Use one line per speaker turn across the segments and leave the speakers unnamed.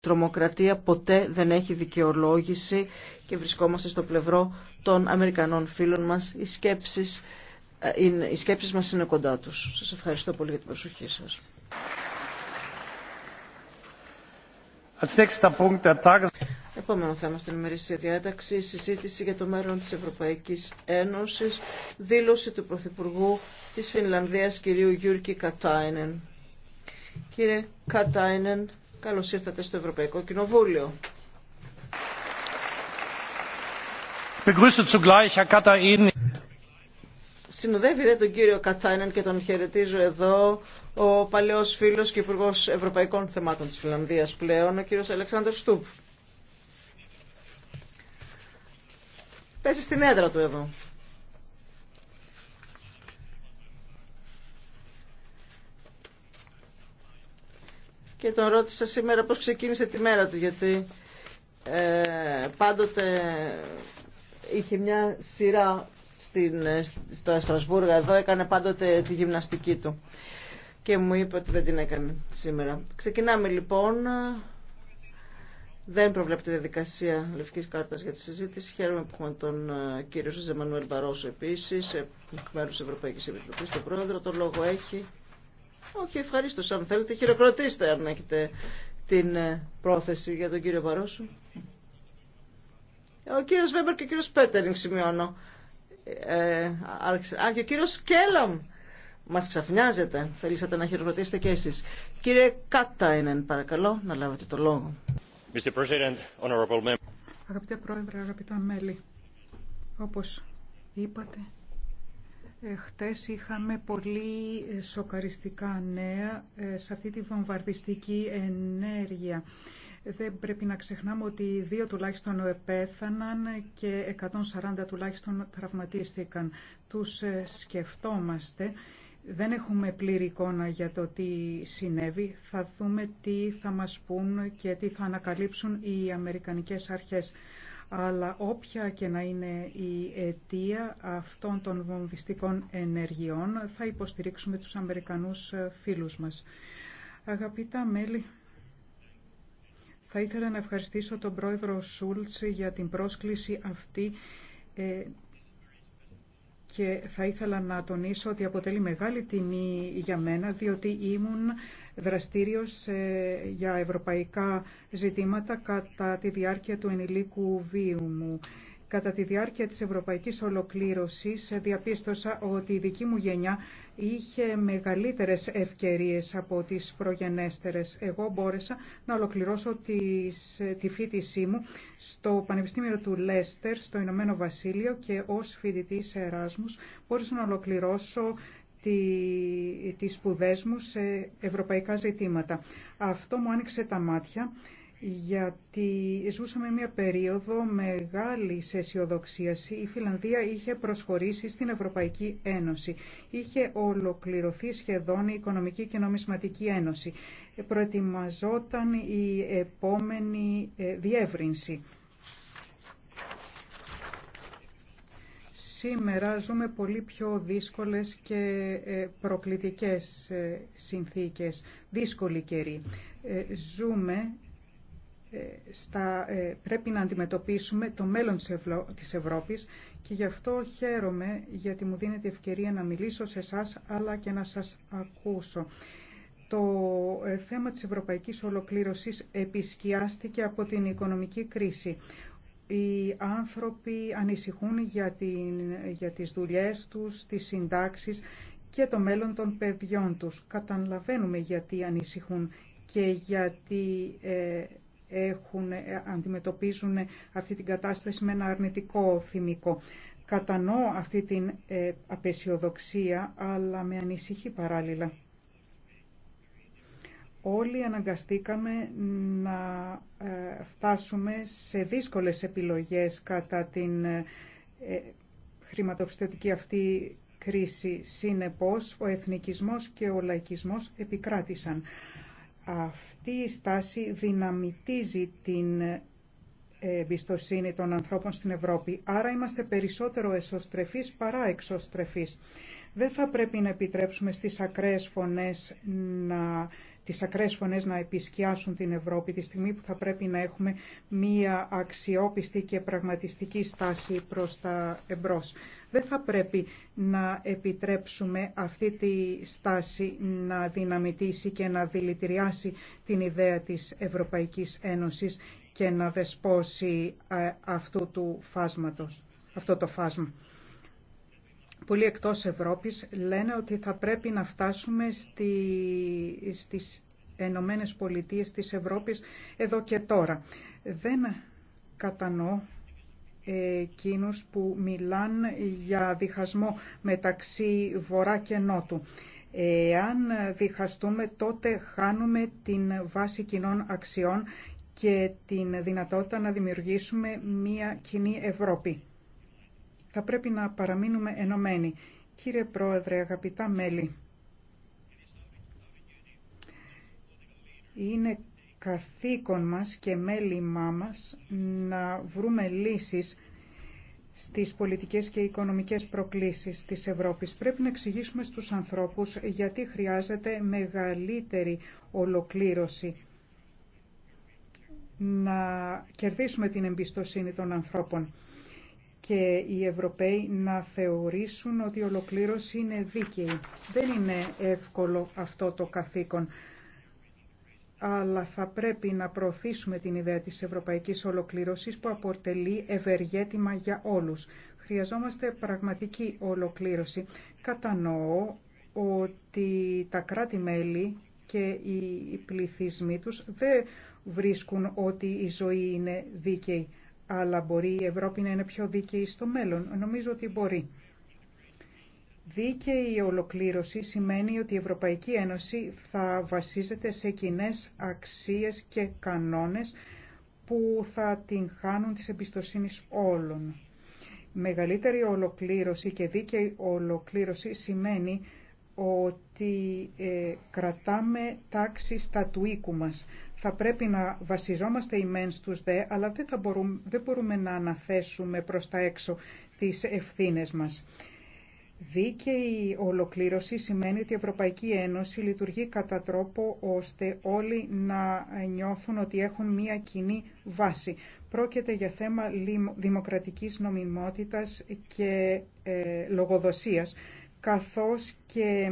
τρομοκρατία ποτέ δεν έχει δικαιολόγηση και βρισκόμαστε στο πλευρό των Αμερικανών φίλων μας. Οι σκέψεις, ε, είναι, οι μας είναι κοντά τους. Σας ευχαριστώ πολύ για την προσοχή σας. Επόμενο θέμα στην ημερήσια διάταξη, συζήτηση για το μέλλον της Ευρωπαϊκής Ένωσης, δήλωση του Πρωθυπουργού της Φινλανδίας κυρίου Γιούρκη Κατάινεν. Κύριε Κατάινεν, Καλώς ήρθατε στο Ευρωπαϊκό Κοινοβούλιο. Συνοδεύει δε τον κύριο Κατάινεν και τον χαιρετίζω εδώ ο παλαιός φίλος και υπουργό Ευρωπαϊκών Θεμάτων της Φιλανδίας πλέον, ο κύριος Αλεξάνδρ Στούπ. Πέσει στην έδρα του εδώ. και τον ρώτησα σήμερα πώς ξεκίνησε τη μέρα του γιατί ε, πάντοτε είχε μια σειρά στην, ε, στο Αστρασβούργο, εδώ, έκανε πάντοτε τη γυμναστική του και μου είπε ότι δεν την έκανε σήμερα. Ξεκινάμε λοιπόν. Δεν προβλέπεται διαδικασία λευκής κάρτας για τη συζήτηση. Χαίρομαι που έχουμε τον ε, κύριο Ζεμανουέλ Μπαρόσο επίσης, εκ μέρους Ευρωπαϊκής Επιτροπής, τον πρόεδρο. Το λόγο έχει. Όχι, ευχαρίστω. Αν θέλετε, χειροκροτήστε αν έχετε την ε, πρόθεση για τον κύριο Παρόσου. Ο κύριο Βέμπερ και ο κύριο Πέτερινγκ σημειώνω. Ε, άρχισε. και ο κύριο Κέλαμ. μα ξαφνιάζεται Θέλησατε να χειροκροτήσετε και εσεί. Κύριε Κάτάινεν, παρακαλώ, να λάβετε το λόγο.
Αγαπητέ Πρόεδρε, αγαπητά μέλη, όπως είπατε, ε, χτες είχαμε πολύ ε, σοκαριστικά νέα ε, σε αυτή τη βομβαρδιστική ενέργεια. Δεν πρέπει να ξεχνάμε ότι δύο τουλάχιστον πέθαναν και 140 τουλάχιστον τραυματίστηκαν. Τους σκεφτόμαστε. Δεν έχουμε πλήρη εικόνα για το τι συνέβη. Θα δούμε τι θα μας πούν και τι θα ανακαλύψουν οι Αμερικανικές αρχές αλλά όποια και να είναι η αιτία αυτών των βομβιστικών ενεργειών θα υποστηρίξουμε τους Αμερικανούς ε, φίλους μας. Αγαπητά μέλη, θα ήθελα να ευχαριστήσω τον πρόεδρο Σούλτς για την πρόσκληση αυτή ε, και θα ήθελα να τονίσω ότι αποτελεί μεγάλη τιμή για μένα διότι ήμουν δραστήριος ε, για ευρωπαϊκά ζητήματα κατά τη διάρκεια του ενηλίκου βίου μου. Κατά τη διάρκεια της ευρωπαϊκής ολοκλήρωσης ε, διαπίστωσα ότι η δική μου γενιά είχε μεγαλύτερες ευκαιρίες από τις προγενέστερες. Εγώ μπόρεσα να ολοκληρώσω τις, ε, τη φίτησή μου στο Πανεπιστήμιο του Λέστερ, στο Ηνωμένο Βασίλειο και ως φοιτητή Εράσμους μπόρεσα να ολοκληρώσω τη, τις σπουδέ μου σε ευρωπαϊκά ζητήματα. Αυτό μου άνοιξε τα μάτια γιατί ζούσαμε μια περίοδο μεγάλης αισιοδοξία. Η Φιλανδία είχε προσχωρήσει στην Ευρωπαϊκή Ένωση. Είχε ολοκληρωθεί σχεδόν η Οικονομική και Νομισματική Ένωση. Προετοιμαζόταν η επόμενη ε, διεύρυνση. Σήμερα ζούμε πολύ πιο δύσκολες και ε, προκλητικές ε, συνθήκες, δύσκολη καιρή. Ε, ζούμε στα, πρέπει να αντιμετωπίσουμε το μέλλον της Ευρώπης και γι' αυτό χαίρομαι γιατί μου δίνετε ευκαιρία να μιλήσω σε εσά αλλά και να σας ακούσω. Το θέμα της ευρωπαϊκής ολοκλήρωσης επισκιάστηκε από την οικονομική κρίση οι άνθρωποι ανησυχούν για, την, για τις δουλειές τους, τις συντάξεις και το μέλλον των παιδιών τους. Καταλαβαίνουμε γιατί ανησυχούν και γιατί ε, έχουν, ε, αντιμετωπίζουν αυτή την κατάσταση με ένα αρνητικό θυμικό. Κατανοώ αυτή την ε, απεσιοδοξία, αλλά με ανησυχεί παράλληλα όλοι αναγκαστήκαμε να ε, φτάσουμε σε δύσκολες επιλογές κατά την ε, ε, χρηματοπιστωτική αυτή κρίση. Συνεπώς, ο εθνικισμός και ο λαϊκισμός επικράτησαν. Αυτή η στάση δυναμητίζει την εμπιστοσύνη των ανθρώπων στην Ευρώπη. Άρα είμαστε περισσότερο εσωστρεφείς παρά εξωστρεφείς. Δεν θα πρέπει να επιτρέψουμε στις ακραίες φωνές να τις ακραίες φωνές να επισκιάσουν την Ευρώπη τη στιγμή που θα πρέπει να έχουμε μία αξιόπιστη και πραγματιστική στάση προς τα εμπρός. Δεν θα πρέπει να επιτρέψουμε αυτή τη στάση να δυναμητήσει και να δηλητηριάσει την ιδέα της Ευρωπαϊκής Ένωσης και να δεσπόσει ε, αυτού του φάσματος, αυτό το φάσμα. Πολύ εκτός Ευρώπης λένε ότι θα πρέπει να φτάσουμε στη, στις Ενωμένε Πολιτείε της Ευρώπης εδώ και τώρα. Δεν κατανοώ ε, εκείνους που μιλάν για διχασμό μεταξύ Βορρά και Νότου. Εάν διχαστούμε τότε χάνουμε την βάση κοινών αξιών και την δυνατότητα να δημιουργήσουμε μια κοινή Ευρώπη θα πρέπει να παραμείνουμε ενωμένοι. Κύριε Πρόεδρε, αγαπητά μέλη, είναι καθήκον μας και μέλημά μας να βρούμε λύσεις στις πολιτικές και οικονομικές προκλήσεις της Ευρώπης. Πρέπει να εξηγήσουμε στους ανθρώπους γιατί χρειάζεται μεγαλύτερη ολοκλήρωση. Να κερδίσουμε την εμπιστοσύνη των ανθρώπων και οι Ευρωπαίοι να θεωρήσουν ότι η ολοκλήρωση είναι δίκαιη. Δεν είναι εύκολο αυτό το καθήκον, αλλά θα πρέπει να προωθήσουμε την ιδέα της ευρωπαϊκής ολοκλήρωσης που αποτελεί ευεργέτημα για όλους. Χρειαζόμαστε πραγματική ολοκλήρωση. Κατανοώ ότι τα κράτη-μέλη και οι πληθυσμοί τους δεν βρίσκουν ότι η ζωή είναι δίκαιη αλλά μπορεί η Ευρώπη να είναι πιο δίκαιη στο μέλλον. Νομίζω ότι μπορεί. Δίκαιη ολοκλήρωση σημαίνει ότι η Ευρωπαϊκή Ένωση θα βασίζεται σε κοινέ αξίες και κανόνες που θα την χάνουν της εμπιστοσύνης όλων. Μεγαλύτερη ολοκλήρωση και δίκαιη ολοκλήρωση σημαίνει ότι ε, κρατάμε τάξη στα του οίκου μας. Θα πρέπει να βασιζόμαστε μέν στους δε, αλλά δεν, θα μπορούμε, να αναθέσουμε προς τα έξω τις ευθύνες μας. Δίκαιη ολοκλήρωση σημαίνει ότι η Ευρωπαϊκή Ένωση λειτουργεί κατά τρόπο ώστε όλοι να νιώθουν ότι έχουν μία κοινή βάση. Πρόκειται για θέμα δημοκρατικής νομιμότητας και ε, λογοδοσίας, καθώς και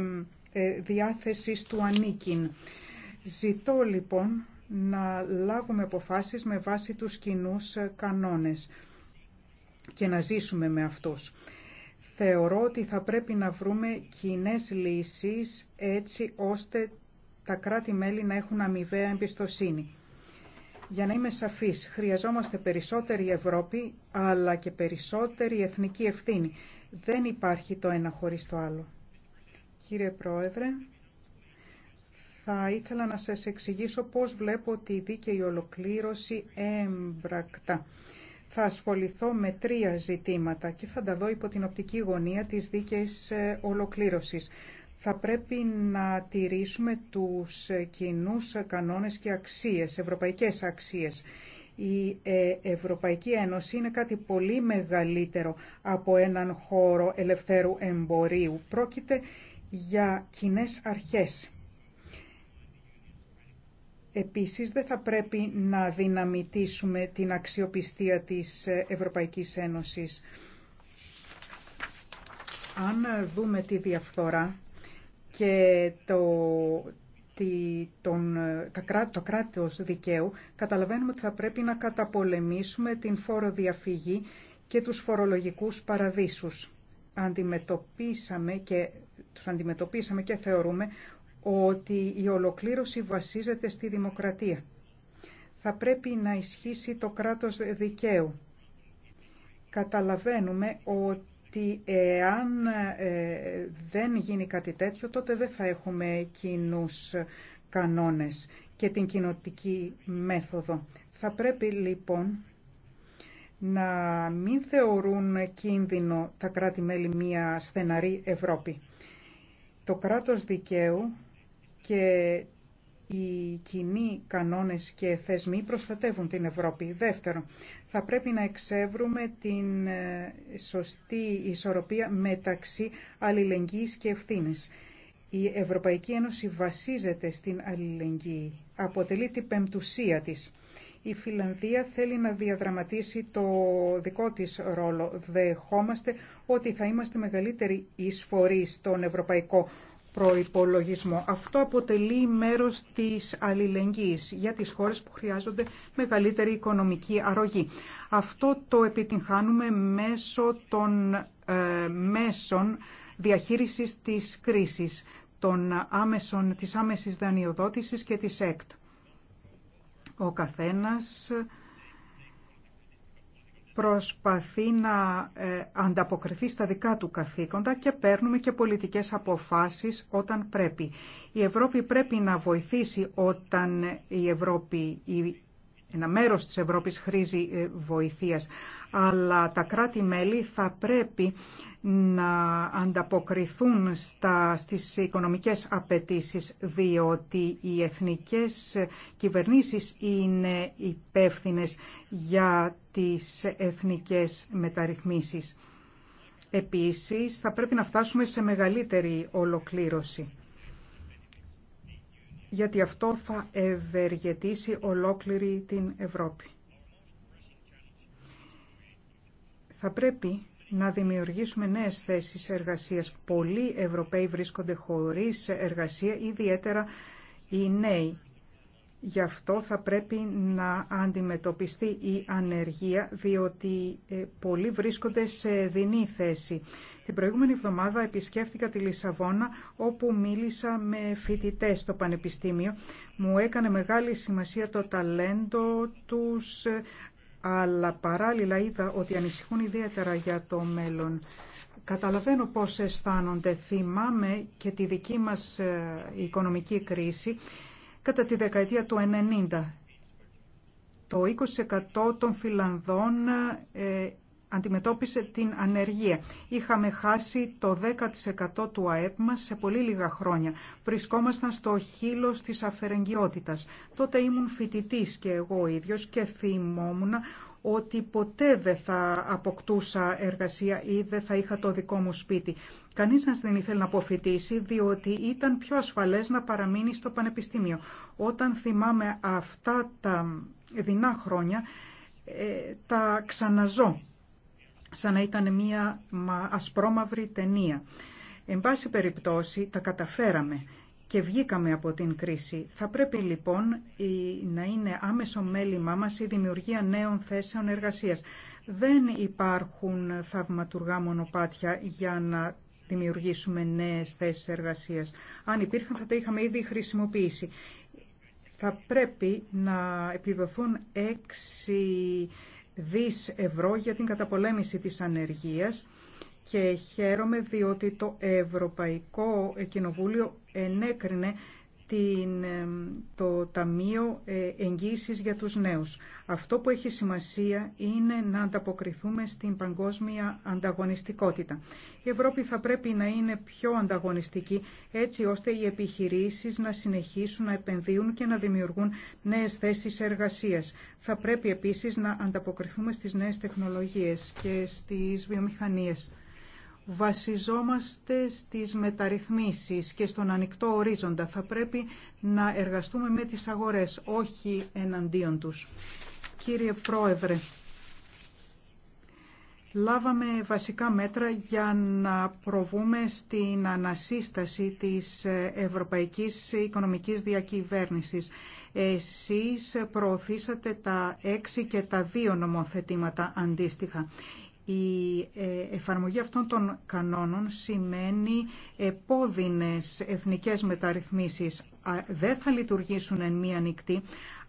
ε, διάθεσης του ανήκειν. Ζητώ λοιπόν να λάβουμε αποφάσεις με βάση τους κοινού κανόνες και να ζήσουμε με αυτούς. Θεωρώ ότι θα πρέπει να βρούμε κοινέ λύσεις έτσι ώστε τα κράτη-μέλη να έχουν αμοιβαία εμπιστοσύνη. Για να είμαι σαφής, χρειαζόμαστε περισσότερη Ευρώπη, αλλά και περισσότερη εθνική ευθύνη. Δεν υπάρχει το ένα χωρίς το άλλο. Κύριε Πρόεδρε, θα ήθελα να σας εξηγήσω πώς βλέπω τη δίκαιη ολοκλήρωση έμπρακτα. Θα ασχοληθώ με τρία ζητήματα και θα τα δω υπό την οπτική γωνία της δίκαιης ε, ολοκλήρωσης. Θα πρέπει να τηρήσουμε τους ε, κοινούς ε, κανόνες και αξίες, ευρωπαϊκές αξίες. Η Ευρωπαϊκή Ένωση είναι κάτι πολύ μεγαλύτερο από έναν χώρο ελευθέρου εμπορίου. Πρόκειται για κοινέ αρχές Επίσης δεν θα πρέπει να δυναμητήσουμε την αξιοπιστία της Ευρωπαϊκής Ένωσης. Αν δούμε τη διαφθορά και το, τη, τον, το κράτος δικαίου, καταλαβαίνουμε ότι θα πρέπει να καταπολεμήσουμε την φοροδιαφυγή και τους φορολογικούς παραδείσους. Αντιμετωπίσαμε και, τους αντιμετωπίσαμε και θεωρούμε ότι η ολοκλήρωση βασίζεται στη δημοκρατία. Θα πρέπει να ισχύσει το κράτος δικαίου. Καταλαβαίνουμε ότι εάν ε, δεν γίνει κάτι τέτοιο, τότε δεν θα έχουμε κοινούς κανόνες και την κοινοτική μέθοδο. Θα πρέπει λοιπόν να μην θεωρούν κίνδυνο τα κράτη-μέλη μια στεναρή Ευρώπη. Το κράτος δικαίου και οι κοινοί κανόνες και θεσμοί προστατεύουν την Ευρώπη. Δεύτερον, θα πρέπει να εξεύρουμε την ε, σωστή ισορροπία μεταξύ αλληλεγγύης και ευθύνης. Η Ευρωπαϊκή Ένωση βασίζεται στην αλληλεγγύη. Αποτελεί την πεμπτουσία της. Η Φιλανδία θέλει να διαδραματίσει το δικό της ρόλο. Δεχόμαστε ότι θα είμαστε μεγαλύτεροι εισφορείς στον ευρωπαϊκό προϋπολογισμό. Αυτό αποτελεί μέρος της αλληλεγγύης για τις χώρες που χρειάζονται μεγαλύτερη οικονομική αρρωγή. Αυτό το επιτυγχάνουμε μέσω των ε, μέσων διαχείρισης της κρίσης, των άμεσων, της άμεσης δανειοδότησης και της ΕΚΤ. Ο καθένας προσπαθεί να ε, ανταποκριθεί στα δικά του καθήκοντα και παίρνουμε και πολιτικές αποφάσεις όταν πρέπει. Η Ευρώπη πρέπει να βοηθήσει όταν η Ευρώπη, ένα μέρος της Ευρώπης χρήζει ε, βοηθείας αλλά τα κράτη-μέλη θα πρέπει να ανταποκριθούν στα, στις οικονομικές απαιτήσεις, διότι οι εθνικές κυβερνήσεις είναι υπεύθυνες για τις εθνικές μεταρρυθμίσεις. Επίσης, θα πρέπει να φτάσουμε σε μεγαλύτερη ολοκλήρωση γιατί αυτό θα ευεργετήσει ολόκληρη την Ευρώπη. Θα πρέπει να δημιουργήσουμε νέες θέσεις εργασίας. Πολλοί Ευρωπαίοι βρίσκονται χωρίς εργασία, ιδιαίτερα οι νέοι. Γι' αυτό θα πρέπει να αντιμετωπιστεί η ανεργία, διότι ε, πολλοί βρίσκονται σε δινή θέση. Την προηγούμενη εβδομάδα επισκέφτηκα τη Λισαβόνα, όπου μίλησα με φοιτητές στο Πανεπιστήμιο. Μου έκανε μεγάλη σημασία το ταλέντο τους, αλλά παράλληλα είδα ότι ανησυχούν ιδιαίτερα για το μέλλον. Καταλαβαίνω πώς αισθάνονται. Θυμάμαι και τη δική μας ε, οικονομική κρίση κατά τη δεκαετία του 90. Το 20% των Φιλανδών ε, αντιμετώπισε την ανεργία. Είχαμε χάσει το 10% του ΑΕΠ μας σε πολύ λίγα χρόνια. Βρισκόμασταν στο χείλος της αφαιρεγγιότητας. Τότε ήμουν φοιτητή και εγώ ίδιος και θυμόμουν ότι ποτέ δεν θα αποκτούσα εργασία ή δεν θα είχα το δικό μου σπίτι. Κανείς μας δεν ήθελε να αποφοιτήσει διότι ήταν πιο ασφαλές να παραμείνει στο πανεπιστήμιο. Όταν θυμάμαι αυτά τα δεινά χρόνια, ε, τα ξαναζώ σαν να ήταν μία ασπρόμαυρη ταινία. Εν πάση περιπτώσει τα καταφέραμε και βγήκαμε από την κρίση. Θα πρέπει λοιπόν να είναι άμεσο μέλημά μας η δημιουργία νέων θέσεων εργασίας. Δεν υπάρχουν θαυματουργά μονοπάτια για να δημιουργήσουμε νέες θέσεις εργασίας. Αν υπήρχαν θα τα είχαμε ήδη χρησιμοποιήσει. Θα πρέπει να επιδοθούν έξι δις ευρώ για την καταπολέμηση της ανεργίας και χαίρομαι διότι το Ευρωπαϊκό Κοινοβούλιο ενέκρινε την, το Ταμείο ε, Εγγύησης για τους Νέους. Αυτό που έχει σημασία είναι να ανταποκριθούμε στην παγκόσμια ανταγωνιστικότητα. Η Ευρώπη θα πρέπει να είναι πιο ανταγωνιστική έτσι ώστε οι επιχειρήσεις να συνεχίσουν να επενδύουν και να δημιουργούν νέες θέσεις εργασίας. Θα πρέπει επίσης να ανταποκριθούμε στις νέες τεχνολογίες και στις βιομηχανίες βασιζόμαστε στις μεταρρυθμίσεις και στον ανοιχτό ορίζοντα. Θα πρέπει να εργαστούμε με τις αγορές, όχι εναντίον τους. Κύριε Πρόεδρε, λάβαμε βασικά μέτρα για να προβούμε στην ανασύσταση της Ευρωπαϊκής Οικονομικής Διακυβέρνησης. Εσείς προωθήσατε τα έξι και τα δύο νομοθετήματα αντίστοιχα. Η ε, εφαρμογή αυτών των κανόνων σημαίνει επώδυνες εθνικές μεταρρυθμίσεις. Δεν θα λειτουργήσουν εν μία νυχτή,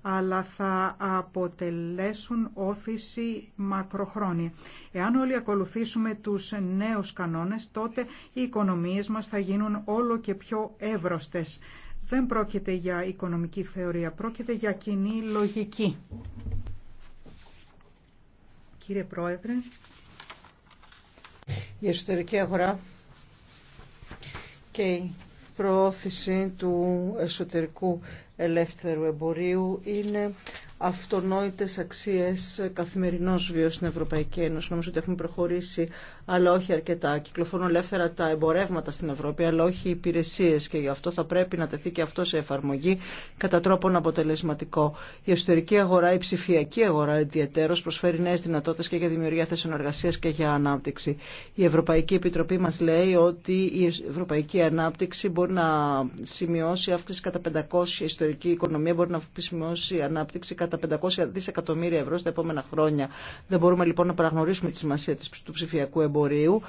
αλλά θα αποτελέσουν όθηση μακροχρόνια. Εάν όλοι ακολουθήσουμε τους νέους κανόνες, τότε οι οικονομίες μας θα γίνουν όλο και πιο εύρωστες. Δεν πρόκειται για οικονομική θεωρία, πρόκειται για κοινή λογική. Κύριε Πρόεδρε,
η εσωτερική αγορά και η προώθηση του εσωτερικού ελεύθερου εμπορίου είναι αυτονόητες αξίες καθημερινός βίος στην Ευρωπαϊκή Ένωση. Νομίζω ότι έχουμε προχωρήσει, αλλά όχι αρκετά. Κυκλοφορούν ελεύθερα τα εμπορεύματα στην Ευρώπη, αλλά όχι οι υπηρεσίες και γι' αυτό θα πρέπει να τεθεί και αυτό σε εφαρμογή κατά τρόπον αποτελεσματικό. Η εσωτερική αγορά, η ψηφιακή αγορά ιδιαίτερω προσφέρει νέε δυνατότητε και για δημιουργία θέσεων εργασία και για ανάπτυξη. Η Ευρωπαϊκή Επιτροπή μα λέει ότι η ευρωπαϊκή ανάπτυξη μπορεί να σημειώσει αύξηση κατά 500, η ιστορική οικονομία μπορεί να σημειώσει ανάπτυξη κατά τα 500 δισεκατομμύρια ευρώ στα επόμενα χρόνια. Δεν μπορούμε λοιπόν να παραγνωρίσουμε τη σημασία του ψηφιακού εμπορίου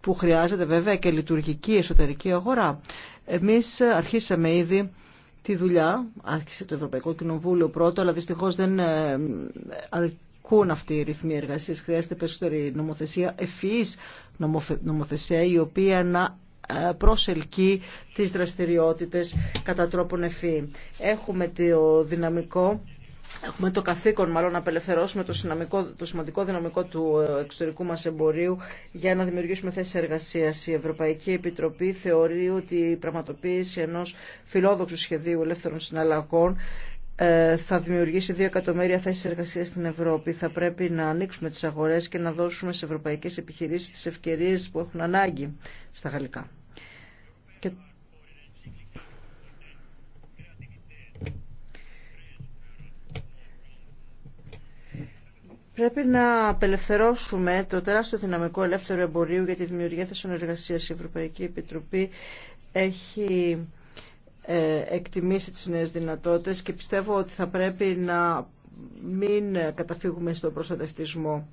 που χρειάζεται βέβαια και λειτουργική εσωτερική αγορά. Εμείς αρχίσαμε ήδη τη δουλειά, άρχισε το Ευρωπαϊκό Κοινοβούλιο πρώτο, αλλά δυστυχώς δεν ε, αρκούν αυτοί οι ρυθμοί εργασία. Χρειάζεται περισσότερη νομοθεσία, ευφυής νομοθεσία, η οποία να ε, προσελκύει τις δραστηριότητες κατά τρόπον ευφύ. Έχουμε το δυναμικό Έχουμε το καθήκον μάλλον να απελευθερώσουμε το, συναμικό, το σημαντικό δυναμικό του ε, εξωτερικού μας εμπορίου για να δημιουργήσουμε θέσεις εργασίας. Η Ευρωπαϊκή Επιτροπή θεωρεί ότι η πραγματοποίηση ενός φιλόδοξου σχεδίου ελεύθερων συναλλαγών ε, θα δημιουργήσει δύο εκατομμύρια θέσει εργασία στην Ευρώπη. Θα πρέπει να ανοίξουμε τι αγορέ και να δώσουμε σε ευρωπαϊκέ επιχειρήσει τι ευκαιρίε που έχουν ανάγκη στα γαλλικά. Πρέπει να απελευθερώσουμε το τεράστιο δυναμικό ελεύθερου εμπορίου για τη δημιουργία θέσεων εργασία, Η Ευρωπαϊκή Επιτροπή έχει ε, εκτιμήσει τις νέες δυνατότητες και πιστεύω ότι θα πρέπει να μην καταφύγουμε στον προστατευτισμό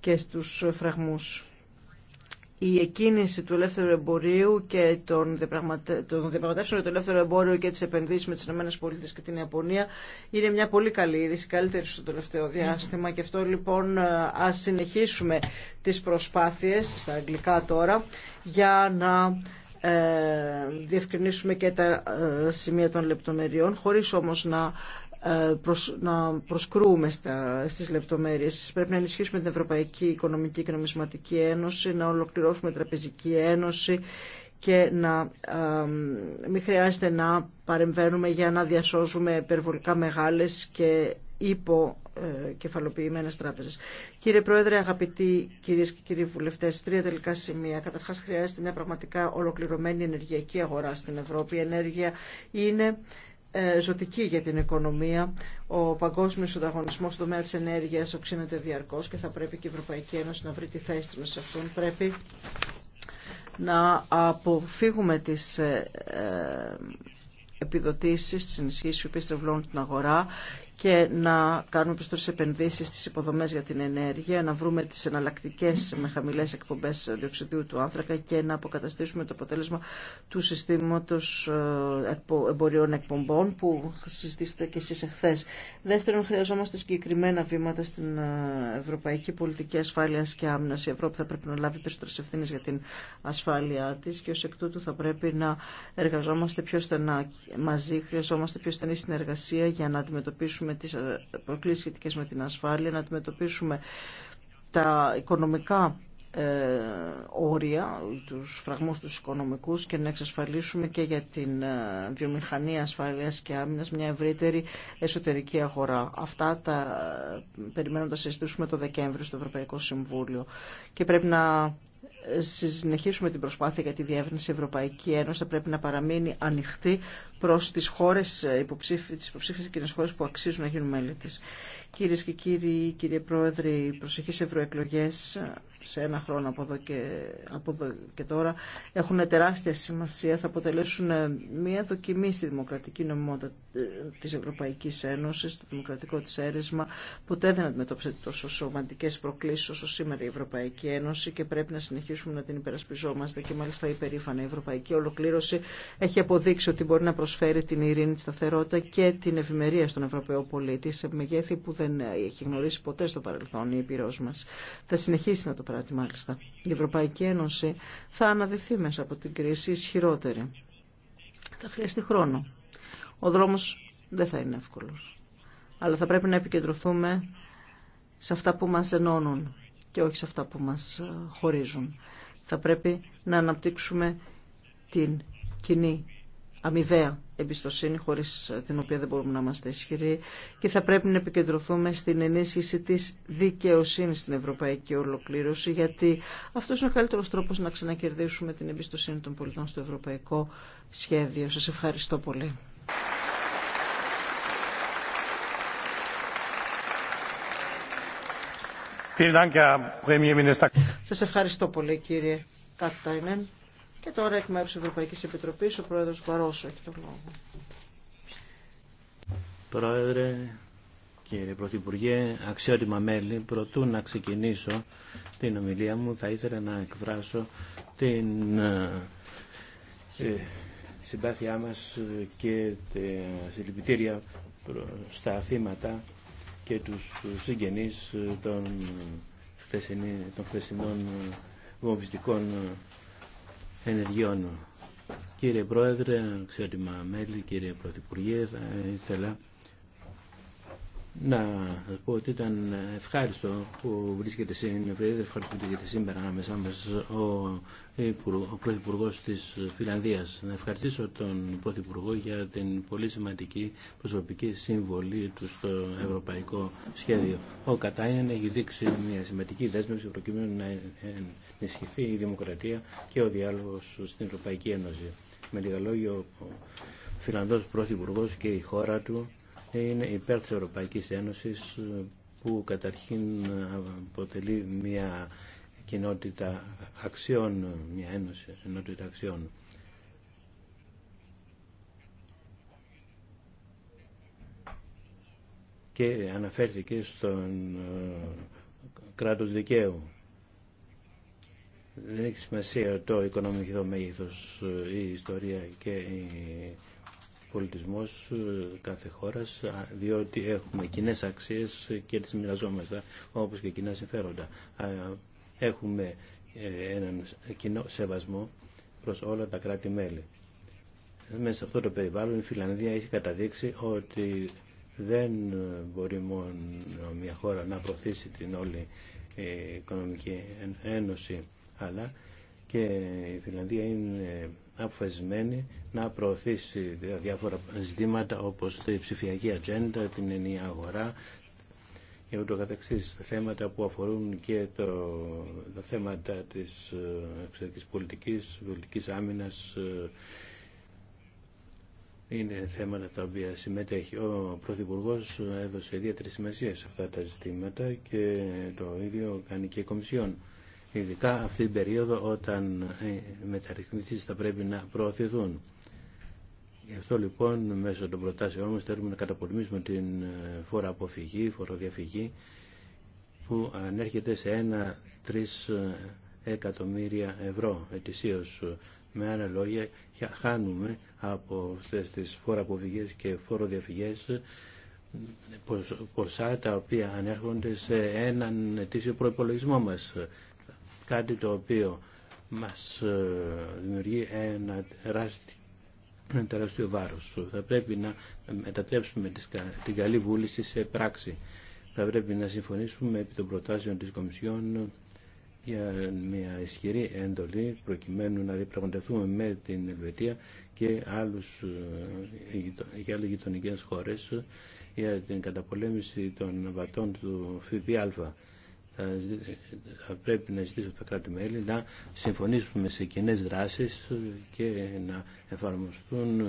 και στους φραγμούς η εκκίνηση του ελεύθερου εμπορίου και των, διαπραγματε... διαπραγματεύσεων για το ελεύθερο εμπόριο και τι επενδύσει με τι ΗΠΑ και την Ιαπωνία είναι μια πολύ καλή είδηση, καλύτερη στο τελευταίο διάστημα. Και αυτό λοιπόν α συνεχίσουμε τι προσπάθειε, στα αγγλικά τώρα, για να ε, διευκρινίσουμε και τα ε, σημεία των λεπτομεριών, χωρίς όμως να ε, να προσκρούμε στα, στις λεπτομέρειες. Πρέπει να ενισχύσουμε την Ευρωπαϊκή Οικονομική και Νομισματική Ένωση, να ολοκληρώσουμε την Τραπεζική Ένωση και να μην χρειάζεται να παρεμβαίνουμε για να διασώζουμε υπερβολικά μεγάλες και υπό ε, κεφαλοποιημένες τράπεζες. Κύριε Πρόεδρε, αγαπητοί κυρίες και κύριοι βουλευτές, τρία τελικά σημεία. Καταρχάς χρειάζεται μια πραγματικά ολοκληρωμένη ενεργειακή αγορά στην Ευρώπη. Η ενέργεια είναι ε, ζωτική για την οικονομία. Ο παγκόσμιο ανταγωνισμό στον τομέα τη ενέργεια οξύνεται διαρκώ και θα πρέπει και η Ευρωπαϊκή Ένωση να βρει τη θέση τη μέσα σε αυτόν. Πρέπει να αποφύγουμε τι ε, ε, επιδοτήσεις, τι ενισχύσει που επιστρεβλώνουν την αγορά και να κάνουμε περισσότερε επενδύσει στι υποδομέ για την ενέργεια, να βρούμε τι εναλλακτικέ με χαμηλέ εκπομπέ διοξιδίου του άνθρακα και να αποκαταστήσουμε το αποτέλεσμα του συστήματο ε, εμποριών εκπομπών που συζητήσατε και εσεί εχθέ. Δεύτερον, χρειαζόμαστε συγκεκριμένα βήματα στην ε, ευρωπαϊκή πολιτική ασφάλεια και άμυνα. Η Ευρώπη θα πρέπει να λάβει περισσότερε ευθύνε για την ασφάλειά τη και ω εκ τούτου θα πρέπει να εργαζόμαστε πιο στενά μαζί. Χρειαζόμαστε πιο στενή συνεργασία για να αντιμετωπίσουμε με τις ε, προκλήσεις σχετικές με την ασφάλεια, να αντιμετωπίσουμε τα οικονομικά ε, όρια, τους φραγμούς τους οικονομικούς και να εξασφαλίσουμε και για την ε, βιομηχανία ασφαλείας και άμυνας μια ευρύτερη εσωτερική αγορά. Αυτά τα περιμένω να τα συζητήσουμε το Δεκέμβριο στο Ευρωπαϊκό Συμβούλιο και πρέπει να συνεχίσουμε την προσπάθεια για τη διεύρυνση Ευρωπαϊκή Ένωση θα πρέπει να παραμείνει ανοιχτή Προ τι χώρε τι ε, τις υποψήφιες εκείνες χώρες που αξίζουν να γίνουν μέλη τη. Κυρίε και κύριοι, κύριε Πρόεδρε, οι προσεχείς ευρωεκλογέ, ε, σε ένα χρόνο από εδώ, και, από και τώρα έχουν τεράστια σημασία, θα αποτελέσουν ε, μια δοκιμή στη δημοκρατική νομιμότητα τη Ευρωπαϊκή Ένωση, το δημοκρατικό τη αίρεσμα. Ποτέ δεν αντιμετώπισε τόσο σωματικές προκλήσει όσο σήμερα η Ευρωπαϊκή Ένωση και πρέπει να συνεχίσουμε να την υπερασπιζόμαστε και μάλιστα η Η Ευρωπαϊκή Ολοκλήρωση έχει αποδείξει ότι μπορεί να προσ προσφέρει την ειρήνη, τη σταθερότητα και την ευημερία στον Ευρωπαίο πολίτη σε μεγέθη που δεν έχει γνωρίσει ποτέ στο παρελθόν η Επίρο μα. Θα συνεχίσει να το πράττει μάλιστα. Η Ευρωπαϊκή Ένωση θα αναδυθεί μέσα από την κρίση ισχυρότερη. Θα χρειαστεί χρόνο. Ο δρόμο δεν θα είναι εύκολο. Αλλά θα πρέπει να επικεντρωθούμε σε αυτά που μα ενώνουν και όχι σε αυτά που μα ε, χωρίζουν. Θα πρέπει να αναπτύξουμε την κοινή αμοιβαία εμπιστοσύνη χωρίς ε, την οποία δεν μπορούμε να είμαστε ισχυροί και θα πρέπει να επικεντρωθούμε στην ενίσχυση της δικαιοσύνης στην ευρωπαϊκή ολοκλήρωση γιατί αυτός είναι ο καλύτερος τρόπος να ξανακερδίσουμε την εμπιστοσύνη των πολιτών στο ευρωπαϊκό σχέδιο. Σας ευχαριστώ πολύ. Σας ευχαριστώ πολύ κύριε Κατάινεν. Και τώρα εκ μέρους Ευρωπαϊκής Επιτροπής ο Πρόεδρος Βαρόσο έχει το λόγο.
Πρόεδρε, κύριε Πρωθυπουργέ, αξιότιμα μέλη, προτού να ξεκινήσω την ομιλία μου θα ήθελα να εκφράσω την ε, συμπάθειά μας και τη συλληπιτήρια στα θύματα και τους συγγενείς των, χθεσινών βομβιστικών Κύριε Πρόεδρε, αξιότιμα μέλη, κύριε Πρωθυπουργέ, ήθελα να σα πω ότι ήταν ευχάριστο που βρίσκεται στην ευχαριστώ που βρίσκεται σήμερα ανάμεσά μα ο, ο Πρωθυπουργό τη Φιλανδία. Να ευχαριστήσω τον Πρωθυπουργό για την πολύ σημαντική προσωπική συμβολή του στο ευρωπαϊκό σχέδιο. Ο Κατάινεν έχει δείξει μια σημαντική δέσμευση προκειμένου να ενισχυθεί η δημοκρατία και ο διάλογο στην Ευρωπαϊκή Ένωση. Με λίγα λόγια, ο Φιλανδό Πρωθυπουργό και η χώρα του είναι υπέρ τη ευρωπαϊκή Ένωσης που καταρχήν αποτελεί μια κοινότητα αξιών, μια ένωση, ενότητα αξιών. Και αναφέρθηκε στον ε, κράτος δικαίου δεν έχει σημασία το οικονομικό μέγεθο, ε, η ιστορία και η πολιτισμός ε, κάθε χώρας, διότι έχουμε κοινέ αξίες και τις μοιραζόμαστε όπως και κοινά συμφέροντα. Έχουμε ε, έναν κοινό σεβασμό προς όλα τα κράτη-μέλη. Μέσα σε αυτό το περιβάλλον η Φιλανδία έχει καταδείξει ότι δεν μπορεί μόνο μια χώρα να προωθήσει την όλη Οικονομική Ένωση αλλά και η Φιλανδία είναι αποφασισμένη να προωθήσει διάφορα ζητήματα όπως τη ψηφιακή ατζέντα, την ενιαία αγορά και ούτω καθεξής θέματα που αφορούν και το, τα θέματα της ε, εξωτερικής πολιτικής, πολιτικής άμυνας ε, είναι θέματα τα οποία συμμετέχει. Ο Πρωθυπουργό έδωσε ιδιαίτερη σημασία σε αυτά τα ζητήματα και το ίδιο κάνει και η Κομισιόν ειδικά αυτή την περίοδο όταν οι μεταρρυθμίσεις θα πρέπει να προωθηθούν. Γι' αυτό λοιπόν μέσω των προτάσεών μας θέλουμε να καταπολεμήσουμε την ε, φόρα αποφυγή, φοροδιαφυγή που ανέρχεται σε ένα 3 ε, εκατομμύρια ευρώ ετησίως. Με άλλα λόγια χάνουμε από αυτές τις φόρα αποφυγές και φοροδιαφυγές ε, ποσά τα οποία ανέρχονται σε έναν ετήσιο προϋπολογισμό μας κάτι το οποίο μας ε, δημιουργεί ένα τεράστιο ένα βάρος. Θα πρέπει να μετατρέψουμε την καλή βούληση σε πράξη. Θα πρέπει να συμφωνήσουμε επί των προτάσεων της Κομισιόν για μια ισχυρή εντολή προκειμένου να διαπραγματευτούμε με την Ελβετία και, άλλους, ε, και άλλες γειτονικές χώρες για την καταπολέμηση των βατών του ΦΠΑ. Ε, θα πρέπει να ζητήσουμε τα κράτη-μέλη να συμφωνήσουμε σε κοινέ δράσεις και να εφαρμοστούν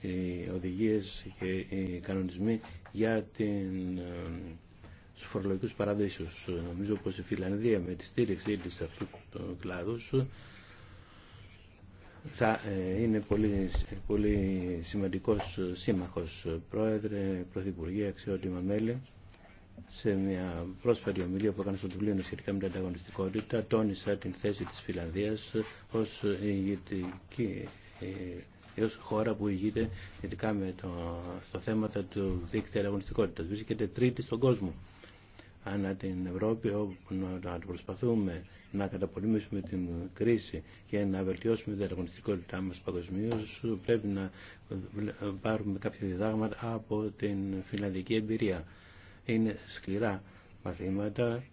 οι οδηγίες και οι κανονισμοί για την φορολογικού ε, φορολογικούς Νομίζω πως η Φιλανδία με τη στήριξή της αυτού του κλάδου θα ε, είναι πολύ, πολύ σημαντικός σύμμαχος. Πρόεδρε, Πρωθυπουργέ, αξιότιμα μέλη σε μια πρόσφατη ομιλία που έκανε στο βιβλίο σχετικά με την ανταγωνιστικότητα, τόνισα την θέση της Φιλανδία ως ηγετική ε, ως χώρα που ηγείται σχετικά με το, το θέμα του δίκτυα ανταγωνιστικότητας. Βρίσκεται τρίτη στον κόσμο. Ανά την Ευρώπη, όπου να προσπαθούμε να καταπολεμήσουμε την κρίση και να βελτιώσουμε την ανταγωνιστικότητά μας παγκοσμίω, πρέπει να ε, ε, πάρουμε κάποια διδάγματα από την φιλανδική εμπειρία είναι σκληρά μαθήματα.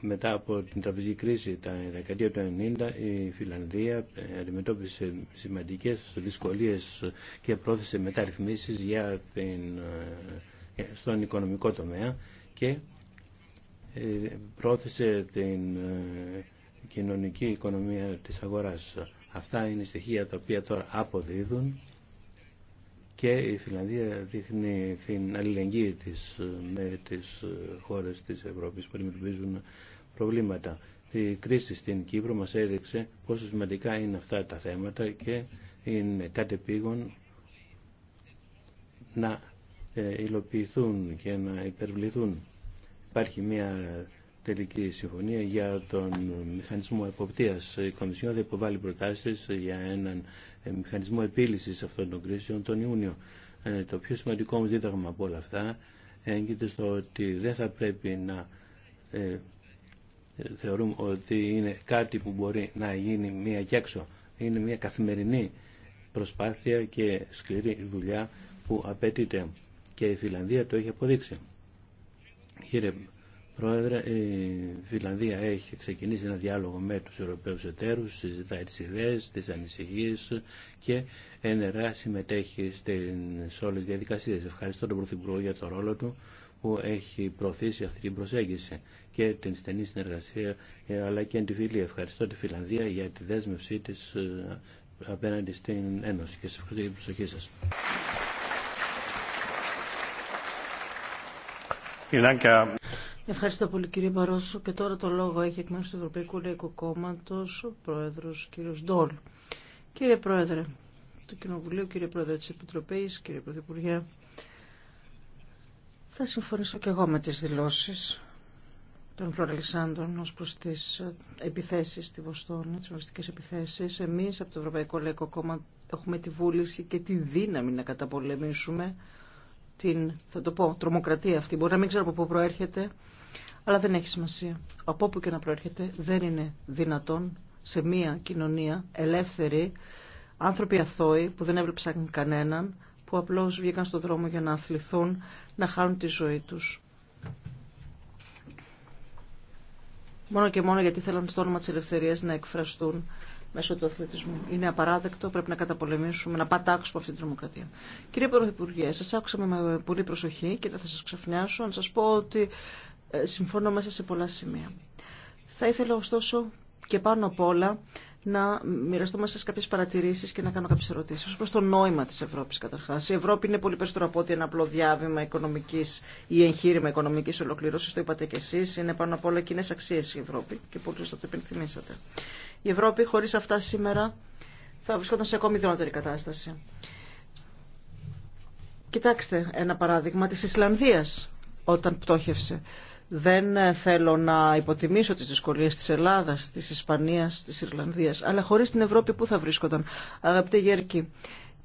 Μετά από την τραπεζική κρίση τα δεκαετία του 1990 η Φιλανδία ε, αντιμετώπισε σημαντικές δυσκολίες και πρόθεσε μεταρρυθμίσεις για την, ε, στον οικονομικό τομέα και ε, πρόθεσε την κοινωνική οικονομία της αγοράς. Αυτά είναι στοιχεία τα οποία τώρα αποδίδουν και η Φιλανδία δείχνει την αλληλεγγύη της ε, με τις ε, χώρες της Ευρώπης που αντιμετωπίζουν προβλήματα. Η κρίση στην Κύπρο μας έδειξε πόσο σημαντικά είναι αυτά τα θέματα και είναι κάτι επίγον να ε, υλοποιηθούν και να υπερβληθούν. Υπάρχει μια τελική συμφωνία για τον μηχανισμό εποπτείας. Η Κομισιόν θα υποβάλει προτάσεις για έναν ε, μηχανισμό επίλυσης αυτών των κρίσεων τον Ιούνιο. Ε, το πιο σημαντικό μου δίδαγμα από όλα αυτά έγκυται στο ότι δεν θα πρέπει να ε, θεωρούμε ότι είναι κάτι που μπορεί να γίνει μία και έξω. Είναι μία καθημερινή προσπάθεια και σκληρή δουλειά που απαιτείται και η Φιλανδία το έχει αποδείξει. Κύριε Πρόεδρε, η Φιλανδία έχει ξεκινήσει ένα διάλογο με τους Ευρωπαίους εταίρους, συζητάει τις ιδέες, τις ανησυχίες και ενεργά συμμετέχει σε όλες τις διαδικασίες. Ευχαριστώ τον Πρωθυπουργό για το ρόλο του που έχει προωθήσει αυτή την προσέγγιση και την στενή συνεργασία ε, αλλά και τη φιλία. Ευχαριστώ τη Φιλανδία για τη δέσμευσή της ε, απέναντι στην Ένωση και σε ευχαριστώ για την προσοχή σας.
Ευχαριστώ πολύ κύριε Μπαρόσο και τώρα το λόγο έχει εκ μέρους του Ευρωπαϊκού Λαϊκού Κόμματος ο Πρόεδρος κύριος Ντόλ. Κύριε Πρόεδρε του Κοινοβουλίου, κύριε Πρόεδρε της Επιτροπής, κύριε Πρωθυπουργέ, θα συμφωνήσω και εγώ με τις δηλώσεις των προελισσάντων ως προς τις επιθέσεις στη Βοστόνη, τις βασικέ επιθέσεις. Εμείς από το Ευρωπαϊκό Λαϊκό Κόμμα έχουμε τη βούληση και τη δύναμη να καταπολεμήσουμε την, θα το πω, τρομοκρατία αυτή. Μπορεί να μην ξέρω από πού προέρχεται, αλλά δεν έχει σημασία. Από όπου και να προέρχεται δεν είναι δυνατόν σε μια κοινωνία ελεύθερη, άνθρωποι αθώοι που δεν έβλεψαν κανέναν, που απλώς βγήκαν στον δρόμο για να αθληθούν, να χάνουν τη ζωή τους. Μόνο και μόνο γιατί θέλαν στο όνομα της ελευθερίας να εκφραστούν μέσω του αθλητισμού. Είναι απαράδεκτο, πρέπει να καταπολεμήσουμε, να πατάξουμε αυτή την τρομοκρατία. Κύριε Πρωθυπουργέ, σα άκουσα με πολύ προσοχή και δεν θα σα ξαφνιάσω να σα πω ότι ε, συμφωνώ μέσα σε πολλά σημεία. Θα ήθελα ωστόσο και πάνω απ' όλα να μοιραστώ μέσα σε κάποιε παρατηρήσει και να κάνω κάποιε ερωτήσει. Ω προ το νόημα τη Ευρώπη, καταρχά. Η Ευρώπη είναι πολύ περισσότερο από ότι ένα απλό διάβημα οικονομική ή εγχείρημα οικονομική ολοκλήρωση. Το είπατε κι εσεί. Είναι πάνω απ' όλα κοινέ αξίε η Ευρώπη και πολύ σωστά το ειπατε κι εσει ειναι πανω απ ολα κοινε αξιε η ευρωπη και πολυ σωστα το η Ευρώπη χωρί αυτά σήμερα θα βρισκόταν σε ακόμη δυνατότερη κατάσταση. Κοιτάξτε ένα παράδειγμα της Ισλανδίας όταν πτώχευσε. Δεν θέλω να υποτιμήσω τις δυσκολίες της Ελλάδας, της Ισπανίας, της Ιρλανδίας, αλλά χωρίς την Ευρώπη πού θα βρίσκονταν. Αγαπητέ Γερκή,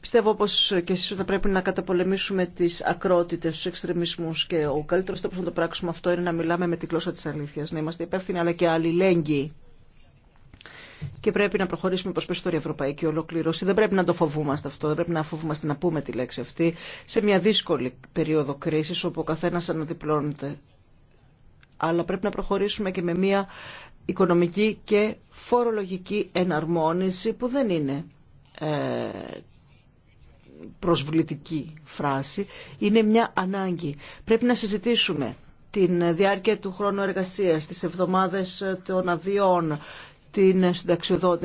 πιστεύω όπως και εσείς ότι θα πρέπει να καταπολεμήσουμε τις ακρότητες, τους εξτρεμισμούς και ο καλύτερος τρόπος να το πράξουμε αυτό είναι να μιλάμε με τη γλώσσα της αλήθειας, να είμαστε υπεύθυνοι αλλά και αλληλέγγυοι και πρέπει να προχωρήσουμε προ περισσότερη ευρωπαϊκή ολοκλήρωση. Δεν πρέπει να το φοβούμαστε αυτό, δεν πρέπει να φοβούμαστε να πούμε τη λέξη αυτή σε μια δύσκολη περίοδο κρίση όπου ο καθένα αναδιπλώνεται. Αλλά πρέπει να προχωρήσουμε και με μια οικονομική και φορολογική εναρμόνιση που δεν είναι ε, προσβλητική φράση, είναι μια ανάγκη. Πρέπει να συζητήσουμε την διάρκεια του χρόνου εργασίας, τις εβδομάδες των αδειών, την,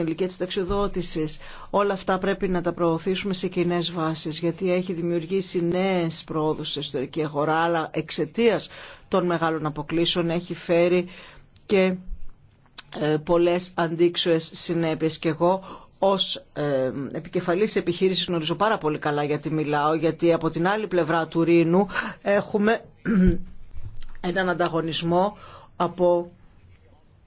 ηλικία τη συνταξιοδότησης. Όλα αυτά πρέπει να τα προωθήσουμε σε κοινέ βάσεις, γιατί έχει δημιουργήσει νέες πρόοδους στην ιστορική αγορά, αλλά εξαιτία των μεγάλων αποκλήσεων έχει φέρει και ε, πολλές αντίξωες συνέπειες. Και εγώ ως ε, επικεφαλής επιχείρησης γνωρίζω πάρα πολύ καλά γιατί μιλάω, γιατί από την άλλη πλευρά του Ρήνου έχουμε έναν ανταγωνισμό από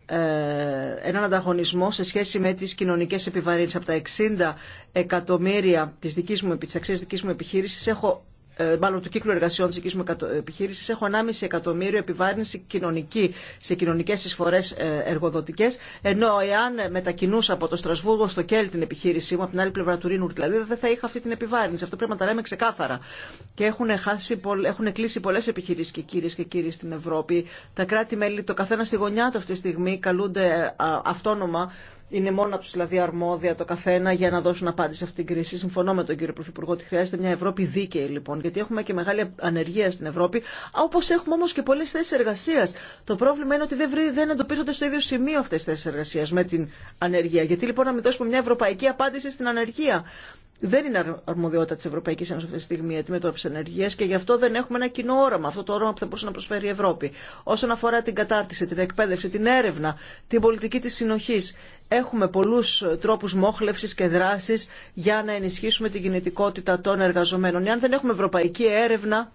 ε, έναν ανταγωνισμό σε σχέση με τις κοινωνικές επιβαρύνσεις. Από τα 60 εκατομμύρια της δικής μου, της δικής μου επιχείρησης έχω ε, μάλλον του κύκλου εργασιών τη μου επιχείρηση, έχω 1,5 εκατομμύριο επιβάρυνση κοινωνική σε κοινωνικέ εισφορέ ε, εργοδοτικέ, ενώ εάν μετακινούσα από το Στρασβούργο στο Κέλ την επιχείρησή μου, από την άλλη πλευρά του Ρήνου, δηλαδή δεν θα είχα αυτή την επιβάρυνση. Αυτό πρέπει να τα λέμε ξεκάθαρα. Και έχουν, έχουν κλείσει πολλέ επιχειρήσει και κυρίε και κύριοι στην Ευρώπη. Τα κράτη-μέλη, το καθένα στη γωνιά του αυτή τη στιγμή, καλούνται ε, αυτόνομα είναι μόνο του δηλαδή αρμόδια το καθένα για να δώσουν απάντηση σε αυτήν την κρίση. Συμφωνώ με τον κύριο Πρωθυπουργό ότι χρειάζεται μια Ευρώπη δίκαιη λοιπόν, γιατί έχουμε και μεγάλη ανεργία στην Ευρώπη, όπω έχουμε όμω και πολλέ θέσει εργασία. Το πρόβλημα είναι ότι δεν, βρει, δεν εντοπίζονται στο ίδιο σημείο αυτέ τι θέσει εργασία με την ανεργία. Γιατί λοιπόν να μην δώσουμε μια ευρωπαϊκή απάντηση στην ανεργία. Δεν είναι αρμοδιότητα τη Ευρωπαϊκή Ένωση αυτή τη στιγμή η αντιμετώπιση ενεργεία και γι' αυτό δεν έχουμε ένα κοινό όραμα, αυτό το όραμα που θα μπορούσε να προσφέρει η Ευρώπη. Όσον αφορά την κατάρτιση, την εκπαίδευση, την έρευνα, την πολιτική τη συνοχή, έχουμε πολλού τρόπου μόχλευση και δράση για να ενισχύσουμε την κινητικότητα των εργαζομένων. Εάν δεν έχουμε ευρωπαϊκή έρευνα,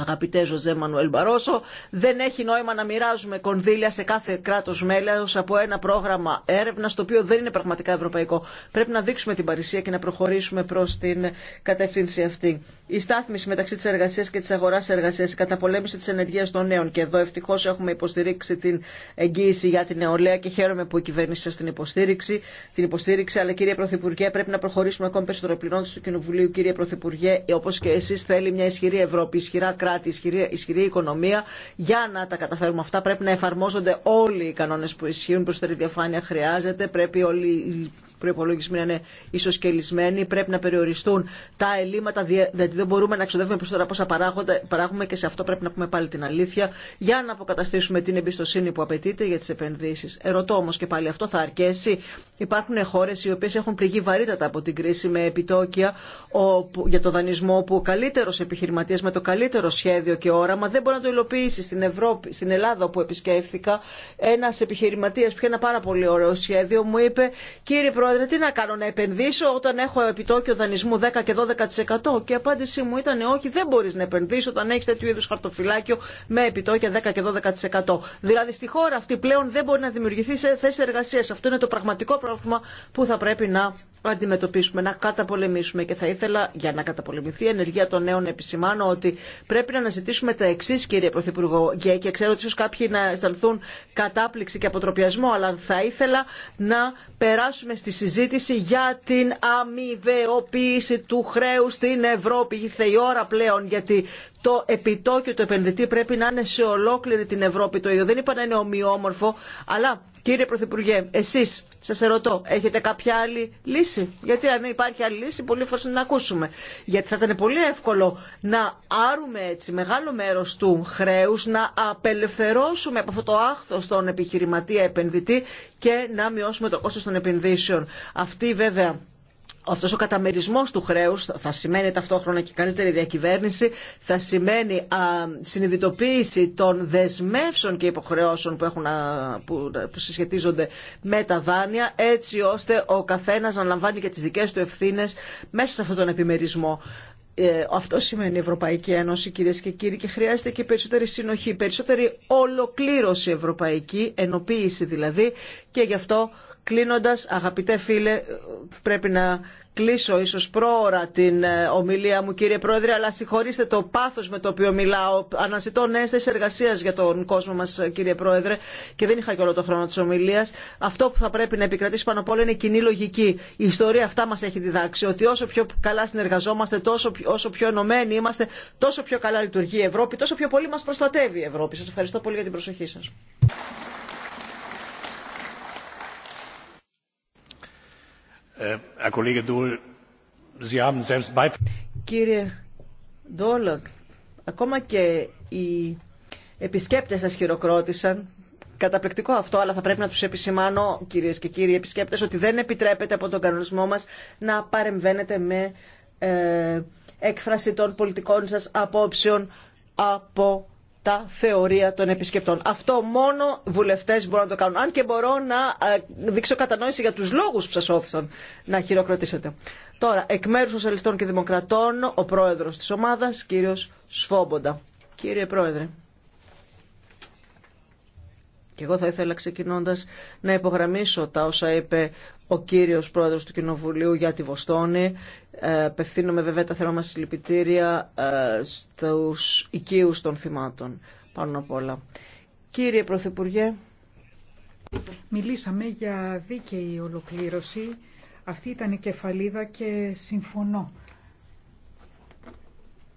Αγαπητέ Ζωζέ Μανουέλ Μπαρόσο, δεν έχει νόημα να μοιράζουμε κονδύλια σε κάθε κράτο μέλο από ένα πρόγραμμα έρευνα το οποίο δεν είναι πραγματικά ευρωπαϊκό. Πρέπει να δείξουμε την παρουσία και να προχωρήσουμε προ την κατεύθυνση αυτή. Η στάθμιση μεταξύ τη εργασία και τη αγορά εργασία, η καταπολέμηση τη ενεργεία των νέων και εδώ ευτυχώ έχουμε υποστηρίξει την εγγύηση για την νεολαία και χαίρομαι που η κυβέρνηση σα την υποστήριξη. Την υποστήριξη, αλλά κύριε Πρωθυπουργέ, πρέπει να προχωρήσουμε ακόμη περισσότερο του Κοινοβουλίου, Κύρια Πρωθυπουργέ, όπω και εσεί θέλει μια ισχυρή Ευρώπη, ισχυρά κράτη, ισχυρή, οικονομία. Για να τα καταφέρουμε αυτά πρέπει να εφαρμόζονται όλοι οι κανόνε που ισχύουν, τη διαφάνεια χρειάζεται, πρέπει όλοι προπολογισμοί να είναι ισοσκελισμένοι, πρέπει να περιοριστούν τα ελλείμματα, γιατί δηλαδή δεν μπορούμε να ξοδεύουμε προ τώρα πόσα παράγουμε και σε αυτό πρέπει να πούμε πάλι την αλήθεια, για να αποκαταστήσουμε την εμπιστοσύνη που απαιτείται για τι επενδύσει. Ερωτώ όμω και πάλι αυτό θα αρκέσει. Υπάρχουν χώρε οι οποίε έχουν πληγεί βαρύτατα από την κρίση με επιτόκια για το δανεισμό, που ο καλύτερο επιχειρηματία με το καλύτερο σχέδιο και όραμα δεν μπορεί να το υλοποιήσει στην, Ευρώπη, στην Ελλάδα που επισκέφθηκα. Ένα επιχειρηματία που ένα πάρα πολύ ωραίο σχέδιο μου είπε, κύριε πρόεδρε, τι να κάνω, να επενδύσω όταν έχω επιτόκιο δανεισμού 10 και 12%. Και η απάντησή μου ήταν όχι, δεν μπορεί να επενδύσει όταν έχει τέτοιου είδου χαρτοφυλάκιο με επιτόκια 10 και 12%. Δηλαδή στη χώρα αυτή πλέον δεν μπορεί να δημιουργηθεί σε θέση εργασία. Αυτό είναι το πραγματικό πρόβλημα που θα πρέπει να αντιμετωπίσουμε, να καταπολεμήσουμε και θα ήθελα για να καταπολεμηθεί η ενεργεία των νέων επισημάνω ότι πρέπει να αναζητήσουμε τα εξή κύριε Πρωθυπουργό και ξέρω ότι ίσω κάποιοι να αισθανθούν κατάπληξη και αποτροπιασμό αλλά θα ήθελα να περάσουμε στη συζήτηση για την αμοιβαιοποίηση του χρέου στην Ευρώπη. Ήρθε η ώρα πλέον γιατί το επιτόκιο του επενδυτή πρέπει να είναι σε ολόκληρη την Ευρώπη το ίδιο. Δεν είπα να είναι ομοιόμορφο, αλλά κύριε Πρωθυπουργέ, εσεί, σα ερωτώ, έχετε κάποια άλλη λύση. Γιατί αν υπάρχει άλλη λύση, πολύ φως να ακούσουμε. Γιατί θα ήταν πολύ εύκολο να άρουμε έτσι μεγάλο μέρο του χρέου, να απελευθερώσουμε από αυτό το άχθο τον επιχειρηματία επενδυτή και να μειώσουμε το κόστο των επενδύσεων. Αυτή βέβαια αυτός ο καταμερισμός του χρέους θα σημαίνει ταυτόχρονα και καλύτερη διακυβέρνηση, θα σημαίνει α, συνειδητοποίηση των δεσμεύσεων και υποχρεώσεων που, έχουν, που, συσχετίζονται με τα δάνεια, έτσι ώστε ο καθένας να λαμβάνει και τις δικές του ευθύνες μέσα σε αυτόν τον επιμερισμό. Ε, αυτό σημαίνει η Ευρωπαϊκή Ένωση, κυρίε και κύριοι, και χρειάζεται και περισσότερη συνοχή, περισσότερη ολοκλήρωση ευρωπαϊκή, ενοποίηση δηλαδή, και γι' αυτό Κλείνοντας, αγαπητέ φίλε, πρέπει να κλείσω ίσως πρόωρα την ε, ομιλία μου κύριε Πρόεδρε, αλλά συγχωρήστε το πάθος με το οποίο μιλάω. Αναζητώ νέες θέσεις εργασίας για τον κόσμο μας ε, κύριε Πρόεδρε και δεν είχα και όλο το χρόνο της ομιλίας. Αυτό που θα πρέπει να επικρατήσει πάνω απ' όλα είναι κοινή λογική. Η ιστορία αυτά μας έχει διδάξει ότι όσο πιο καλά συνεργαζόμαστε, τόσο, όσο πιο ενωμένοι είμαστε, τόσο πιο καλά λειτουργεί η Ευρώπη, τόσο πιο πολύ μας προστατεύει η Ευρώπη. Σας ευχαριστώ πολύ για την προσοχή σας. Ε, ε, Κύριε Ντόλαγκ, ακόμα και οι επισκέπτες σας χειροκρότησαν. Καταπληκτικό αυτό, αλλά θα πρέπει να τους επισημάνω, κυρίες και κύριοι επισκέπτε, ότι δεν επιτρέπεται από τον κανονισμό μας να παρεμβαίνετε με ε, έκφραση των πολιτικών σας απόψεων από τα θεωρία των επισκεπτών. Αυτό μόνο βουλευτές μπορούν να το κάνουν. Αν και μπορώ να ε, δείξω κατανόηση για τους λόγους που σας όθησαν να χειροκροτήσετε. Τώρα, εκ μέρους Σοσιαλιστών και Δημοκρατών, ο πρόεδρος της ομάδας, κύριος Σφόμποντα. Κύριε Πρόεδρε. Και εγώ θα ήθελα ξεκινώντα να υπογραμμίσω τα όσα είπε ο κύριο πρόεδρο του Κοινοβουλίου για τη Βοστόνη. Ε, βέβαια τα θέμα μα συλληπιτήρια ε, στου οικείου των θυμάτων πάνω απ' όλα.
Κύριε Πρωθυπουργέ. Μιλήσαμε για δίκαιη ολοκλήρωση. Αυτή ήταν η κεφαλίδα και συμφωνώ.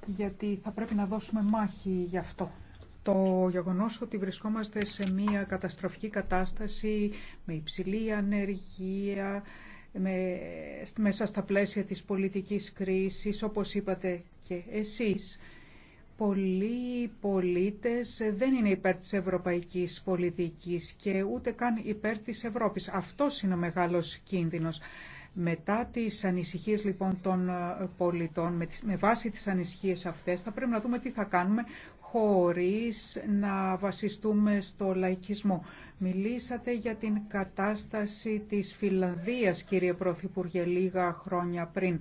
Γιατί θα πρέπει να δώσουμε μάχη γι' αυτό το γεγονός ότι βρισκόμαστε σε μια καταστροφική κατάσταση με υψηλή ανεργία, με, μέσα στα πλαίσια της πολιτικής κρίσης, όπως είπατε και εσείς. Πολλοί πολίτες δεν είναι υπέρ της ευρωπαϊκής πολιτικής και ούτε καν υπέρ της Ευρώπης. Αυτό είναι ο μεγάλος κίνδυνος. Μετά τις ανησυχίες λοιπόν των ε, πολιτών, με βάση τις ανησυχίες αυτές, θα πρέπει να δούμε τι θα κάνουμε χωρίς να βασιστούμε στο λαϊκισμό. Μιλήσατε για την κατάσταση της Φιλανδίας, κύριε Πρωθυπουργέ, λίγα χρόνια πριν.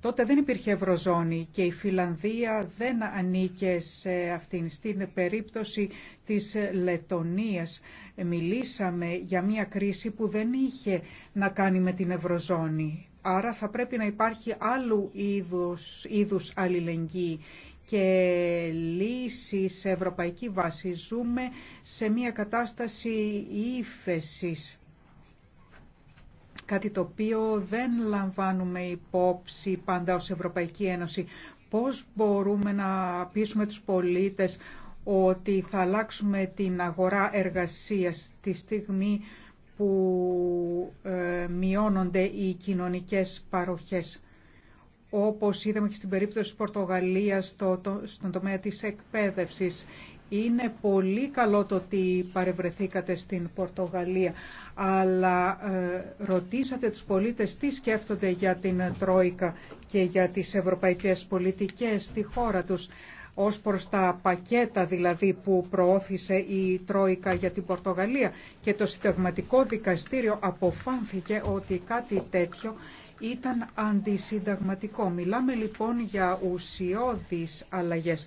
Τότε δεν υπήρχε Ευρωζώνη και η Φιλανδία δεν ανήκε σε αυτήν. Στην περίπτωση της Λετωνίας μιλήσαμε για μια κρίση που δεν είχε να κάνει με την Ευρωζώνη. Άρα θα πρέπει να υπάρχει άλλου είδους, είδους αλληλεγγύη και λύσει σε ευρωπαϊκή βάση. Ζούμε σε μια κατάσταση ύφεση. Κάτι το οποίο δεν λαμβάνουμε υπόψη πάντα ως Ευρωπαϊκή Ένωση. Πώς μπορούμε να πείσουμε τους πολίτες ότι θα αλλάξουμε την αγορά εργασίας τη στιγμή που ε, μειώνονται οι κοινωνικές παροχές όπως είδαμε και στην περίπτωση της Πορτογαλίας το, στον τομέα της εκπαίδευσης. Είναι πολύ καλό το ότι παρευρεθήκατε στην Πορτογαλία, αλλά ε, ρωτήσατε τους πολίτες τι σκέφτονται για την Τρόικα και για τις ευρωπαϊκές πολιτικές στη χώρα τους, ως προς τα πακέτα δηλαδή που προώθησε η Τρόικα για την Πορτογαλία. Και το Συνταγματικό Δικαστήριο αποφάνθηκε ότι κάτι τέτοιο ήταν αντισυνταγματικό. Μιλάμε λοιπόν για ουσιώδεις αλλαγές.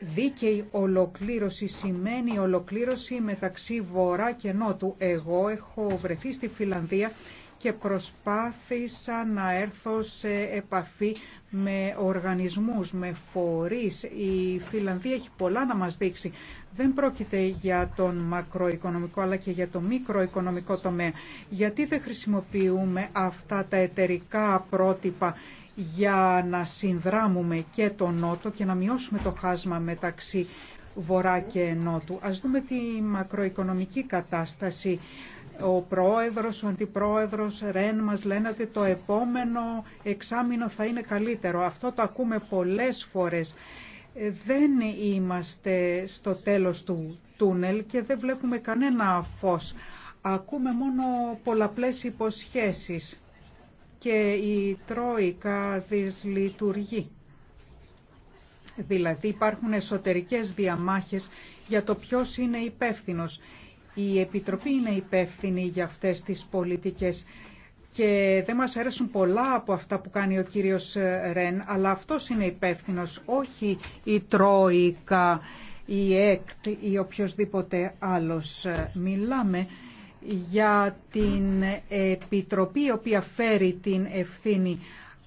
Δίκαιη ολοκλήρωση σημαίνει ολοκλήρωση μεταξύ βορρά και νότου. Εγώ έχω βρεθεί στη Φιλανδία και προσπάθησα να έρθω σε επαφή με οργανισμούς, με φορείς. Η Φιλανδία έχει πολλά να μας δείξει δεν πρόκειται για τον μακροοικονομικό αλλά και για το μικροοικονομικό τομέα. Γιατί δεν χρησιμοποιούμε αυτά τα εταιρικά πρότυπα για να συνδράμουμε και τον Νότο και να μειώσουμε το χάσμα μεταξύ Βορρά και Νότου. Ας δούμε τη μακροοικονομική κατάσταση. Ο πρόεδρος, ο αντιπρόεδρος Ρεν μας λένε ότι το επόμενο εξάμεινο θα είναι καλύτερο. Αυτό το ακούμε πολλές φορές ε, δεν είμαστε στο τέλος του τούνελ και δεν βλέπουμε κανένα φως. Ακούμε μόνο πολλαπλές υποσχέσεις και η Τρόικα δυσλειτουργεί. Δηλαδή υπάρχουν εσωτερικές διαμάχες για το ποιος είναι υπεύθυνος. Η Επιτροπή είναι υπεύθυνη για αυτές τις πολιτικές και δεν μας αρέσουν πολλά από αυτά που κάνει ο κύριος Ρεν, αλλά αυτός είναι υπεύθυνο, όχι η Τρόικα, η ΕΚΤ ή οποιοδήποτε άλλος. Μιλάμε για την Επιτροπή η οποία φέρει την ευθύνη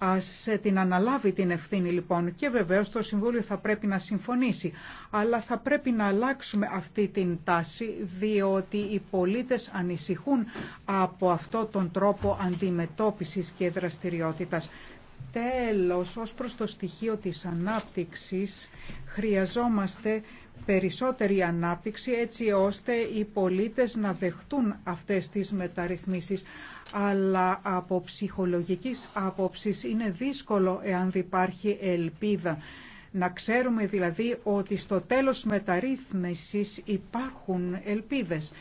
Ας την αναλάβει την ευθύνη λοιπόν και βεβαίως το Συμβούλιο θα πρέπει να συμφωνήσει. Αλλά θα πρέπει να αλλάξουμε αυτή την τάση διότι οι πολίτες ανησυχούν από αυτό τον τρόπο αντιμετώπισης και δραστηριότητας. Τέλος, ως προς το στοιχείο της ανάπτυξης χρειαζόμαστε περισσότερη ανάπτυξη έτσι ώστε οι πολίτες να δεχτούν αυτές τις μεταρρυθμίσεις. Αλλά από ψυχολογικής άποψης είναι δύσκολο εάν υπάρχει ελπίδα. Να ξέρουμε δηλαδή ότι στο τέλος μεταρρύθμισης υπάρχουν ελπίδες.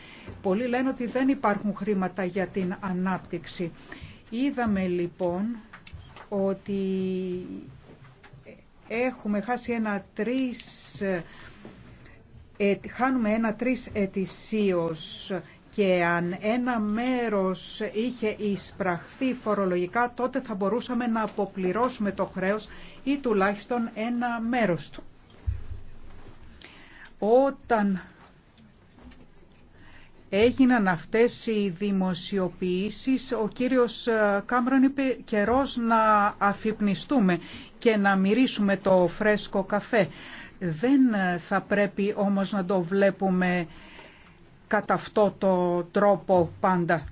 Πολλοί λένε ότι δεν υπάρχουν χρήματα για την ανάπτυξη. Είδαμε λοιπόν ότι έχουμε χάσει ένα τρεις ε, χάνουμε ένα τρεις ετησίως και αν ένα μέρος είχε εισπραχθεί φορολογικά τότε θα μπορούσαμε να αποπληρώσουμε το χρέος ή τουλάχιστον ένα μέρος του. Όταν έγιναν αυτές οι δημοσιοποιήσεις, ο κύριος ε, Κάμπρον είπε καιρός να αφυπνιστούμε και να μυρίσουμε το φρέσκο καφέ. Δεν θα πρέπει όμως να το βλέπουμε κατά αυτό το τρόπο πάντα.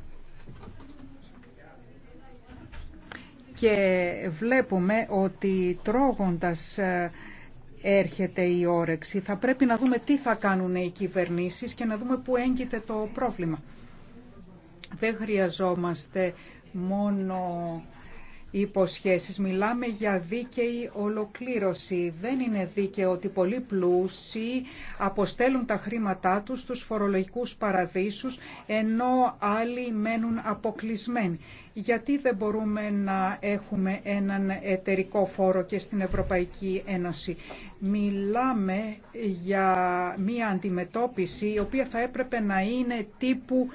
Και βλέπουμε ότι τρώγοντας ε, έρχεται η όρεξη. Θα πρέπει να δούμε τι θα κάνουν οι κυβερνήσεις και να δούμε πού έγκυται το πρόβλημα. Δεν χρειαζόμαστε μόνο υποσχέσεις. Μιλάμε για δίκαιη ολοκλήρωση. Δεν είναι δίκαιο ότι πολλοί πλούσιοι αποστέλουν τα χρήματά τους στους φορολογικούς παραδείσους, ενώ άλλοι μένουν αποκλεισμένοι. Γιατί δεν μπορούμε να έχουμε έναν εταιρικό φόρο και στην Ευρωπαϊκή Ένωση. Μιλάμε για μία αντιμετώπιση η οποία θα έπρεπε να είναι τύπου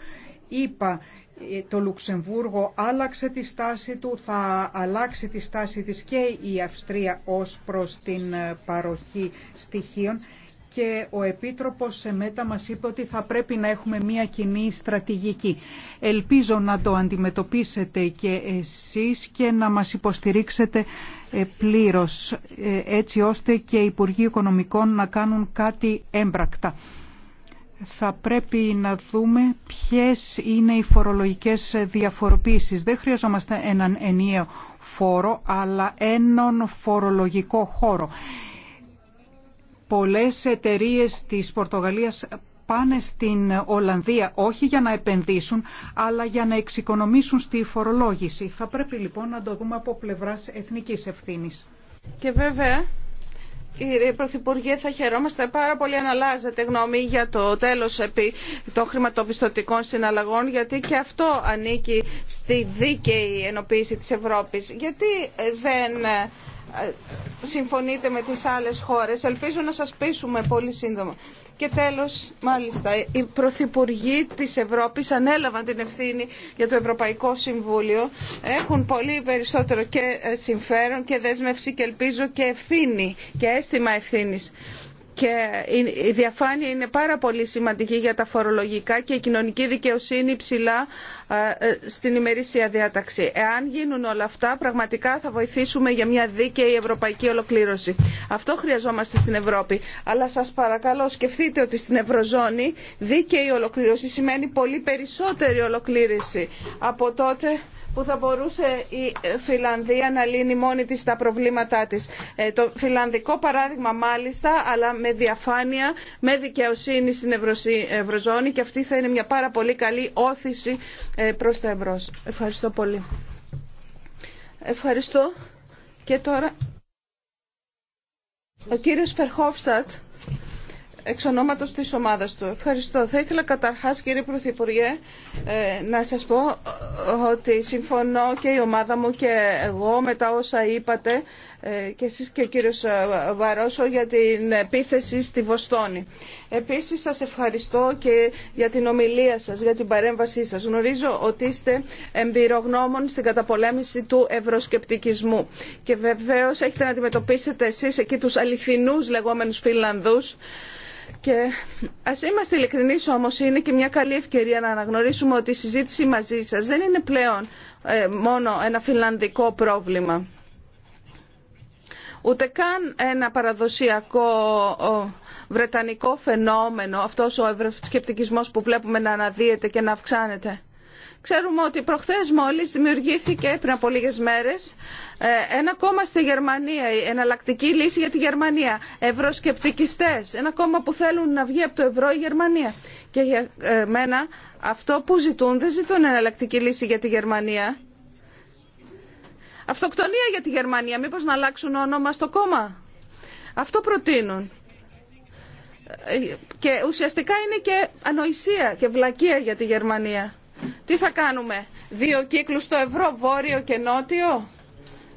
είπα ε, το Λουξεμβούργο άλλαξε τη στάση του, θα αλλάξει τη στάση της και η Αυστρία ως προς την ε, παροχή στοιχείων και ο Επίτροπος σε μέτα μας είπε ότι θα πρέπει να έχουμε μια κοινή στρατηγική. Ελπίζω να το αντιμετωπίσετε και εσείς και να μας υποστηρίξετε ε, πλήρως έτσι ώστε και οι Υπουργοί Οικονομικών να κάνουν κάτι έμπρακτα θα πρέπει να δούμε ποιες είναι οι φορολογικές διαφοροποίησεις. Δεν χρειαζόμαστε έναν ενιαίο φόρο, αλλά έναν φορολογικό χώρο. Πολλές εταιρείες της Πορτογαλίας πάνε στην Ολλανδία όχι για να επενδύσουν, αλλά για να εξοικονομήσουν στη φορολόγηση. Θα πρέπει λοιπόν να το δούμε από πλευράς εθνικής ευθύνης. Κύριε Πρωθυπουργέ, θα χαιρόμαστε πάρα
πολύ αν αλλάζετε γνώμη για το τέλος επί των χρηματοπιστωτικών συναλλαγών, γιατί και αυτό ανήκει στη δίκαιη ενοποίηση της Ευρώπης. Γιατί δεν ε, συμφωνείτε με τις άλλες χώρες. Ελπίζω να σας πείσουμε πολύ σύντομα. Και τέλος, μάλιστα, οι πρωθυπουργοί της Ευρώπης ανέλαβαν την ευθύνη για το Ευρωπαϊκό Συμβούλιο. Έχουν πολύ περισσότερο και ε, συμφέρον και δέσμευση και ελπίζω και ευθύνη και αίσθημα ευθύνης και η διαφάνεια είναι πάρα πολύ σημαντική για τα φορολογικά και η κοινωνική δικαιοσύνη ψηλά ε, ε, στην ημερήσια διάταξη. Εάν γίνουν όλα αυτά, πραγματικά θα βοηθήσουμε για μια δίκαιη ευρωπαϊκή ολοκλήρωση. Αυτό χρειαζόμαστε στην Ευρώπη. Αλλά σας παρακαλώ σκεφτείτε ότι στην Ευρωζώνη δίκαιη ολοκλήρωση σημαίνει πολύ περισσότερη ολοκλήρωση. Από τότε που θα μπορούσε η Φιλανδία να λύνει μόνη της τα προβλήματά της. Ε, το φιλανδικό παράδειγμα μάλιστα, αλλά με διαφάνεια, με δικαιοσύνη στην Ευρωζώνη και αυτή θα είναι μια πάρα πολύ καλή όθηση ε, προς τα ευρώ. Ευχαριστώ πολύ. Ευχαριστώ. Και τώρα ο κύριος Φερχόφστατ εξ ονόματος της ομάδας του. Ευχαριστώ. Θα ήθελα καταρχάς κύριε Πρωθυπουργέ ε, να σας πω ε, ότι συμφωνώ και η ομάδα μου και εγώ με τα όσα είπατε ε, και εσείς και ο κύριος Βαρόσο για την επίθεση στη Βοστόνη. Επίσης σας ευχαριστώ και για την ομιλία σας, για την παρέμβασή σας. Γνωρίζω ότι είστε εμπειρογνώμων στην καταπολέμηση του ευρωσκεπτικισμού και βεβαίως έχετε να αντιμετωπίσετε εσείς εκεί τους αληθινούς λεγόμενους Φιλανδούς και ας είμαστε ειλικρινεί όμως, είναι και μια καλή ευκαιρία να αναγνωρίσουμε ότι η συζήτηση μαζί σας δεν είναι πλέον ε, μόνο ένα φιλανδικό πρόβλημα. Ούτε καν ένα παραδοσιακό βρετανικό φαινόμενο, αυτός ο ευρωσκεπτικισμός που βλέπουμε να αναδύεται και να αυξάνεται. Ξέρουμε ότι προχθές μόλις δημιουργήθηκε πριν από λίγες μέρες ε, ένα κόμμα στη Γερμανία, η εναλλακτική λύση για τη Γερμανία, ευρωσκεπτικιστές, ένα κόμμα που θέλουν να βγει από το ευρώ η Γερμανία. Και για ε, μένα αυτό που ζητούν δεν ζητούν εναλλακτική λύση για τη Γερμανία. Αυτοκτονία για τη Γερμανία, μήπως να αλλάξουν όνομα στο κόμμα. Αυτό προτείνουν ε, και ουσιαστικά είναι και ανοησία και βλακεία για τη Γερμανία. Τι θα κάνουμε, δύο κύκλους στο ευρώ, βόρειο και νότιο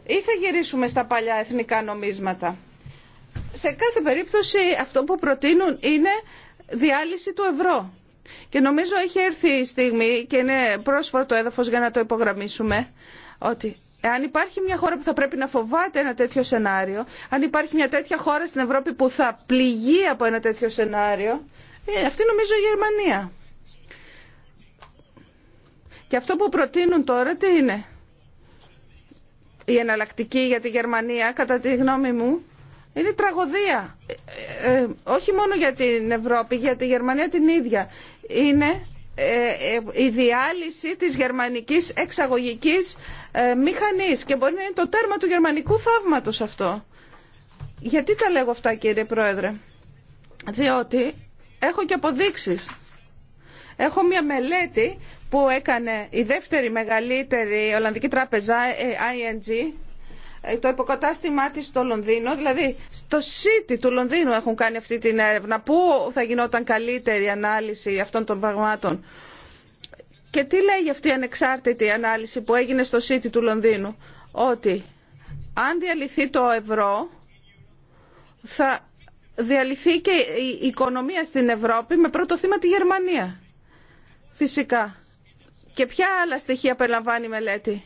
ή θα γυρίσουμε στα παλιά εθνικά νομίσματα. Σε κάθε περίπτωση αυτό που προτείνουν είναι διάλυση του ευρώ. Και νομίζω έχει έρθει η στιγμή και είναι πρόσφορο το έδαφος για να το υπογραμμίσουμε ότι αν υπάρχει μια χώρα που θα πρέπει να φοβάται ένα τέτοιο σενάριο, αν υπάρχει μια τέτοια χώρα στην Ευρώπη που θα πληγεί από ένα τέτοιο σενάριο, ε, αυτή νομίζω η Γερμανία. Και αυτό που προτείνουν τώρα τι είναι. Η εναλλακτική για τη Γερμανία, κατά τη γνώμη μου, είναι τραγωδία. Ε, ε, όχι μόνο για την Ευρώπη, για τη Γερμανία την ίδια. Είναι ε, η διάλυση της γερμανικής εξαγωγικής μηχανής και μπορεί να είναι το τέρμα του γερμανικού θαύματος αυτό. Γιατί τα λέγω αυτά κύριε Πρόεδρε. Διότι έχω και αποδείξεις. Έχω μια μελέτη που έκανε η δεύτερη μεγαλύτερη Ολλανδική τράπεζα, ε, ING, ε, το υποκατάστημά τη στο Λονδίνο, δηλαδή στο City του Λονδίνου έχουν κάνει αυτή την έρευνα. Πού θα γινόταν καλύτερη ανάλυση αυτών των πραγμάτων. Και τι λέει αυτή η ανεξάρτητη ανάλυση που έγινε στο City του Λονδίνου. Ότι αν διαλυθεί το ευρώ θα διαλυθεί και η οικονομία στην Ευρώπη με πρώτο θύμα τη Γερμανία. Φυσικά. Και ποια άλλα στοιχεία περιλαμβάνει η μελέτη.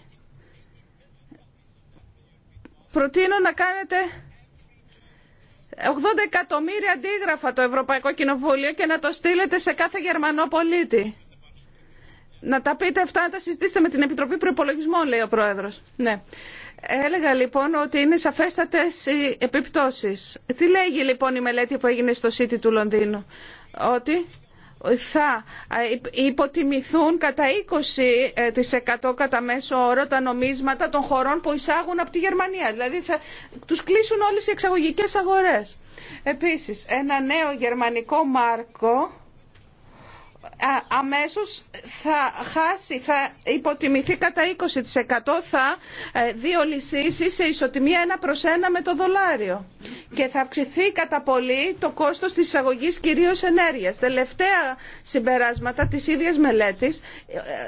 Προτείνω να κάνετε 80 εκατομμύρια αντίγραφα το Ευρωπαϊκό Κοινοβούλιο και να το στείλετε σε κάθε Γερμανό πολίτη. Να τα πείτε αυτά, να τα συζητήσετε με την Επιτροπή Προπολογισμών, λέει ο Πρόεδρο. Ναι. Έλεγα λοιπόν ότι είναι σαφέστατες οι επιπτώσει. Τι λέγει λοιπόν η μελέτη που έγινε στο City του Λονδίνου. Ότι θα υποτιμηθούν κατά 20% ε, κατά μέσο όρο τα νομίσματα των χωρών που εισάγουν από τη Γερμανία. Δηλαδή θα τους κλείσουν όλες οι εξαγωγικές αγορές. Επίσης, ένα νέο γερμανικό μάρκο ε, αμέσως θα χάσει, θα υποτιμηθεί κατά 20%, θα ε, διολυστήσει σε ισοτιμία ένα προς ένα με το δολάριο και θα αυξηθεί κατά πολύ το κόστος της εισαγωγής κυρίως ενέργειας. Τελευταία συμπεράσματα της ίδιας μελέτης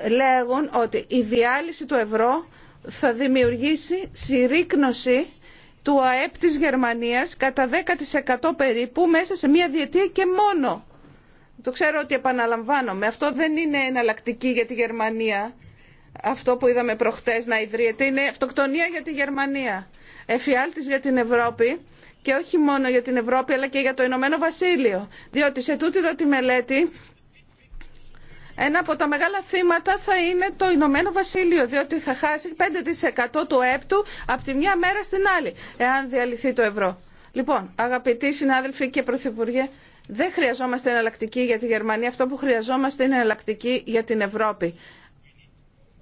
ε, λέγουν ότι η διάλυση του ευρώ θα δημιουργήσει συρρήκνωση του ΑΕΠ της Γερμανίας κατά 10% περίπου μέσα σε μία διετία και μόνο το ξέρω ότι επαναλαμβάνομαι. Αυτό δεν είναι εναλλακτική για τη Γερμανία. Αυτό που είδαμε προχτές να ιδρύεται είναι αυτοκτονία για τη Γερμανία. Εφιάλτης για την Ευρώπη και όχι μόνο για την Ευρώπη αλλά και για το Ηνωμένο Βασίλειο. Διότι σε τούτη εδώ τη μελέτη ένα από τα μεγάλα θύματα θα είναι το Ηνωμένο Βασίλειο, διότι θα χάσει 5% του ΕΠΤΟΥ από τη μια μέρα στην άλλη, εάν διαλυθεί το ευρώ. Λοιπόν, αγαπητοί συνάδελφοι και πρωθυπουργέ, δεν χρειαζόμαστε εναλλακτική για τη Γερμανία. Αυτό που χρειαζόμαστε είναι εναλλακτική για την Ευρώπη.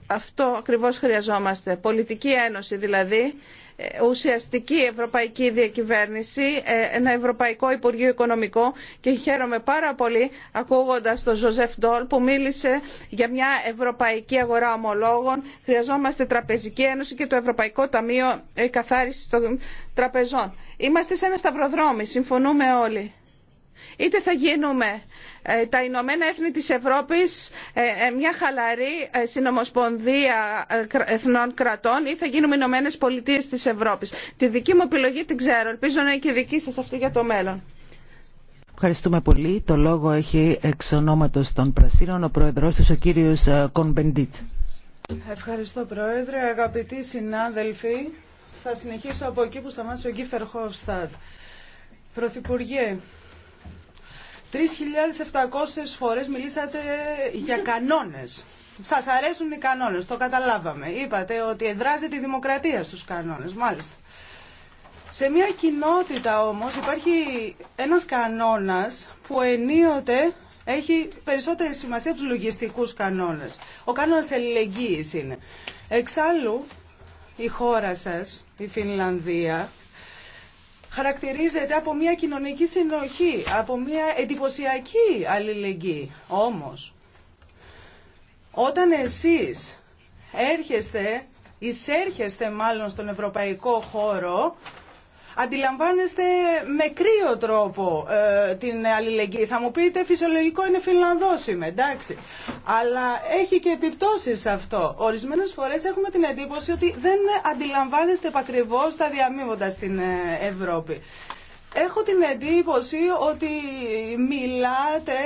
Αυτό ακριβώς χρειαζόμαστε. Πολιτική ένωση δηλαδή, ε, ουσιαστική ευρωπαϊκή διακυβέρνηση, ε, ένα Ευρωπαϊκό Υπουργείο Οικονομικό και χαίρομαι πάρα πολύ ακούγοντας τον Ζωζεφ Ντόλ που μίλησε για μια ευρωπαϊκή αγορά ομολόγων. Χρειαζόμαστε τραπεζική ένωση και το Ευρωπαϊκό Ταμείο ε, Καθάρισης των Τραπεζών. Είμαστε σε ένα σταυροδρόμι, συμφωνούμε όλοι. Είτε θα γίνουμε ε, τα Ηνωμένα Έθνη της Ευρώπης ε, ε, μια χαλαρή συνομοσπονδία εθνών κρατών ή θα γίνουμε Ηνωμένε Πολιτείες της Ευρώπης. Τη δική μου επιλογή την ξέρω. Ελπίζω να είναι και δική σας αυτή για το μέλλον.
Ευχαριστούμε πολύ. Το λόγο έχει εξ ονόματος των Πρασίνων ο Πρόεδρος του ο κύριος
Κονμπεντίτ.
Ευχαριστώ Πρόεδρε. Αγαπητοί συνάδελφοι, θα συνεχίσω από εκεί που σταμάτησε ο Γκίφερ Χόφστατ. Πρωθυπουργέ, 3.700 φορές μιλήσατε για κανόνες. Σας αρέσουν οι κανόνες, το καταλάβαμε. Είπατε ότι εδράζεται η δημοκρατία στους κανόνες, μάλιστα. Σε μια κοινότητα όμως υπάρχει ένας κανόνας που ενίοτε έχει περισσότερη σημασία από τους λογιστικούς κανόνες. Ο κανόνας ελεγγύης είναι. Εξάλλου, η χώρα σας, η Φινλανδία, χαρακτηρίζεται από μια κοινωνική συνοχή, από μια εντυπωσιακή αλληλεγγύη. Όμως, όταν εσείς έρχεστε εισέρχεστε μάλλον στον ευρωπαϊκό χώρο αντιλαμβάνεστε με κρύο τρόπο ε, την αλληλεγγύη. Θα μου πείτε φυσιολογικό είναι Φιλανδός είμαι, εντάξει. Αλλά έχει και επιπτώσεις αυτό. Ορισμένες φορές έχουμε την εντύπωση ότι δεν αντιλαμβάνεστε επακριβώς τα διαμείβοντα στην ε, Ευρώπη. Έχω την εντύπωση ότι μιλάτε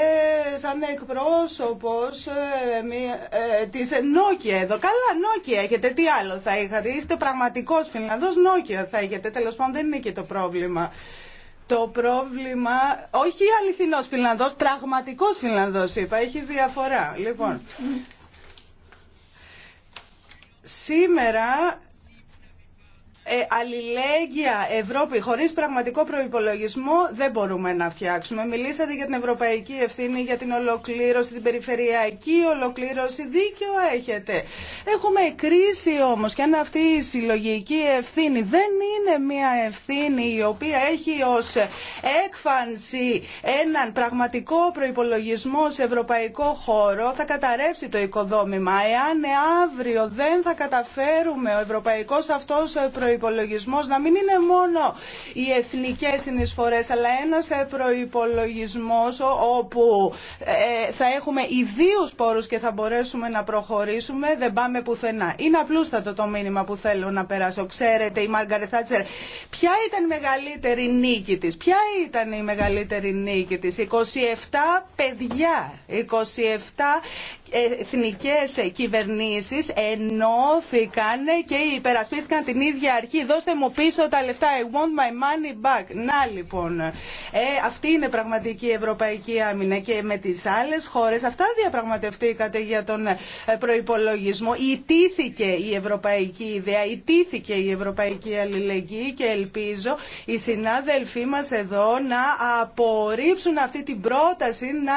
σαν εκπρόσωπος ε, ε, της Νόκια εδώ. Καλά Νόκια έχετε, τι άλλο θα είχατε. Είστε πραγματικός Φινλανδός, Νόκια θα έχετε. Τέλος πάντων δεν είναι και το πρόβλημα. Το πρόβλημα, όχι αληθινός Φινλανδός, πραγματικός Φινλανδός είπα, έχει διαφορά. Λοιπόν, σήμερα ε, αλληλέγγυα Ευρώπη χωρίς πραγματικό προϋπολογισμό δεν μπορούμε να φτιάξουμε. Μιλήσατε για την ευρωπαϊκή ευθύνη, για την ολοκλήρωση, την περιφερειακή ολοκλήρωση. Δίκιο έχετε. Έχουμε κρίση όμως και αν αυτή η συλλογική ευθύνη δεν είναι μια ευθύνη η οποία έχει ως έκφανση έναν πραγματικό προϋπολογισμό σε ευρωπαϊκό χώρο θα καταρρεύσει το οικοδόμημα. Εάν αύριο δεν θα καταφέρουμε ο ευρωπαϊκός αυτός προϋπολογισμός προϋπολογισμός να μην είναι μόνο οι εθνικές συνεισφορέ, αλλά ένας ε, προπολογισμό όπου ε, θα έχουμε ιδίου πόρου και θα μπορέσουμε να προχωρήσουμε δεν πάμε πουθενά. Είναι απλούστατο το μήνυμα που θέλω να περάσω. Ξέρετε η Μάργαρετ Θάτσερ ποια ήταν η μεγαλύτερη νίκη της. Ποια ήταν η μεγαλύτερη νίκη τη. 27 παιδιά. 27 εθνικές κυβερνήσεις ενώθηκαν και υπερασπίστηκαν την ίδια αρχή. Δώστε μου πίσω τα λεφτά. I want my money back. Να λοιπόν. Ε, αυτή είναι πραγματική ευρωπαϊκή άμυνα και με τις άλλες χώρες. Αυτά διαπραγματευτήκατε για τον ε, προϋπολογισμό. Ιτήθηκε η ευρωπαϊκή ιδέα, ιτήθηκε η ευρωπαϊκή αλληλεγγύη και ελπίζω οι συνάδελφοί μας εδώ να απορρίψουν αυτή την πρόταση, να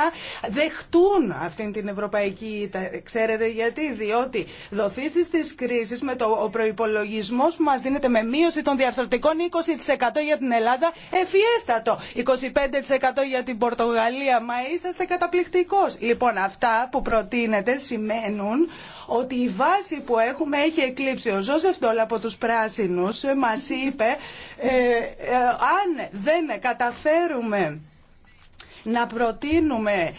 δεχτούν αυτή την ευρωπαϊκή εκεί. Ξέρετε γιατί, διότι δοθήσει τη κρίση με το, ο προπολογισμό που μα δίνεται με μείωση των διαρθρωτικών 20% για την Ελλάδα, εφιέστατο. 25% για την Πορτογαλία. Μα είσαστε καταπληκτικός. Λοιπόν, αυτά που προτείνετε σημαίνουν ότι η βάση που έχουμε έχει εκλείψει. Ο Ζώσεφ Ντόλ από τους Πράσινους ε, μας είπε ε, ε, αν δεν καταφέρουμε να προτείνουμε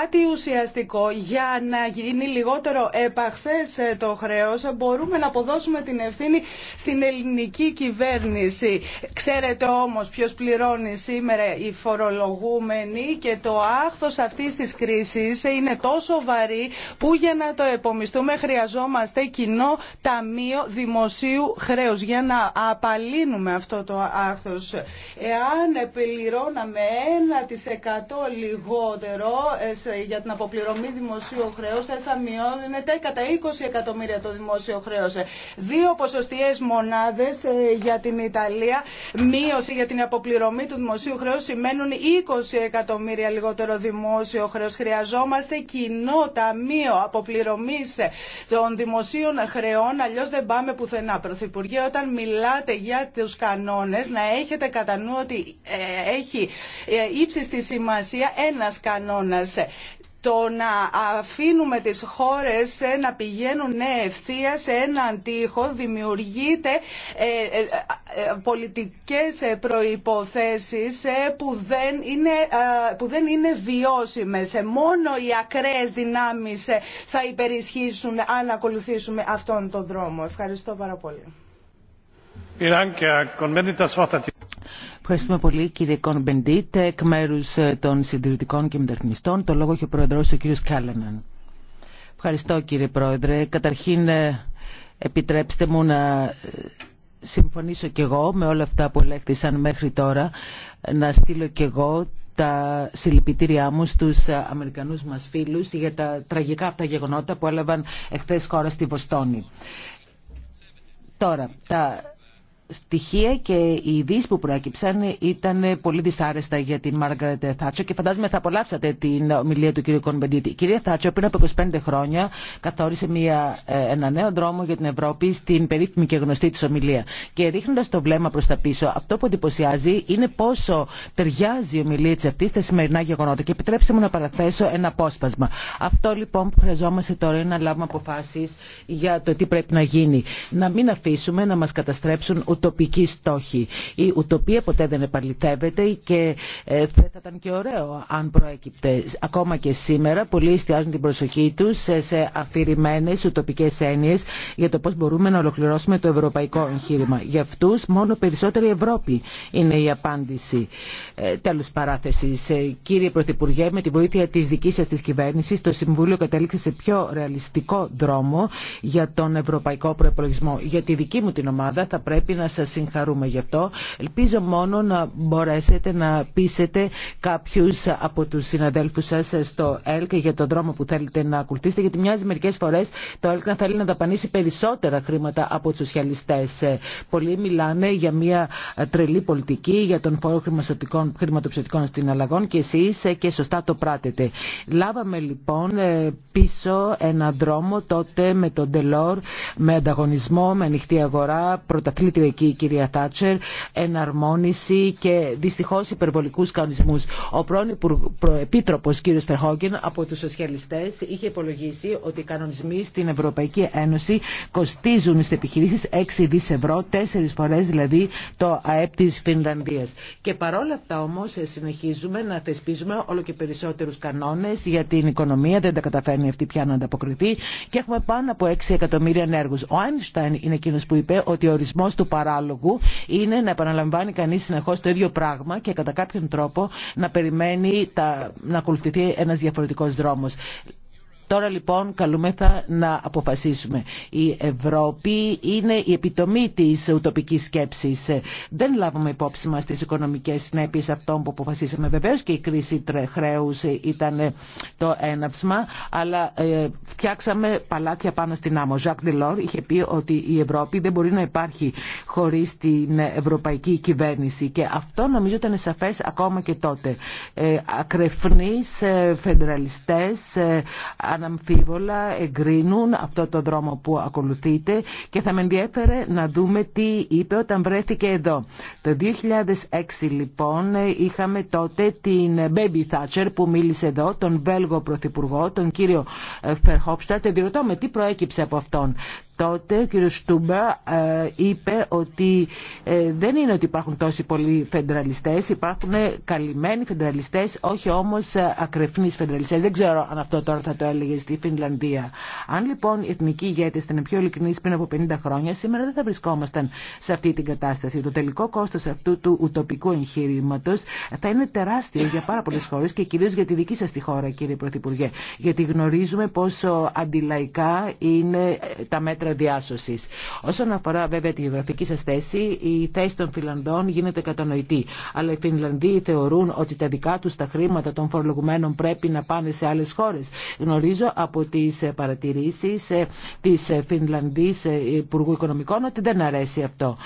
κάτι ουσιαστικό για να γίνει λιγότερο επαχθές ε, το χρέος μπορούμε να αποδώσουμε την ευθύνη στην ελληνική κυβέρνηση. Ξέρετε όμως ποιος πληρώνει σήμερα οι φορολογούμενοι και το άχθος αυτής της κρίσης είναι τόσο βαρύ που για να το επομιστούμε χρειαζόμαστε κοινό ταμείο δημοσίου χρέους για να απαλύνουμε αυτό το άχθος. Εάν πληρώναμε 1% λιγότερο ε, ε, για την αποπληρωμή δημοσίου χρέου ε, θα μειώνεται κατά 20 εκατομμύρια το δημόσιο χρέο. Ε, δύο ποσοστιαίε μονάδε για την Ιταλία, μείωση για την αποπληρωμή του δημοσίου χρέου σημαίνουν 20 εκατομμύρια λιγότερο δημόσιο χρέο. Χρειαζόμαστε κοινό ταμείο αποπληρωμή των δημοσίων χρεών, αλλιώ δεν πάμε πουθενά. Πρωθυπουργέ, όταν μιλάτε για του κανόνε, να έχετε κατά νου ότι έχει ύψιστη σημασία ένα κανόνα το να αφήνουμε τις χώρες ε, να πηγαίνουν ναι, ευθεία σε έναν τείχο δημιουργείται ε, ε, πολιτικές προϋποθέσεις που, δεν είναι, που δεν είναι βιώσιμες. Μόνο οι ακραίες δυνάμεις θα υπερισχύσουν αν ακολουθήσουμε αυτόν τον δρόμο. Ευχαριστώ πάρα πολύ.
Ευχαριστούμε πολύ κύριε Μπεντήτ εκ μέρου ε, των συντηρητικών και μεταρρυθμιστών. Το λόγο έχει ο Πρόεδρο ο κύριο Κάλαναν. Ευχαριστώ κύριε Πρόεδρε. Καταρχήν ε, επιτρέψτε μου να ε, συμφωνήσω κι εγώ με όλα αυτά που ελέγχθησαν μέχρι τώρα. Να στείλω κι εγώ τα συλληπιτήριά μου στους Αμερικανούς μας φίλους για τα τραγικά αυτά γεγονότα που έλαβαν εχθές χώρα στη Βοστόνη. Τώρα, τα στοιχεία και οι ειδήσει που προέκυψαν ήταν πολύ δυσάρεστα για την Μάργαρετ Θάτσο και φαντάζομαι θα απολαύσατε την ομιλία του κ. Κονμπεντήτη. Η κυρία Θάτσο πριν από 25 χρόνια καθόρισε μια, ε, ένα νέο δρόμο για την Ευρώπη στην περίφημη και γνωστή τη ομιλία. Και ρίχνοντα το βλέμμα προ τα πίσω, αυτό που εντυπωσιάζει είναι πόσο ταιριάζει η ομιλία τη αυτή στα σημερινά γεγονότα. Και επιτρέψτε μου να παραθέσω ένα απόσπασμα. Αυτό λοιπόν που χρειαζόμαστε τώρα είναι να λάβουμε αποφάσει για το τι πρέπει να γίνει. Να μην αφήσουμε να μα καταστρέψουν ουτοπικοί στόχη. Η ουτοπία ποτέ δεν επαληθεύεται και ε, θα ήταν και ωραίο αν προέκυπτε. Ακόμα και σήμερα πολλοί εστιάζουν την προσοχή του σε αφηρημένε ουτοπικέ έννοιε για το πώ μπορούμε να ολοκληρώσουμε το ευρωπαϊκό εγχείρημα. Για αυτού μόνο περισσότερη Ευρώπη είναι η απάντηση. Ε, τέλος παράθεσης. Ε, κύριε Πρωθυπουργέ, με τη βοήθεια τη δική σα τη κυβέρνηση. το Συμβούλιο κατέληξε σε πιο ρεαλιστικό δρόμο για τον ευρωπαϊκό προπολογισμό. Για τη δική μου την ομάδα θα πρέπει να σας συγχαρούμε γι' αυτό. Ελπίζω μόνο να μπορέσετε να πείσετε κάποιους από τους συναδέλφους σας στο ΕΛΚ για τον δρόμο που θέλετε να ακολουθήσετε, γιατί μοιάζει μερικές φορές το ΕΛΚ να θέλει να δαπανίσει περισσότερα χρήματα από τους σοσιαλιστές. Πολλοί μιλάνε για μια τρελή πολιτική, για τον φόρο χρηματοψηφιστικών συναλλαγών και εσείς και σωστά το πράτετε. Λάβαμε λοιπόν ε, πίσω ένα δρόμο τότε με τον Τελόρ, με ανταγωνισμό, με ανοιχτή αγορά, πρωταθλήτρια και η κυρία Τάτσερ, εναρμόνιση και δυστυχώ υπερβολικού κανονισμού. Ο πρώην Προεπίτροπο κ. Φερχόγγεν από του σοσιαλιστέ είχε υπολογίσει ότι οι κανονισμοί στην Ευρωπαϊκή Ένωση κοστίζουν στι επιχειρήσει 6 δι ευρώ, 4 φορέ δηλαδή το ΑΕΠ τη Φινλανδία. Και παρόλα αυτά όμω συνεχίζουμε να θεσπίζουμε όλο και περισσότερου κανόνε για την οικονομία. Δεν τα καταφέρνει αυτή πια να ανταποκριθεί και έχουμε πάνω από 6 εκατομμύρια ενέργου. Ο Άινστάιν είναι εκείνο που είπε ότι ο ορισμό του παράλογου είναι να επαναλαμβάνει κανεί συνεχώ το ίδιο πράγμα και κατά κάποιον τρόπο να περιμένει τα, να ακολουθηθεί ένα διαφορετικό δρόμο. Τώρα λοιπόν καλούμεθα να αποφασίσουμε. Η Ευρώπη είναι η επιτομή της ουτοπικής σκέψης. Δεν λάβουμε υπόψη μας τις οικονομικές συνέπειες αυτών που αποφασίσαμε. βεβαίω και η κρίση χρέου ήταν το έναυσμα, αλλά ε, φτιάξαμε παλάτια πάνω στην άμμο. Ζακ Ντελόρ είχε πει ότι η Ευρώπη δεν μπορεί να υπάρχει χωρίς την ευρωπαϊκή κυβέρνηση και αυτό νομίζω ήταν σαφές ακόμα και τότε. Ε, ακρεφνείς, ε, αναμφίβολα εγκρίνουν αυτό το δρόμο που ακολουθείτε και θα με ενδιέφερε να δούμε τι είπε όταν βρέθηκε εδώ. Το 2006 λοιπόν είχαμε τότε την Baby Thatcher που μίλησε εδώ, τον Βέλγο Πρωθυπουργό, τον κύριο Φερχόφστατ, διερωτώ με τι προέκυψε από αυτόν τότε ο κύριος Στούμπα ε, είπε ότι ε, δεν είναι ότι υπάρχουν τόσοι πολλοί φεντραλιστές, υπάρχουν καλυμμένοι φεντραλιστές, όχι όμως ε, ακρεφνείς φεντραλιστές. Δεν ξέρω αν αυτό τώρα θα το έλεγε στη Φινλανδία. Αν λοιπόν οι εθνικοί ηγέτες ήταν πιο ειλικρινείς πριν από 50 χρόνια, σήμερα δεν θα βρισκόμασταν σε αυτή την κατάσταση. Το τελικό κόστος αυτού του ουτοπικού εγχειρήματο θα είναι τεράστιο για πάρα πολλές χώρες και κυρίως για τη δική σας τη χώρα κύριε Πρωθυπουργέ. Γιατί γνωρίζουμε πόσο αντιλαϊκά είναι τα μέτρα μέτρα διάσωση. Όσον αφορά βέβαια τη γεωγραφική σα θέση, η θέση των Φιλανδών γίνεται κατανοητή. Αλλά οι Φινλανδοί θεωρούν ότι τα δικά του τα χρήματα των φορολογουμένων πρέπει να πάνε σε άλλε χώρε. Γνωρίζω από τι παρατηρήσει ε, τη ε, Φινλανδή ε, Υπουργού Οικονομικών ότι δεν αρέσει αυτό.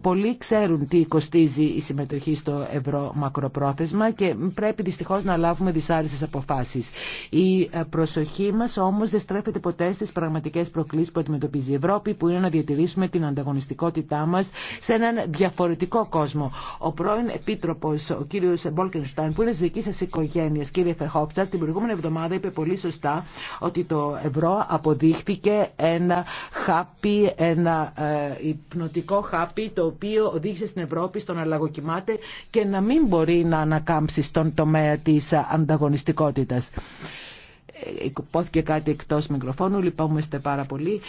Πολλοί ξέρουν τι κοστίζει η συμμετοχή στο ευρώ μακροπρόθεσμα και πρέπει δυστυχώ να λάβουμε δυσάρεστε αποφάσει. Η προσοχή μα όμω δεν στρέφεται ποτέ στι πραγματικέ προκλήσει που αντιμετωπίζουμε Ευρώπη που είναι να διατηρήσουμε την ανταγωνιστικότητά μας σε έναν διαφορετικό κόσμο. Ο πρώην Επίτροπος, ο κύριος Μπόλκενστάιν, που είναι στη δική σα οικογένεια, κύριε Φερχόφτσα, την προηγούμενη εβδομάδα είπε πολύ σωστά ότι το ευρώ αποδείχθηκε ένα χάπι, ένα ε, υπνοτικό χάπι το οποίο οδήγησε στην Ευρώπη στο να λαγοκοιμάται και να μην μπορεί να ανακάμψει στον τομέα της ανταγωνιστικότητας. Ε, ε, υπόθηκε κάτι εκτός μικροφώνου, είστε πάρα πολύ.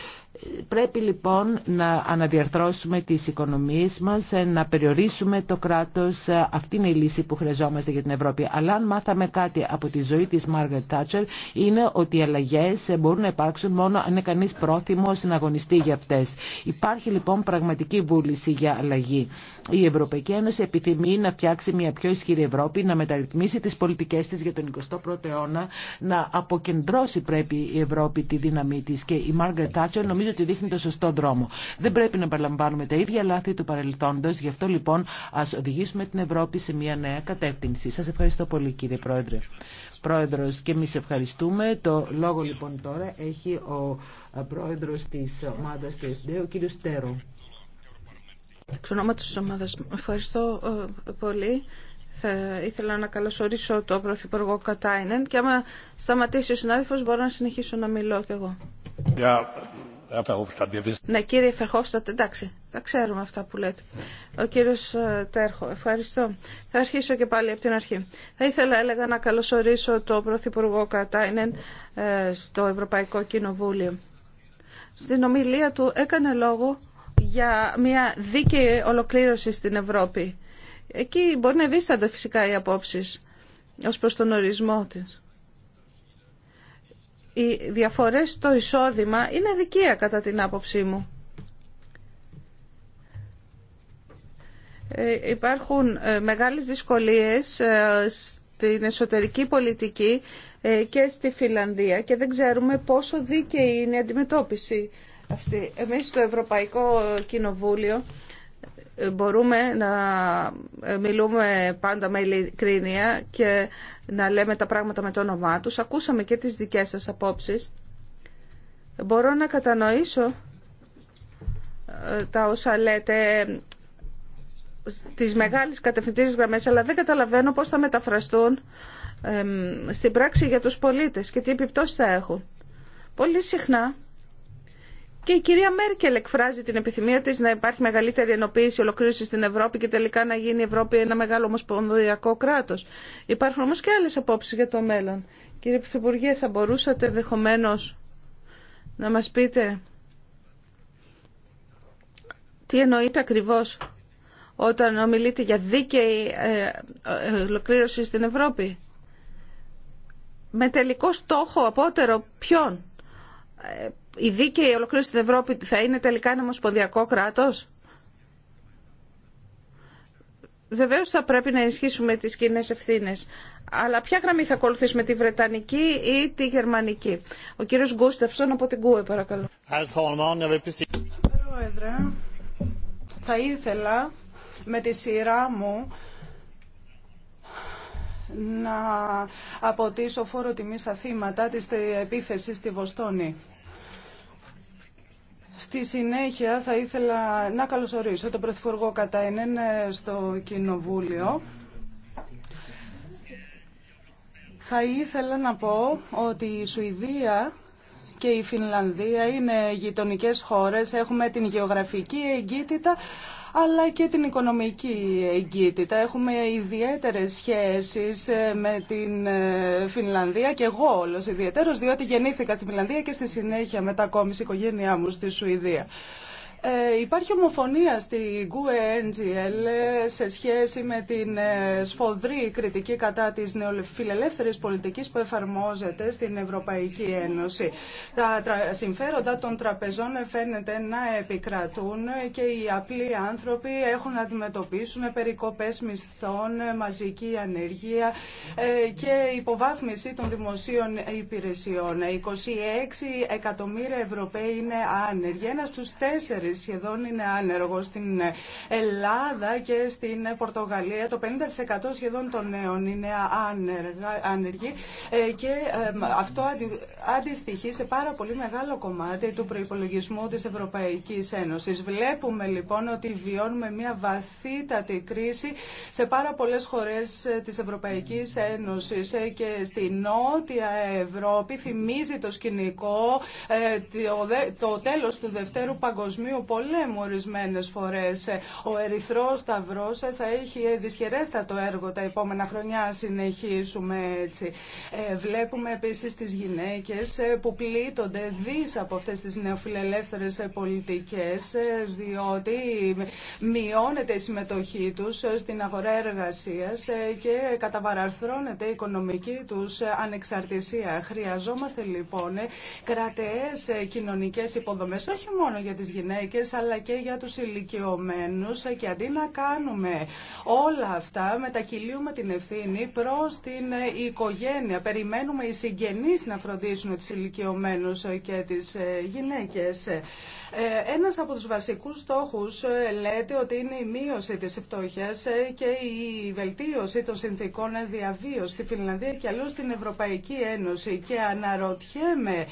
Πρέπει λοιπόν να αναδιαρθρώσουμε τις οικονομίες μας, να περιορίσουμε το κράτος. Αυτή είναι η λύση που χρειαζόμαστε για την Ευρώπη. Αλλά αν μάθαμε κάτι από τη ζωή της Μάργαρετ Τάτσερ είναι ότι οι αλλαγές μπορούν να υπάρξουν μόνο αν είναι κανείς πρόθυμος να αγωνιστεί για αυτές. Υπάρχει λοιπόν πραγματική βούληση για αλλαγή. Η Ευρωπαϊκή Ένωση επιθυμεί να φτιάξει μια πιο ισχυρή Ευρώπη, να μεταρρυθμίσει τις πολιτικές της για τον 21ο αιώνα, να αποκεντρώσει πρέπει η Ευρώπη τη δύναμή της και η Μάργαρετ Τάτσερ νομίζω ότι δείχνει το σωστό δρόμο. Δεν πρέπει να παραλαμβάνουμε τα ίδια λάθη του παρελθόντος, γι' αυτό λοιπόν ας οδηγήσουμε την Ευρώπη σε μια νέα κατεύθυνση. Σας ευχαριστώ πολύ κύριε Πρόεδρε. Πρόεδρος και εμείς ευχαριστούμε. Το λόγο λοιπόν τώρα έχει ο ε, Πρόεδρος της ομάδας του ΕΣΔ, ο κύριο Τέρο.
Εξ ονόματος της ομάδας. Ευχαριστώ ε, πολύ. Θα ήθελα να καλωσορίσω τον Πρωθυπουργό Κατάινεν και άμα σταματήσει ο συνάδελφο, μπορώ να συνεχίσω να μιλώ κι εγώ. Yeah. Ναι, κύριε Φερχόφστατ, εντάξει, θα ξέρουμε αυτά που λέτε. Ο κύριο ε, Τέρχο, ευχαριστώ. Θα αρχίσω και πάλι από την αρχή. Θα ήθελα, έλεγα, να καλωσορίσω τον Πρωθυπουργό Κατάινεν ε, στο Ευρωπαϊκό Κοινοβούλιο. Στην ομιλία του έκανε λόγο για μια δίκαιη ολοκλήρωση στην Ευρώπη. Εκεί μπορεί να δίστανται φυσικά οι απόψεις ως προς τον ορισμό της οι διαφορές στο εισόδημα είναι δικιά κατά την άποψή μου. Ε, υπάρχουν ε, μεγάλες δυσκολίες ε, στην εσωτερική πολιτική και στη Φιλανδία και δεν ξέρουμε πόσο δίκαιη είναι η αντιμετώπιση αυτή. Εμείς στο Ευρωπαϊκό Κοινοβούλιο μπορούμε να μιλούμε πάντα με ειλικρίνεια και να λέμε τα πράγματα με το όνομά τους. Ακούσαμε και τις δικές σας απόψεις. Μπορώ να κατανοήσω ε, τα όσα λέτε ε, στις μεγάλες κατευθυντήριες γραμμές, αλλά δεν καταλαβαίνω πώς θα μεταφραστούν ε, στην πράξη για τους πολίτες και τι επιπτώσεις θα έχουν. Πολύ συχνά και η κυρία Μέρκελ εκφράζει την επιθυμία της να υπάρχει μεγαλύτερη ενοποίηση, ολοκλήρωση στην Ευρώπη και τελικά να γίνει η Ευρώπη ένα μεγάλο ομοσπονδιακό κράτος. Υπάρχουν όμως και άλλες απόψεις για το μέλλον. Κύριε Πρωθυπουργέ, θα μπορούσατε δεχομένω να μας πείτε τι εννοείται ακριβώς όταν ομιλείτε για δίκαιη ε, ε, ολοκλήρωση στην Ευρώπη. Με τελικό στόχο απότερο ποιον ε, η δίκαιη ολοκλήρωση στην Ευρώπη θα είναι τελικά ένα ομοσπονδιακό κράτος. Βεβαίω θα πρέπει να ενισχύσουμε τις κοινέ ευθύνε. Αλλά ποια γραμμή θα ακολουθήσουμε, τη Βρετανική ή τη Γερμανική. Ο κύριος Γκούστευσον από την ΚΟΕ, παρακαλώ.
Πρόεδρε, θα ήθελα με τη σειρά μου να αποτίσω φόρο τιμή στα θύματα της επίθεσης στη Βοστόνη. Στη συνέχεια θα ήθελα να καλωσορίσω τον Πρωθυπουργό Κατάινεν ε, στο Κοινοβούλιο. Θα ήθελα να πω ότι η Σουηδία και η Φινλανδία είναι γειτονικέ χώρες, έχουμε την γεωγραφική εγκύτητα, αλλά και την οικονομική εγκύτητα. Έχουμε ιδιαίτερες σχέσεις ε, με την ε, Φινλανδία και εγώ όλος ιδιαίτερος, διότι γεννήθηκα στη Φινλανδία και στη συνέχεια μετακόμισε η οικογένειά μου στη Σουηδία. Ε, υπάρχει ομοφωνία στην ngl σε σχέση με την ε, σφοδρή κριτική κατά της νεοφιλελεύθερης πολιτικής που εφαρμόζεται στην Ευρωπαϊκή Ένωση. Τα συμφέροντα των τραπεζών φαίνεται να επικρατούν και οι απλοί άνθρωποι έχουν να αντιμετωπίσουν περικοπές μισθών, μαζική ανεργία ε, και υποβάθμιση των δημοσίων υπηρεσιών. 26 εκατομμύρια Ευρωπαίοι είναι άνεργοι. Ένας στους τέσσερις σχεδόν είναι άνεργο. Στην Ελλάδα και στην Πορτογαλία το 50% σχεδόν των νέων είναι άνεργοι ε, και αυτό αντιστοιχεί σε πάρα πολύ μεγάλο κομμάτι του προϋπολογισμού της Ευρωπαϊκής Ένωσης. Βλέπουμε λοιπόν ότι βιώνουμε μια βαθύτατη κρίση σε πάρα πολλές χωρές ε, της Ευρωπαϊκής Ένωσης ε, και στη Νότια Ευρώπη θυμίζει το σκηνικό το τέλος του Δευτέρου Παγκοσμίου πολέμου ορισμένε φορέ. Ο Ερυθρό Σταυρό θα έχει δυσχερέστατο έργο τα επόμενα χρονιά, συνεχίσουμε έτσι. Ε, βλέπουμε επίση τι γυναίκε που πλήττονται δι από αυτέ τι νεοφιλελεύθερες πολιτικέ, ε, διότι μειώνεται η συμμετοχή του στην αγορά εργασία ε, και καταβαραρθρώνεται η οικονομική τους ανεξαρτησία. Χρειαζόμαστε λοιπόν κρατεέ κοινωνικέ υποδομέ, όχι μόνο για τι γυναίκε γυναίκες αλλά και για τους ηλικιωμένους και αντί να κάνουμε όλα αυτά μετακυλίουμε την ευθύνη προς την οικογένεια. Περιμένουμε οι συγγενείς να φροντίσουν τους ηλικιωμένους και τις γυναίκες. Ε, ένας από τους βασικούς στόχους ε, λέτε ότι είναι η μείωση της φτώχειας ε, και η βελτίωση των συνθήκων διαβίωσης στη Φιλανδία και αλλού στην Ευρωπαϊκή Ένωση και αναρωτιέμαι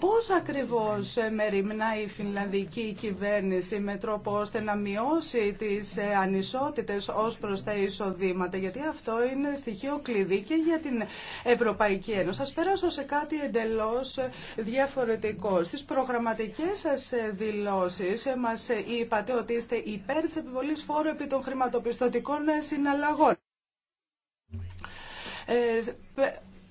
Πώς ακριβώς μεριμνά η φιλανδική κυβέρνηση με τρόπο ώστε να μειώσει τις ε, ανισότητες ως προς τα εισοδήματα, γιατί αυτό είναι στοιχείο κλειδί και για την Ευρωπαϊκή Ένωση. Σας περάσω σε κάτι εντελώς ε, διαφορετικό. Στις προγραμματικές σας ε, δηλώσεις μας είπατε ότι είστε υπέρ της επιβολής φόρου επί των χρηματοπιστωτικών συναλλαγών.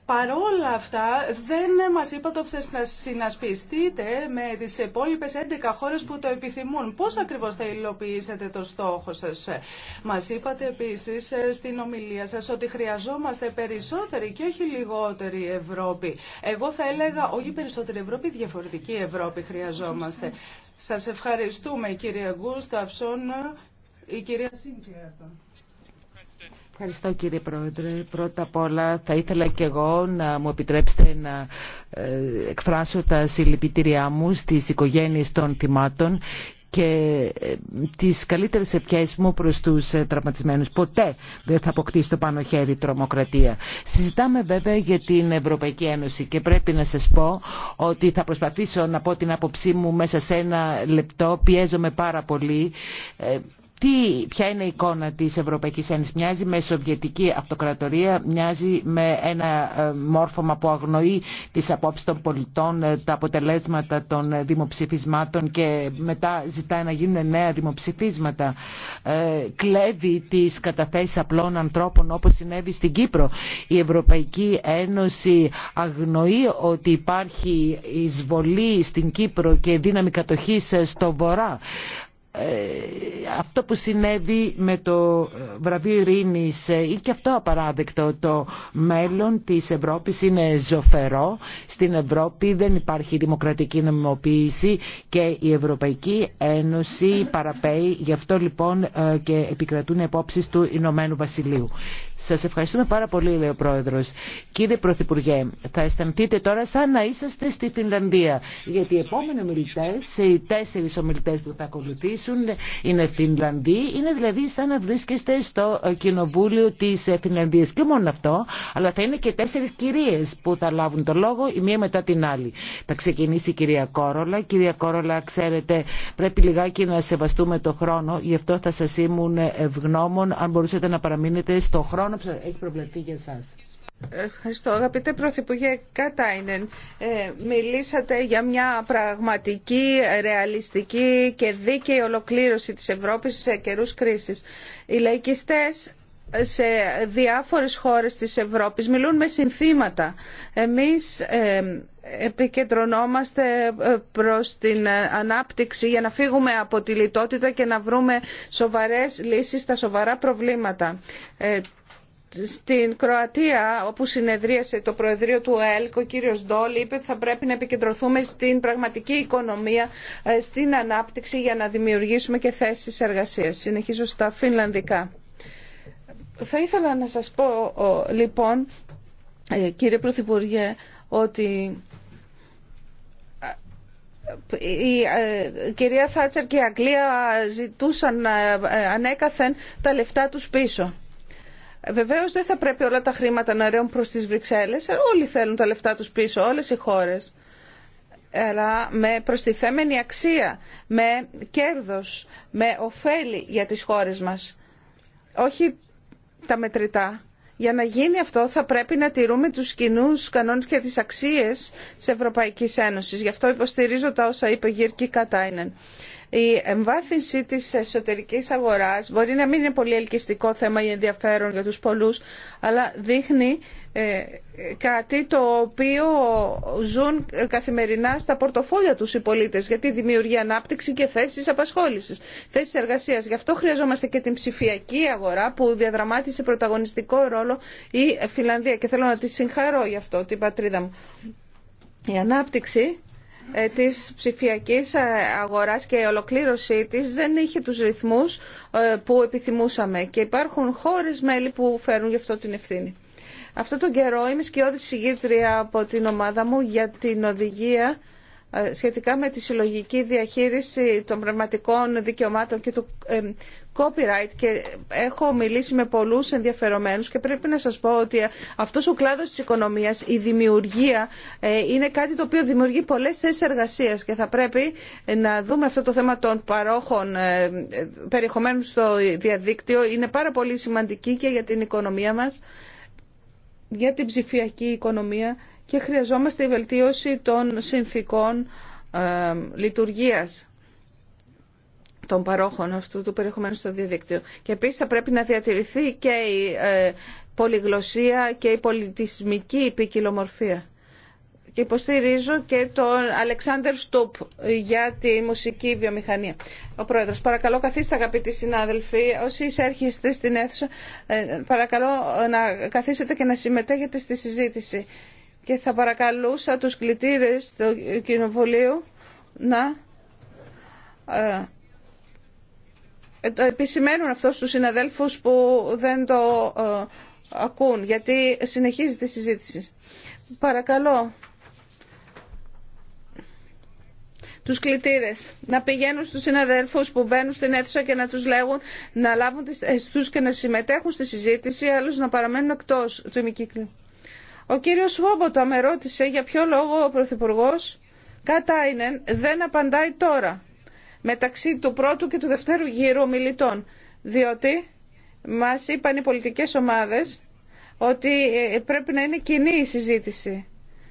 Παρόλα αυτά δεν μας είπατε ότι θα συνασπιστείτε με τις υπόλοιπε 11 χώρες που το επιθυμούν. Πώς ακριβώς θα υλοποιήσετε το στόχο σας. Μας είπατε επίσης ε, στην ομιλία σας ότι χρειαζόμαστε περισσότερη και όχι λιγότερη Ευρώπη. Εγώ θα έλεγα όχι περισσότερη Ευρώπη, διαφορετική Ευρώπη χρειαζόμαστε. Σα ευχαριστούμε κύριε Γκούσταυσον, η κυρία
Ευχαριστώ κύριε Πρόεδρε. Πρώτα απ' όλα θα ήθελα και εγώ να μου επιτρέψετε να ε, εκφράσω τα συλληπιτήριά μου στις οικογένειες των θυμάτων και ε, τις καλύτερες ευχές μου προς τους ε, τραυματισμένους. Ποτέ δεν θα αποκτήσει το πάνω χέρι τρομοκρατία. Συζητάμε βέβαια για την Ευρωπαϊκή Ένωση και πρέπει να σας πω ότι θα προσπαθήσω να πω την άποψή μου μέσα σε ένα λεπτό. Πιέζομαι πάρα πολύ τι, ποια είναι η εικόνα της Ευρωπαϊκής Ένωσης. Μοιάζει με σοβιετική αυτοκρατορία, μοιάζει με ένα ε, μόρφωμα που αγνοεί τις απόψεις των πολιτών, ε, τα αποτελέσματα των ε, δημοψηφισμάτων και μετά ζητάει να γίνουν νέα δημοψηφίσματα. κλέβει τις καταθέσεις απλών ανθρώπων όπως συνέβη στην Κύπρο. Η Ευρωπαϊκή Ένωση αγνοεί ότι υπάρχει εισβολή στην Κύπρο και δύναμη κατοχής στο Βορρά. Ε, αυτό που συνέβη με το ε, βραβείο Ειρήνης ε, είναι και αυτό απαράδεκτο. Το μέλλον της Ευρώπης είναι ζωφερό. Στην Ευρώπη δεν υπάρχει δημοκρατική νομιμοποίηση και η Ευρωπαϊκή Ένωση παραπέει. Γι' αυτό λοιπόν και επικρατούν απόψεις του Ηνωμένου Βασιλείου. Σας ευχαριστούμε πάρα πολύ, λέει ο Πρόεδρος. Κύριε Πρωθυπουργέ, θα αισθανθείτε τώρα σαν να είσαστε στη Φινλανδία, γιατί οι επόμενοι ομιλητές, οι τέσσερις ομιλητές που θα ακολουθήσουν, είναι Φινλανδοί, είναι δηλαδή σαν να βρίσκεστε στο ε, κοινοβούλιο της ε, Φινλανδίας και μόνο αυτό, αλλά θα είναι και τέσσερις κυρίες που θα λάβουν το λόγο η μία μετά την άλλη. Θα ξεκινήσει η κυρία Κόρολα. Κυρία Κόρολα, ξέρετε, πρέπει λιγάκι να σεβαστούμε το χρόνο, γι' αυτό θα σας ήμουν ευγνώμων αν μπορούσατε να παραμείνετε στο χρόνο που έχει προβλεφθεί για εσάς.
Ευχαριστώ. Αγαπητέ Πρωθυπουργέ Κατάινεν, ε, μιλήσατε για μια πραγματική, ρεαλιστική και δίκαιη ολοκλήρωση της Ευρώπης σε καιρούς κρίσης. Οι λαϊκιστές σε διάφορες χώρες της Ευρώπης μιλούν με συνθήματα. Εμείς ε, επικεντρωνόμαστε ε, προς την ανάπτυξη για να φύγουμε από τη λιτότητα και να βρούμε σοβαρές λύσεις στα σοβαρά προβλήματα στην Κροατία, όπου συνεδρίασε το Προεδρείο του ΕΛΚ, ο κύριος Ντόλη είπε ότι θα πρέπει να επικεντρωθούμε στην πραγματική οικονομία, ε, στην ανάπτυξη για να δημιουργήσουμε και θέσεις εργασίας. Συνεχίζω στα φινλανδικά. Θα ήθελα να σας πω, λοιπόν, ε, κύριε Πρωθυπουργέ, ότι ε, η κυρία Θάτσερ και η Αγγλία ζητούσαν ανέκαθεν τα λεφτά τους πίσω. Βεβαίω δεν θα πρέπει όλα τα χρήματα να ρέουν προς τις Βρυξέλλε. Όλοι θέλουν τα λεφτά τους πίσω, όλες οι χώρες. Αλλά με προστιθέμενη αξία, με κέρδος, με ωφέλη για τις χώρες μας. Όχι τα μετρητά. Για να γίνει αυτό θα πρέπει να τηρούμε τους κοινού κανόνες και τις αξίες της Ευρωπαϊκής Ένωσης. Γι' αυτό υποστηρίζω τα όσα είπε Γύρκη Κατάινεν. Η εμβάθυνση της εσωτερικής αγοράς μπορεί να μην είναι πολύ ελκυστικό θέμα ή ενδιαφέρον για τους πολλούς, αλλά δείχνει ε, κάτι το οποίο ζουν ε, καθημερινά στα πορτοφόλια τους οι πολίτες, γιατί δημιουργεί ανάπτυξη και θέσεις απασχόλησης, θέσεις εργασίας. Γι' αυτό χρειαζόμαστε και την ψηφιακή αγορά που διαδραμάτισε πρωταγωνιστικό ρόλο η Φιλανδία και θέλω να τη συγχαρώ γι' αυτό την πατρίδα μου. Η ανάπτυξη ε, της ψηφιακής ε, αγοράς και η ολοκλήρωσή της δεν είχε τους ρυθμούς ε, που επιθυμούσαμε και υπάρχουν χώρες μέλη που φέρουν γι' αυτό την ευθύνη. Αυτό τον καιρό είμαι σκιώδη συγγήτρια από την ομάδα μου για την οδηγία σχετικά με τη συλλογική διαχείριση των πνευματικών δικαιωμάτων και του copyright και έχω μιλήσει με πολλούς ενδιαφερομένους και πρέπει να σας πω ότι αυτός ο κλάδος της οικονομίας, η δημιουργία ε, είναι κάτι το οποίο δημιουργεί πολλές θέσει εργασίας και θα πρέπει να δούμε αυτό το θέμα των παρόχων ε, περιεχομένου στο διαδίκτυο. Είναι πάρα πολύ σημαντική και για την οικονομία μας, για την ψηφιακή οικονομία και χρειαζόμαστε η βελτίωση των συνθήκων ε, λειτουργίας των παρόχων αυτού του περιεχομένου στο διαδίκτυο. Και επίσης θα πρέπει να διατηρηθεί και η ε, πολυγλωσία και η πολιτισμική ποικιλομορφία. Και υποστηρίζω και τον Αλεξάνδερ Στούπ για τη μουσική βιομηχανία. Ο Πρόεδρος, παρακαλώ καθίστε αγαπητοί συνάδελφοι, όσοι εισέρχεστε στην αίθουσα, ε, παρακαλώ να καθίσετε και να συμμετέχετε στη συζήτηση. Και θα παρακαλούσα τους κλητήρες του Κοινοβουλίου να ε, ε, το επισημαίνουν αυτό στους συναδέλφους που δεν το ε, ακούν, γιατί συνεχίζει τη συζήτηση. Παρακαλώ. τους κλητήρες, να πηγαίνουν στους συναδέλφους που μπαίνουν στην αίθουσα και να τους λέγουν να λάβουν τις αισθούς και να συμμετέχουν στη συζήτηση, άλλως να παραμένουν εκτός του ημικύκλου. Ο κύριος Σβόμποτα με ρώτησε για ποιο λόγο ο Πρωθυπουργός Κατάινεν δεν απαντάει τώρα μεταξύ του πρώτου και του δευτέρου γύρου μιλητών, διότι μας είπαν οι πολιτικές ομάδες ότι ε, πρέπει να είναι κοινή η συζήτηση.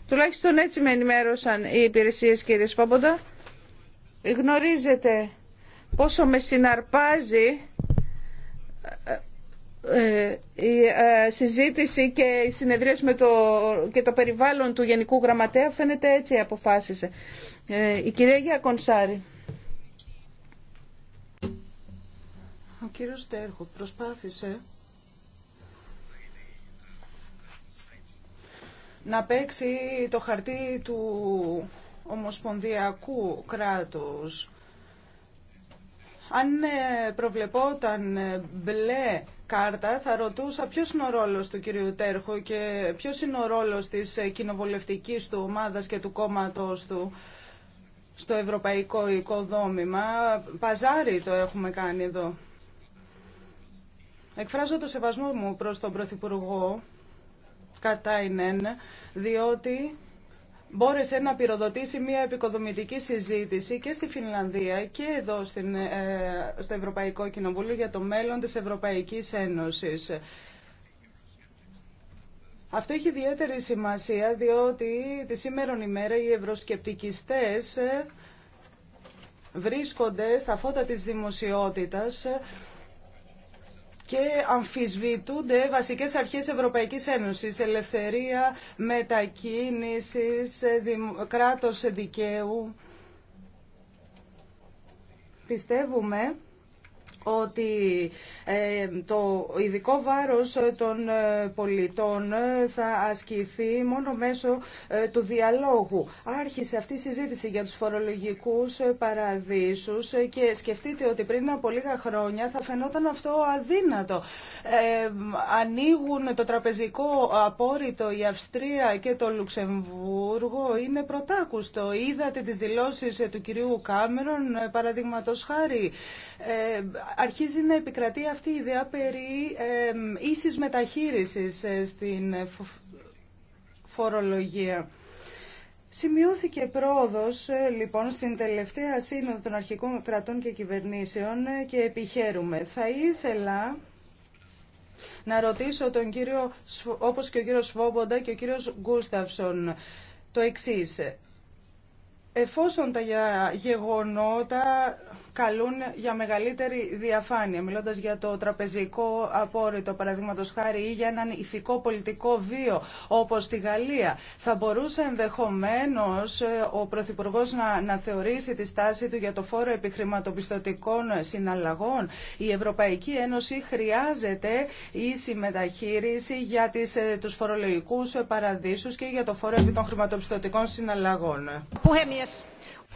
Τουλάχιστον έτσι με ενημέρωσαν οι υπηρεσίες κύριε Σπόποντα. Γνωρίζετε πόσο με συναρπάζει ε, ε, η συζήτηση και οι συνεδρίες με το, και το περιβάλλον του Γενικού Γραμματέα φαίνεται έτσι αποφάσισε. η κυρία Γιακονσάρη.
Ο
κύριος Στέρχου προσπάθησε να παίξει το χαρτί του ομοσπονδιακού κράτους. Αν ε, προβλεπόταν ε, μπλε κάρτα θα ρωτούσα ποιος είναι ο ρόλος του κυρίου Τέρχου και ποιος είναι ο ρόλος της ε, κοινοβουλευτικής του ομάδας και του κόμματος του στο ευρωπαϊκό οικοδόμημα. Παζάρι το έχουμε κάνει εδώ. Εκφράζω το σεβασμό μου προς τον Πρωθυπουργό κατά διότι μπόρεσε να πυροδοτήσει μια επικοδομητική συζήτηση και στη Φινλανδία και εδώ στην, ε, στο Ευρωπαϊκό Κοινοβούλιο για το μέλλον της Ευρωπαϊκής Ένωσης. Αυτό έχει ιδιαίτερη σημασία διότι τη σήμερον ημέρα οι ευρωσκεπτικιστές ε, βρίσκονται στα φώτα της δημοσιότητας ε, και αμφισβητούνται βασικές αρχές Ευρωπαϊκής Ένωσης, ελευθερία μετακίνηση, ε, κράτος δικαίου. Πιστεύουμε ότι ε, το ειδικό βάρος των ε, πολιτών ε, θα ασκηθεί μόνο μέσω του διαλόγου. Άρχισε αυτή η συζήτηση για τους φορολογικούς παραδείσους και σκεφτείτε ότι πριν από λίγα χρόνια θα φαινόταν αυτό αδύνατο. ανοίγουν το τραπεζικό απόρριτο η Αυστρία και το Λουξεμβούργο. Είναι πρωτάκουστο. Είδατε τις δηλώσεις του κυρίου Κάμερον, παραδείγματος χάρη αρχίζει να επικρατεί αυτή η ιδέα περί ε, ίσης μεταχείρισης ε, στην φορολογία. Σημειώθηκε πρόοδος ε, λοιπόν στην τελευταία σύνοδο των αρχικών κρατών και κυβερνήσεων ε, και επιχαίρουμε. Θα ήθελα να ρωτήσω τον κύριο, όπως και ο κύριος Σβόμποντα και ο κύριος Γκούσταυσον, το εξής εφόσον τα γεγονότα καλούν για μεγαλύτερη διαφάνεια, μιλώντας για το τραπεζικό απόρριτο, παραδείγματο χάρη, ή για έναν ηθικό πολιτικό βίο, όπως στη Γαλλία. Θα μπορούσε ενδεχομένως ε, ο Πρωθυπουργό να, να θεωρήσει τη στάση του για το φόρο επιχρηματοπιστωτικών συναλλαγών. Η Ευρωπαϊκή Ένωση χρειάζεται ίση μεταχείριση για τις, ε, τους φορολογικούς παραδείσους και για το φόρο επί των χρηματοπιστωτικών συναλλαγών.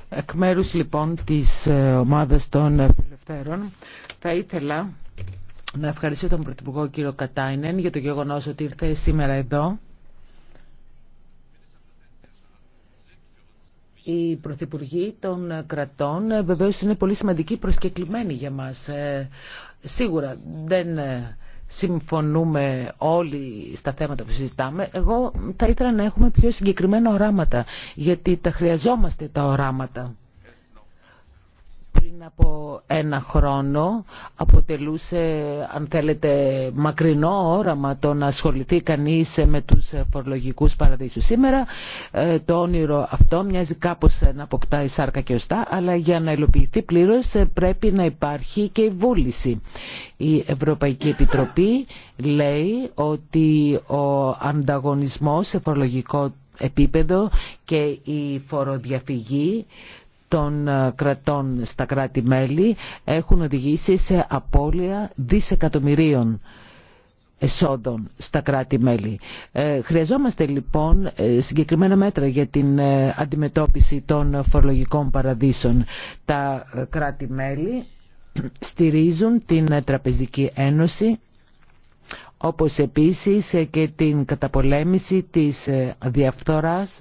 Εκ μέρου λοιπόν της ε, ομάδας των
Ελευθέρων θα ήθελα
να ευχαριστήσω τον Πρωθυπουργό κύριο Κατάινεν για το γεγονός ότι ήρθε σήμερα εδώ. Οι Πρωθυπουργοί των κρατών ε, βεβαίως είναι πολύ σημαντικοί προσκεκλημένοι για μας. Ε, σίγουρα δεν συμφωνούμε όλοι στα θέματα που συζητάμε. Εγώ θα ήθελα να έχουμε πιο συγκεκριμένα οράματα, γιατί τα χρειαζόμαστε τα οράματα πριν από ένα χρόνο αποτελούσε αν θέλετε μακρινό όραμα το να ασχοληθεί κανείς με τους φορολογικούς παραδείσους. Σήμερα ε, το όνειρο αυτό μοιάζει κάπως να αποκτάει σάρκα και οστά αλλά για να υλοποιηθεί πλήρως ε, πρέπει να υπάρχει και η βούληση. Η Ευρωπαϊκή Επιτροπή λέει ότι ο ανταγωνισμός σε φορολογικό επίπεδο και η φοροδιαφυγή των ε, κρατών στα κράτη-μέλη έχουν οδηγήσει σε απώλεια δισεκατομμυρίων εσόδων στα κράτη-μέλη. Ε, χρειαζόμαστε λοιπόν ε, συγκεκριμένα μέτρα για την αντιμετώπιση των φορολογικών παραδείσων. Τα κράτη-μέλη στηρίζουν την Τραπεζική Ένωση όπως επίσης και την καταπολέμηση της διαφθοράς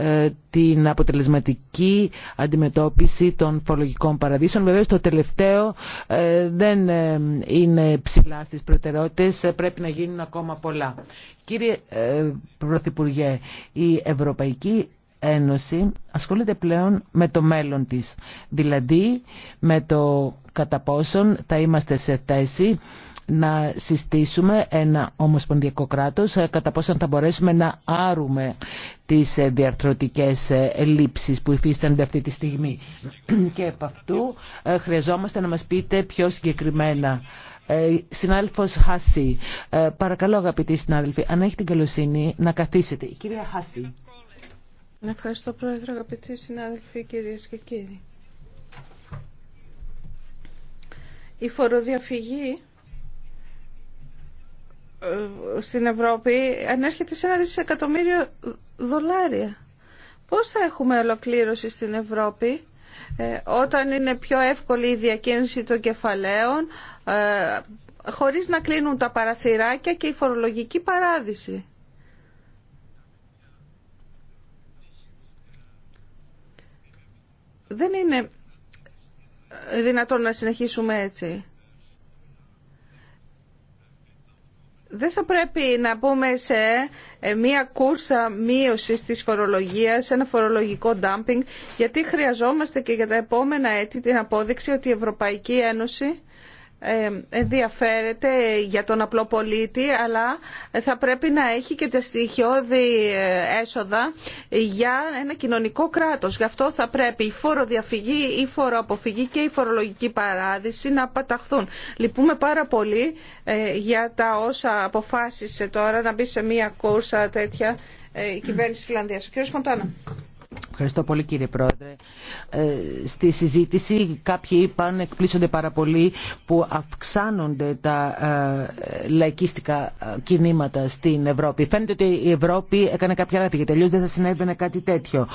ε, την αποτελεσματική αντιμετώπιση των φορολογικών παραδείσων. Βεβαίω το τελευταίο ε, δεν ε, είναι ψηλά στις προτεραιότητες, πρέπει να γίνουν ακόμα πολλά. Κύριε Πρωθυπουργέ, η Ευρωπαϊκή Ένωση ασχολείται πλέον με το μέλλον της, δηλαδή με το κατά πόσον θα είμαστε σε θέση να συστήσουμε ένα ομοσπονδιακό κράτος ε, κατά πόσο θα μπορέσουμε να άρουμε τις ε, διαρθρωτικές ε, ελλείψεις που υφίστανται αυτή τη στιγμή. Και από αυτού χρειαζόμαστε να μας πείτε πιο συγκεκριμένα. Συνάδελφος Χάση, παρακαλώ αγαπητοί συνάδελφοι, αν έχετε την καλοσύνη να καθίσετε. κυρία Χάση.
Ευχαριστώ πρόεδρε αγαπητοί συνάδελφοι κυρίες και κύριοι. Η φοροδιαφυγή ε, στην Ευρώπη ανέρχεται σε ένα δισεκατομμύριο δολάρια. Πώς θα έχουμε ολοκλήρωση στην Ευρώπη ε, όταν είναι πιο εύκολη η διακίνηση των κεφαλαίων ε, χωρίς να κλείνουν τα παραθυράκια και η φορολογική παράδειση. Δεν είναι δυνατόν να συνεχίσουμε έτσι. δεν θα πρέπει να πούμε σε ε, μία κούρσα μείωση της φορολογίας, σε ένα φορολογικό dumping, γιατί χρειαζόμαστε και για τα επόμενα έτη την απόδειξη ότι η Ευρωπαϊκή Ένωση ε, ενδιαφέρεται για τον απλό πολίτη αλλά θα πρέπει να έχει και τα στοιχειώδη ε, έσοδα για ένα κοινωνικό κράτος. Γι' αυτό θα πρέπει η φοροδιαφυγή, η φοροαποφυγή και η φορολογική παράδειση να παταχθούν. Λυπούμε πάρα πολύ ε, για τα όσα αποφάσισε τώρα να μπει σε μία κούρσα τέτοια η κυβέρνηση Φιλανδίας. Ο κ. Φοντάνα.
Ευχαριστώ πολύ κύριε Πρόεδρε. Ε, στη συζήτηση κάποιοι είπαν, εκπλήσονται πάρα πολύ που αυξάνονται τα ε, λαϊκίστικα ε, κινήματα στην Ευρώπη. Φαίνεται ότι η Ευρώπη έκανε κάποια λάθη γιατί τελείως δεν θα συνέβαινε κάτι τέτοιο.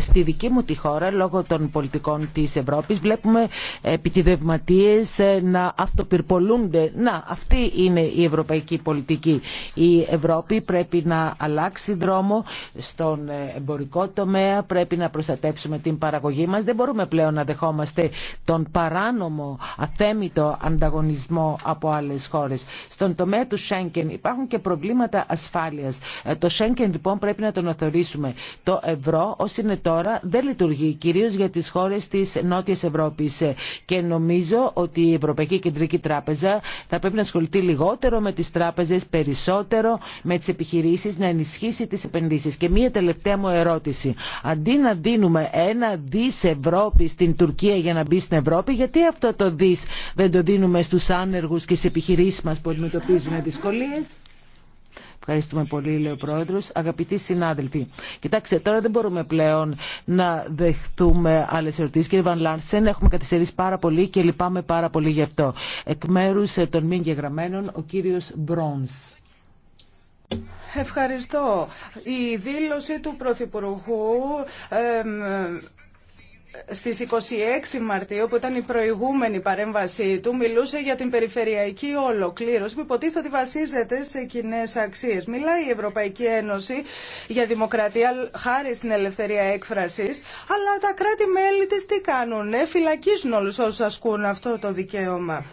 στη δική μου τη χώρα, λόγω των πολιτικών της Ευρώπης, βλέπουμε επιτιδευματίες να αυτοπυρπολούνται. Να, αυτή είναι η ευρωπαϊκή πολιτική. Η Ευρώπη πρέπει να αλλάξει δρόμο στον εμπορικό τομέα, πρέπει να προστατέψουμε την παραγωγή μας. Δεν μπορούμε πλέον να δεχόμαστε τον παράνομο, αθέμητο ανταγωνισμό από άλλες χώρες. Στον τομέα του Σέγγεν υπάρχουν και προβλήματα ασφάλειας. Ε, το Σέγγεν λοιπόν πρέπει να τον αθωρήσουμε. Το ευρώ ως είναι τώρα δεν λειτουργεί, κυρίως για τις χώρες της Νότιας Ευρώπης. Ε, και νομίζω ότι η Ευρωπαϊκή Κεντρική Τράπεζα θα πρέπει να ασχοληθεί λιγότερο με τις τράπεζες, περισσότερο με τις επιχειρήσεις, να ενισχύσει τις επενδύσεις. Και μία τελευταία μου ερώτηση αντί να δίνουμε ένα δις Ευρώπη στην Τουρκία για να μπει στην Ευρώπη, γιατί αυτό το δις δεν το δίνουμε στους άνεργους και στις επιχειρήσεις μας που αντιμετωπίζουν δυσκολίες. Ευχαριστούμε πολύ, λέει ο Πρόεδρο. Αγαπητοί συνάδελφοι, κοιτάξτε, τώρα δεν μπορούμε πλέον να δεχθούμε άλλε ερωτήσει. Κύριε Βαν Λάρσεν, έχουμε καθυστερήσει πάρα πολύ και λυπάμαι πάρα πολύ γι' αυτό. Εκ μέρου των μη γεγραμμένων, ο κύριο Μπρόν.
Ευχαριστώ. Η δήλωση του Πρωθυπουργού εμ, στις 26 Μαρτίου, που ήταν η προηγούμενη παρέμβασή του, μιλούσε για την περιφερειακή ολοκλήρωση που υποτίθεται ότι βασίζεται σε κοινέ αξίε. Μιλάει η Ευρωπαϊκή Ένωση για δημοκρατία χάρη στην ελευθερία έκφραση, αλλά τα κράτη-μέλη τη τι κάνουν, φυλακίζουν όλου όσου ασκούν αυτό το δικαίωμα.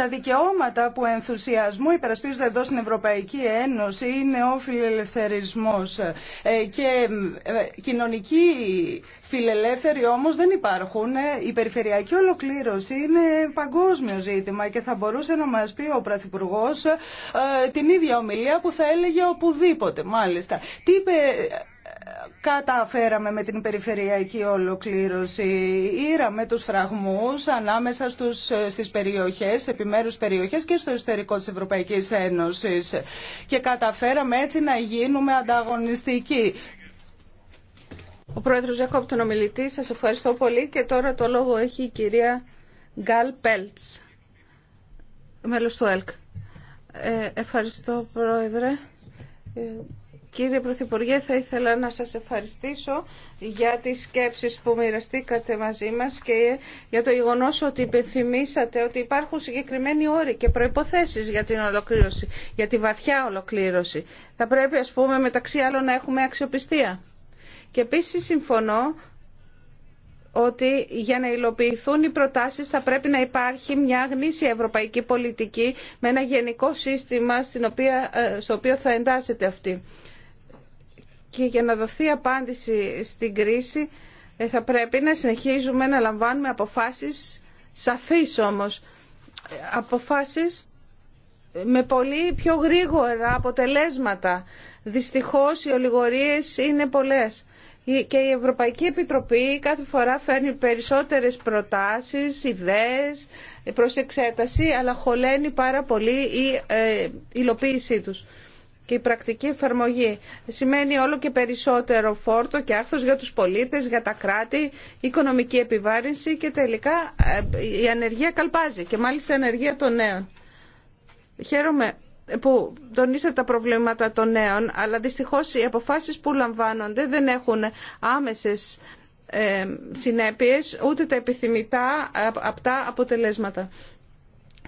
Τα δικαιώματα που ενθουσιασμού υπερασπίζονται εδώ στην Ευρωπαϊκή Ένωση είναι ο φιλελευθερισμός ε, και ε, κοινωνικοί φιλελεύθεροι όμως δεν υπάρχουν. Ε, η περιφερειακή ολοκλήρωση είναι παγκόσμιο ζήτημα και θα μπορούσε να μας πει ο Πρωθυπουργός την ίδια ομιλία που θα έλεγε οπουδήποτε μάλιστα. Τι είπε καταφέραμε με την περιφερειακή ολοκλήρωση. Ήραμε τους φραγμούς ανάμεσα στους, στις περιοχές, επιμέρους περιοχές και στο εσωτερικό της Ευρωπαϊκής Ένωσης και καταφέραμε έτσι να γίνουμε ανταγωνιστικοί. Ο Πρόεδρος Ζακόπ, τον ομιλητή, σας
ευχαριστώ πολύ και τώρα το λόγο έχει η κυρία Γκάλ Πέλτς, μέλος του ΕΛΚ. Ε, ευχαριστώ, Πρόεδρε. Ε, Κύριε Πρωθυπουργέ, θα ήθελα να σας ευχαριστήσω για τις σκέψεις που μοιραστήκατε μαζί μας και για το γεγονός ότι υπενθυμίσατε ότι υπάρχουν συγκεκριμένοι όροι και προϋποθέσεις για την ολοκλήρωση, για τη βαθιά ολοκλήρωση. Θα πρέπει, ας πούμε, μεταξύ άλλων να έχουμε αξιοπιστία. Και επίσης συμφωνώ ότι για να υλοποιηθούν οι προτάσεις θα πρέπει να υπάρχει μια γνήσια ευρωπαϊκή πολιτική με ένα γενικό σύστημα στην οποία, ε, στο οποίο θα εντάσσεται αυτή και για να δοθεί απάντηση στην κρίση ε, θα πρέπει να συνεχίζουμε να λαμβάνουμε αποφάσεις σαφείς όμως. Αποφάσεις με πολύ πιο γρήγορα αποτελέσματα. Δυστυχώς οι ολιγορίες είναι πολλές. Και η Ευρωπαϊκή Επιτροπή κάθε φορά φέρνει περισσότερες προτάσεις, ιδέες προς εξέταση, αλλά χωλαίνει πάρα πολύ η ε, υλοποίησή τους και η πρακτική εφαρμογή σημαίνει όλο και περισσότερο φόρτο και άρθρος για τους πολίτες, για τα κράτη, οικονομική επιβάρυνση και τελικά ε, η ανεργία καλπάζει και μάλιστα η ανεργία των νέων. Χαίρομαι που τονίσατε τα προβλήματα των νέων, αλλά δυστυχώς οι αποφάσεις που λαμβάνονται δεν έχουν άμεσες ε, συνέπειες, ούτε τα επιθυμητά ε, απτά αποτελέσματα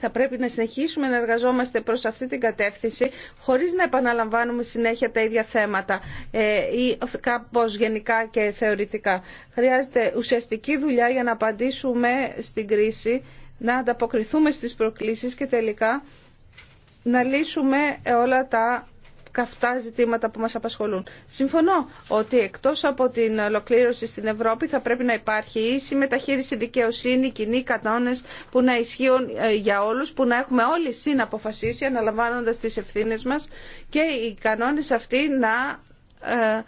θα πρέπει να συνεχίσουμε να εργαζόμαστε προς αυτή την κατεύθυνση χωρίς να επαναλαμβάνουμε συνέχεια τα ίδια θέματα ε, ή κάπως γενικά και θεωρητικά. Χρειάζεται ουσιαστική δουλειά για να απαντήσουμε στην κρίση, να ανταποκριθούμε στις προκλήσεις και τελικά να λύσουμε όλα τα καυτά ζητήματα που μας απασχολούν. Συμφωνώ ότι εκτός από την ολοκλήρωση στην Ευρώπη θα πρέπει να υπάρχει ίση μεταχείριση δικαιοσύνη, κοινοί κανόνες που να ισχύουν ε, για όλους, που να έχουμε όλοι συναποφασίσει αναλαμβάνοντας τις ευθύνες μας και οι κανόνες αυτοί να ε,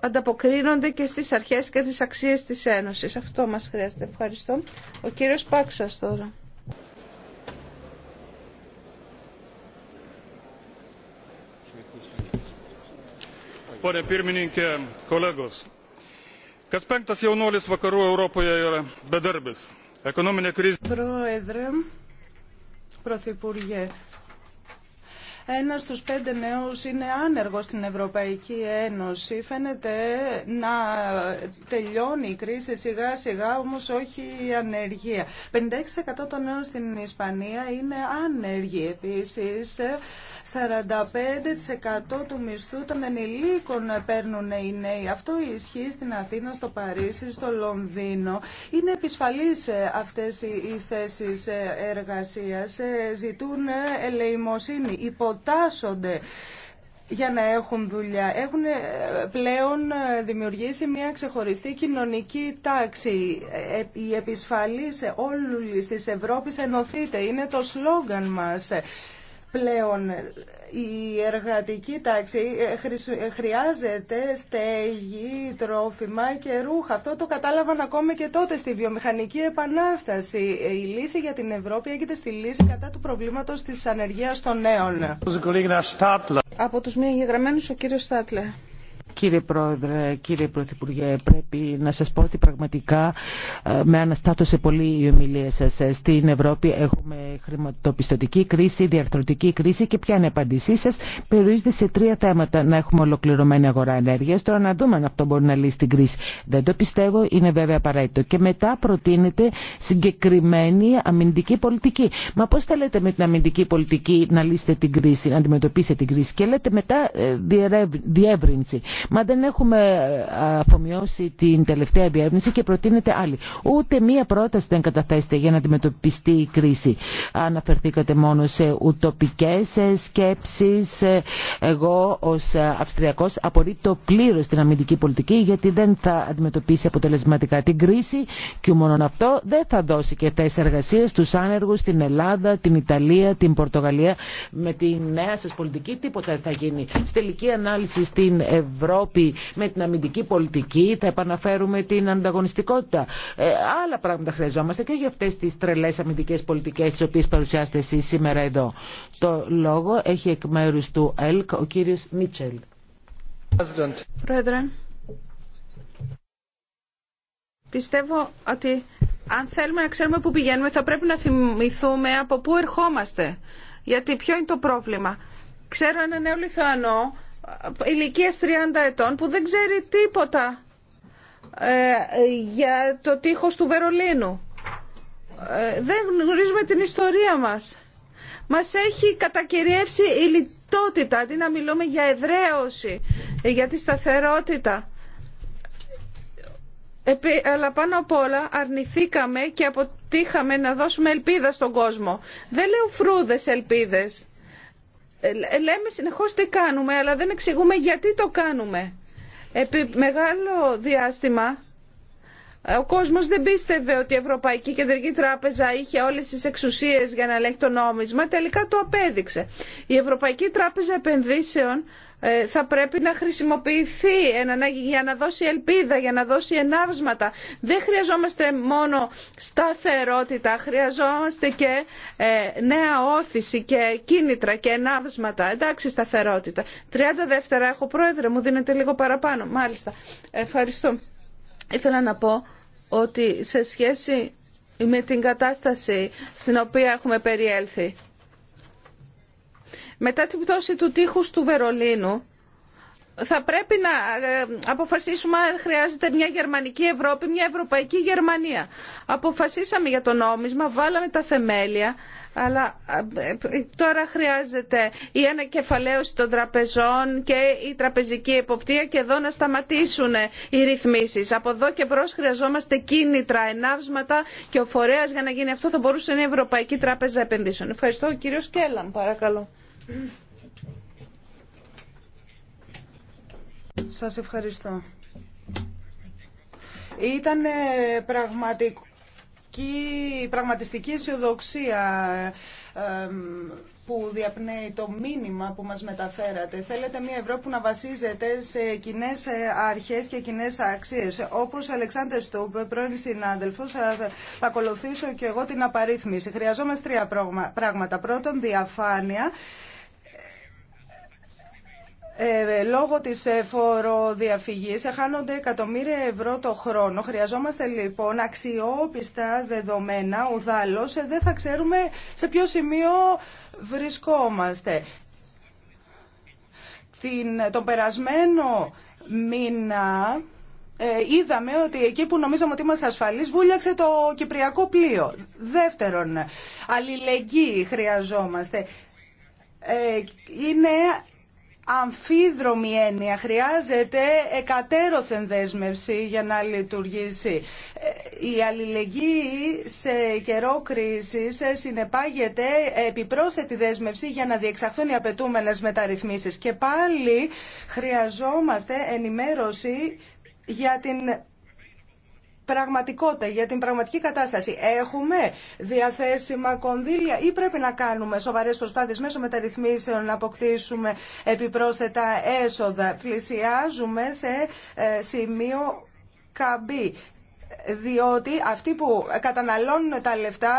ανταποκρίνονται και στις αρχές και τις αξίες της Ένωσης. Αυτό μας χρειάζεται. Ευχαριστώ. Ο κύριος Πάξας τώρα.
pone pirmininke kolegos kas penktas jaunuolis vakarų europoje yra bedarbis. ekonominė krizė
ένα στους πέντε νέους είναι άνεργος στην Ευρωπαϊκή Ένωση. Φαίνεται να τελειώνει η κρίση σιγά σιγά, όμως όχι η ανεργία. 56% των νέων στην Ισπανία είναι άνεργοι. Επίσης, 45% του μισθού των ενηλίκων παίρνουν οι νέοι. Αυτό ισχύει στην Αθήνα, στο Παρίσι, στο Λονδίνο. Είναι επισφαλής αυτές οι θέσεις εργασίας. Ζητούν ελεημοσύνη, Υποτίθεται για να έχουν δουλειά. Έχουν ε, πλέον ε, δημιουργήσει μια ξεχωριστή κοινωνική τάξη. Ε, η σε όλους της Ευρώπης ενωθείται. Είναι το σλόγγαν μας πλέον η εργατική τάξη ε, ε, χρειάζεται στέγη, τρόφιμα και ρούχα. Αυτό το κατάλαβαν ακόμα και τότε στη βιομηχανική επανάσταση. Ε, η λύση για την Ευρώπη έγινε στη λύση κατά του προβλήματος της ανεργίας των νέων. Από τους μία εγγεγραμμένους ο κύριος Στάτλε.
Κύριε Πρόεδρε, κύριε Πρωθυπουργέ, πρέπει να σας πω ότι πραγματικά ε, με αναστάτωσε πολύ η ομιλία σας. Ε, στην Ευρώπη έχουμε χρηματοπιστωτική κρίση, διαρθρωτική κρίση και ποια είναι η απαντησή σας. Περιορίζεται σε τρία θέματα να έχουμε ολοκληρωμένη αγορά ενέργειας. Τώρα να δούμε αν αυτό μπορεί να λύσει την κρίση. Δεν το πιστεύω, είναι βέβαια απαραίτητο. Και μετά προτείνεται συγκεκριμένη αμυντική πολιτική. Μα πώς θα λέτε με την αμυντική πολιτική να λύσετε την κρίση, να αντιμετωπίσετε την κρίση και λέτε μετά ε, διεύρυνση. Μα δεν έχουμε ε, αφομοιώσει την τελευταία διεύνηση και προτείνεται άλλη. Ούτε μία πρόταση δεν καταθέσετε για να αντιμετωπιστεί η κρίση. Αναφερθήκατε μόνο σε ουτοπικές ε, σκέψεις. Ε, εγώ ως Αυστριακός απορρίπτω πλήρως την αμυντική πολιτική γιατί δεν θα αντιμετωπίσει αποτελεσματικά την κρίση και μόνο αυτό δεν θα δώσει και θέσει εργασία στους άνεργους στην Ελλάδα, την Ιταλία, την Πορτογαλία. Με τη νέα σας πολιτική τίποτα δεν θα γίνει. Στη τελική ανάλυση στην Ευρώπη Ευρώπη με την αμυντική πολιτική, θα επαναφέρουμε την ανταγωνιστικότητα. Ε, άλλα πράγματα χρειαζόμαστε και για αυτέ τι τρελέ αμυντικέ πολιτικέ τι οποίε παρουσιάσετε εσεί σήμερα εδώ. Το λόγο έχει εκ μέρου του ΕΛΚ ο κύριος Μίτσελ.
Πρόεδρε, πιστεύω ότι αν θέλουμε να ξέρουμε πού πηγαίνουμε θα πρέπει να θυμηθούμε από πού ερχόμαστε. Γιατί ποιο είναι το πρόβλημα. Ξέρω ένα νέο Λιθουανό ηλικία 30 ετών που δεν ξέρει τίποτα ε, για το τείχος του Βερολίνου. Ε, δεν γνωρίζουμε την ιστορία μας. Μας έχει κατακυριεύσει η λιτότητα, αντί να μιλούμε για εδραίωση, για τη σταθερότητα. Αλλά πάνω απ' όλα αρνηθήκαμε και αποτύχαμε να δώσουμε ελπίδα στον κόσμο. Δεν λέω φρούδες ελπίδες ε, ε, λέμε συνεχώς τι κάνουμε, αλλά δεν εξηγούμε γιατί το κάνουμε. Επί μεγάλο διάστημα ε, ο κόσμος δεν πίστευε ότι η Ευρωπαϊκή Κεντρική Τράπεζα είχε όλες τις εξουσίες για να ελέγχει το νόμισμα, τελικά το απέδειξε. Η Ευρωπαϊκή Τράπεζα Επενδύσεων ε, θα πρέπει να χρησιμοποιηθεί για να δώσει ελπίδα, για να δώσει ενάβσματα. Δεν χρειαζόμαστε μόνο σταθερότητα, χρειαζόμαστε και ε, νέα όθηση και κίνητρα και ενάβσματα. Εντάξει, σταθερότητα. 30 δεύτερα έχω πρόεδρε, μου δίνετε λίγο παραπάνω. Μάλιστα. Ευχαριστώ. Ήθελα να πω ότι σε σχέση με την κατάσταση στην οποία έχουμε περιέλθει μετά την πτώση του τείχους του Βερολίνου θα πρέπει να ε, αποφασίσουμε αν χρειάζεται μια γερμανική Ευρώπη, μια ευρωπαϊκή Γερμανία. Αποφασίσαμε για το νόμισμα, βάλαμε τα θεμέλια, αλλά ε, τώρα χρειάζεται η ανακεφαλαίωση των τραπεζών και η τραπεζική εποπτεία και εδώ να σταματήσουν ε, οι ρυθμίσεις. Από εδώ και μπρος χρειαζόμαστε κίνητρα, ενάυσματα και ο φορέας για να γίνει αυτό θα μπορούσε να είναι η Ευρωπαϊκή Τράπεζα Επενδύσεων. Ευχαριστώ. Ο κύριος παρακαλώ.
Σας ευχαριστώ. Ήταν ε, πραγματική, πραγματιστική αισιοδοξία ε, που διαπνέει το μήνυμα που μας μεταφέρατε. Θέλετε μια Ευρώπη να βασίζεται σε κοινέ ε, αρχές και κοινέ αξίες. Όπως ο Αλεξάνδρ Στούπ, πρώην συνάδελφος, θα ακολουθήσω και εγώ την απαρίθμηση. Χρειαζόμαστε τρία πράγματα. Πρώτον, διαφάνεια. Ε, λόγω της ε, φοροδιαφυγής χάνονται εκατομμύρια ευρώ το χρόνο. Χρειαζόμαστε λοιπόν αξιόπιστα δεδομένα. ουδάλλως ε, δεν θα ξέρουμε σε ποιο σημείο βρισκόμαστε. Την, τον περασμένο μήνα ε, είδαμε ότι εκεί που νομίζαμε ότι είμαστε ασφαλείς βούλιαξε το κυπριακό πλοίο. Δεύτερον, αλληλεγγύη χρειαζόμαστε. Ε, είναι αμφίδρομη έννοια. Χρειάζεται εκατέρωθεν δέσμευση για να λειτουργήσει. Ε, η αλληλεγγύη σε καιρό κρίση ε, συνεπάγεται επιπρόσθετη δέσμευση για να διεξαχθούν οι απαιτούμενες μεταρρυθμίσεις. Και πάλι χρειαζόμαστε ενημέρωση για την πραγματικότητα, για την πραγματική κατάσταση. Έχουμε διαθέσιμα κονδύλια ή πρέπει να κάνουμε σοβαρές προσπάθειες μέσω μεταρρυθμίσεων να αποκτήσουμε επιπρόσθετα έσοδα. Πλησιάζουμε σε ε, σημείο καμπή διότι αυτοί που καταναλώνουν τα λεφτά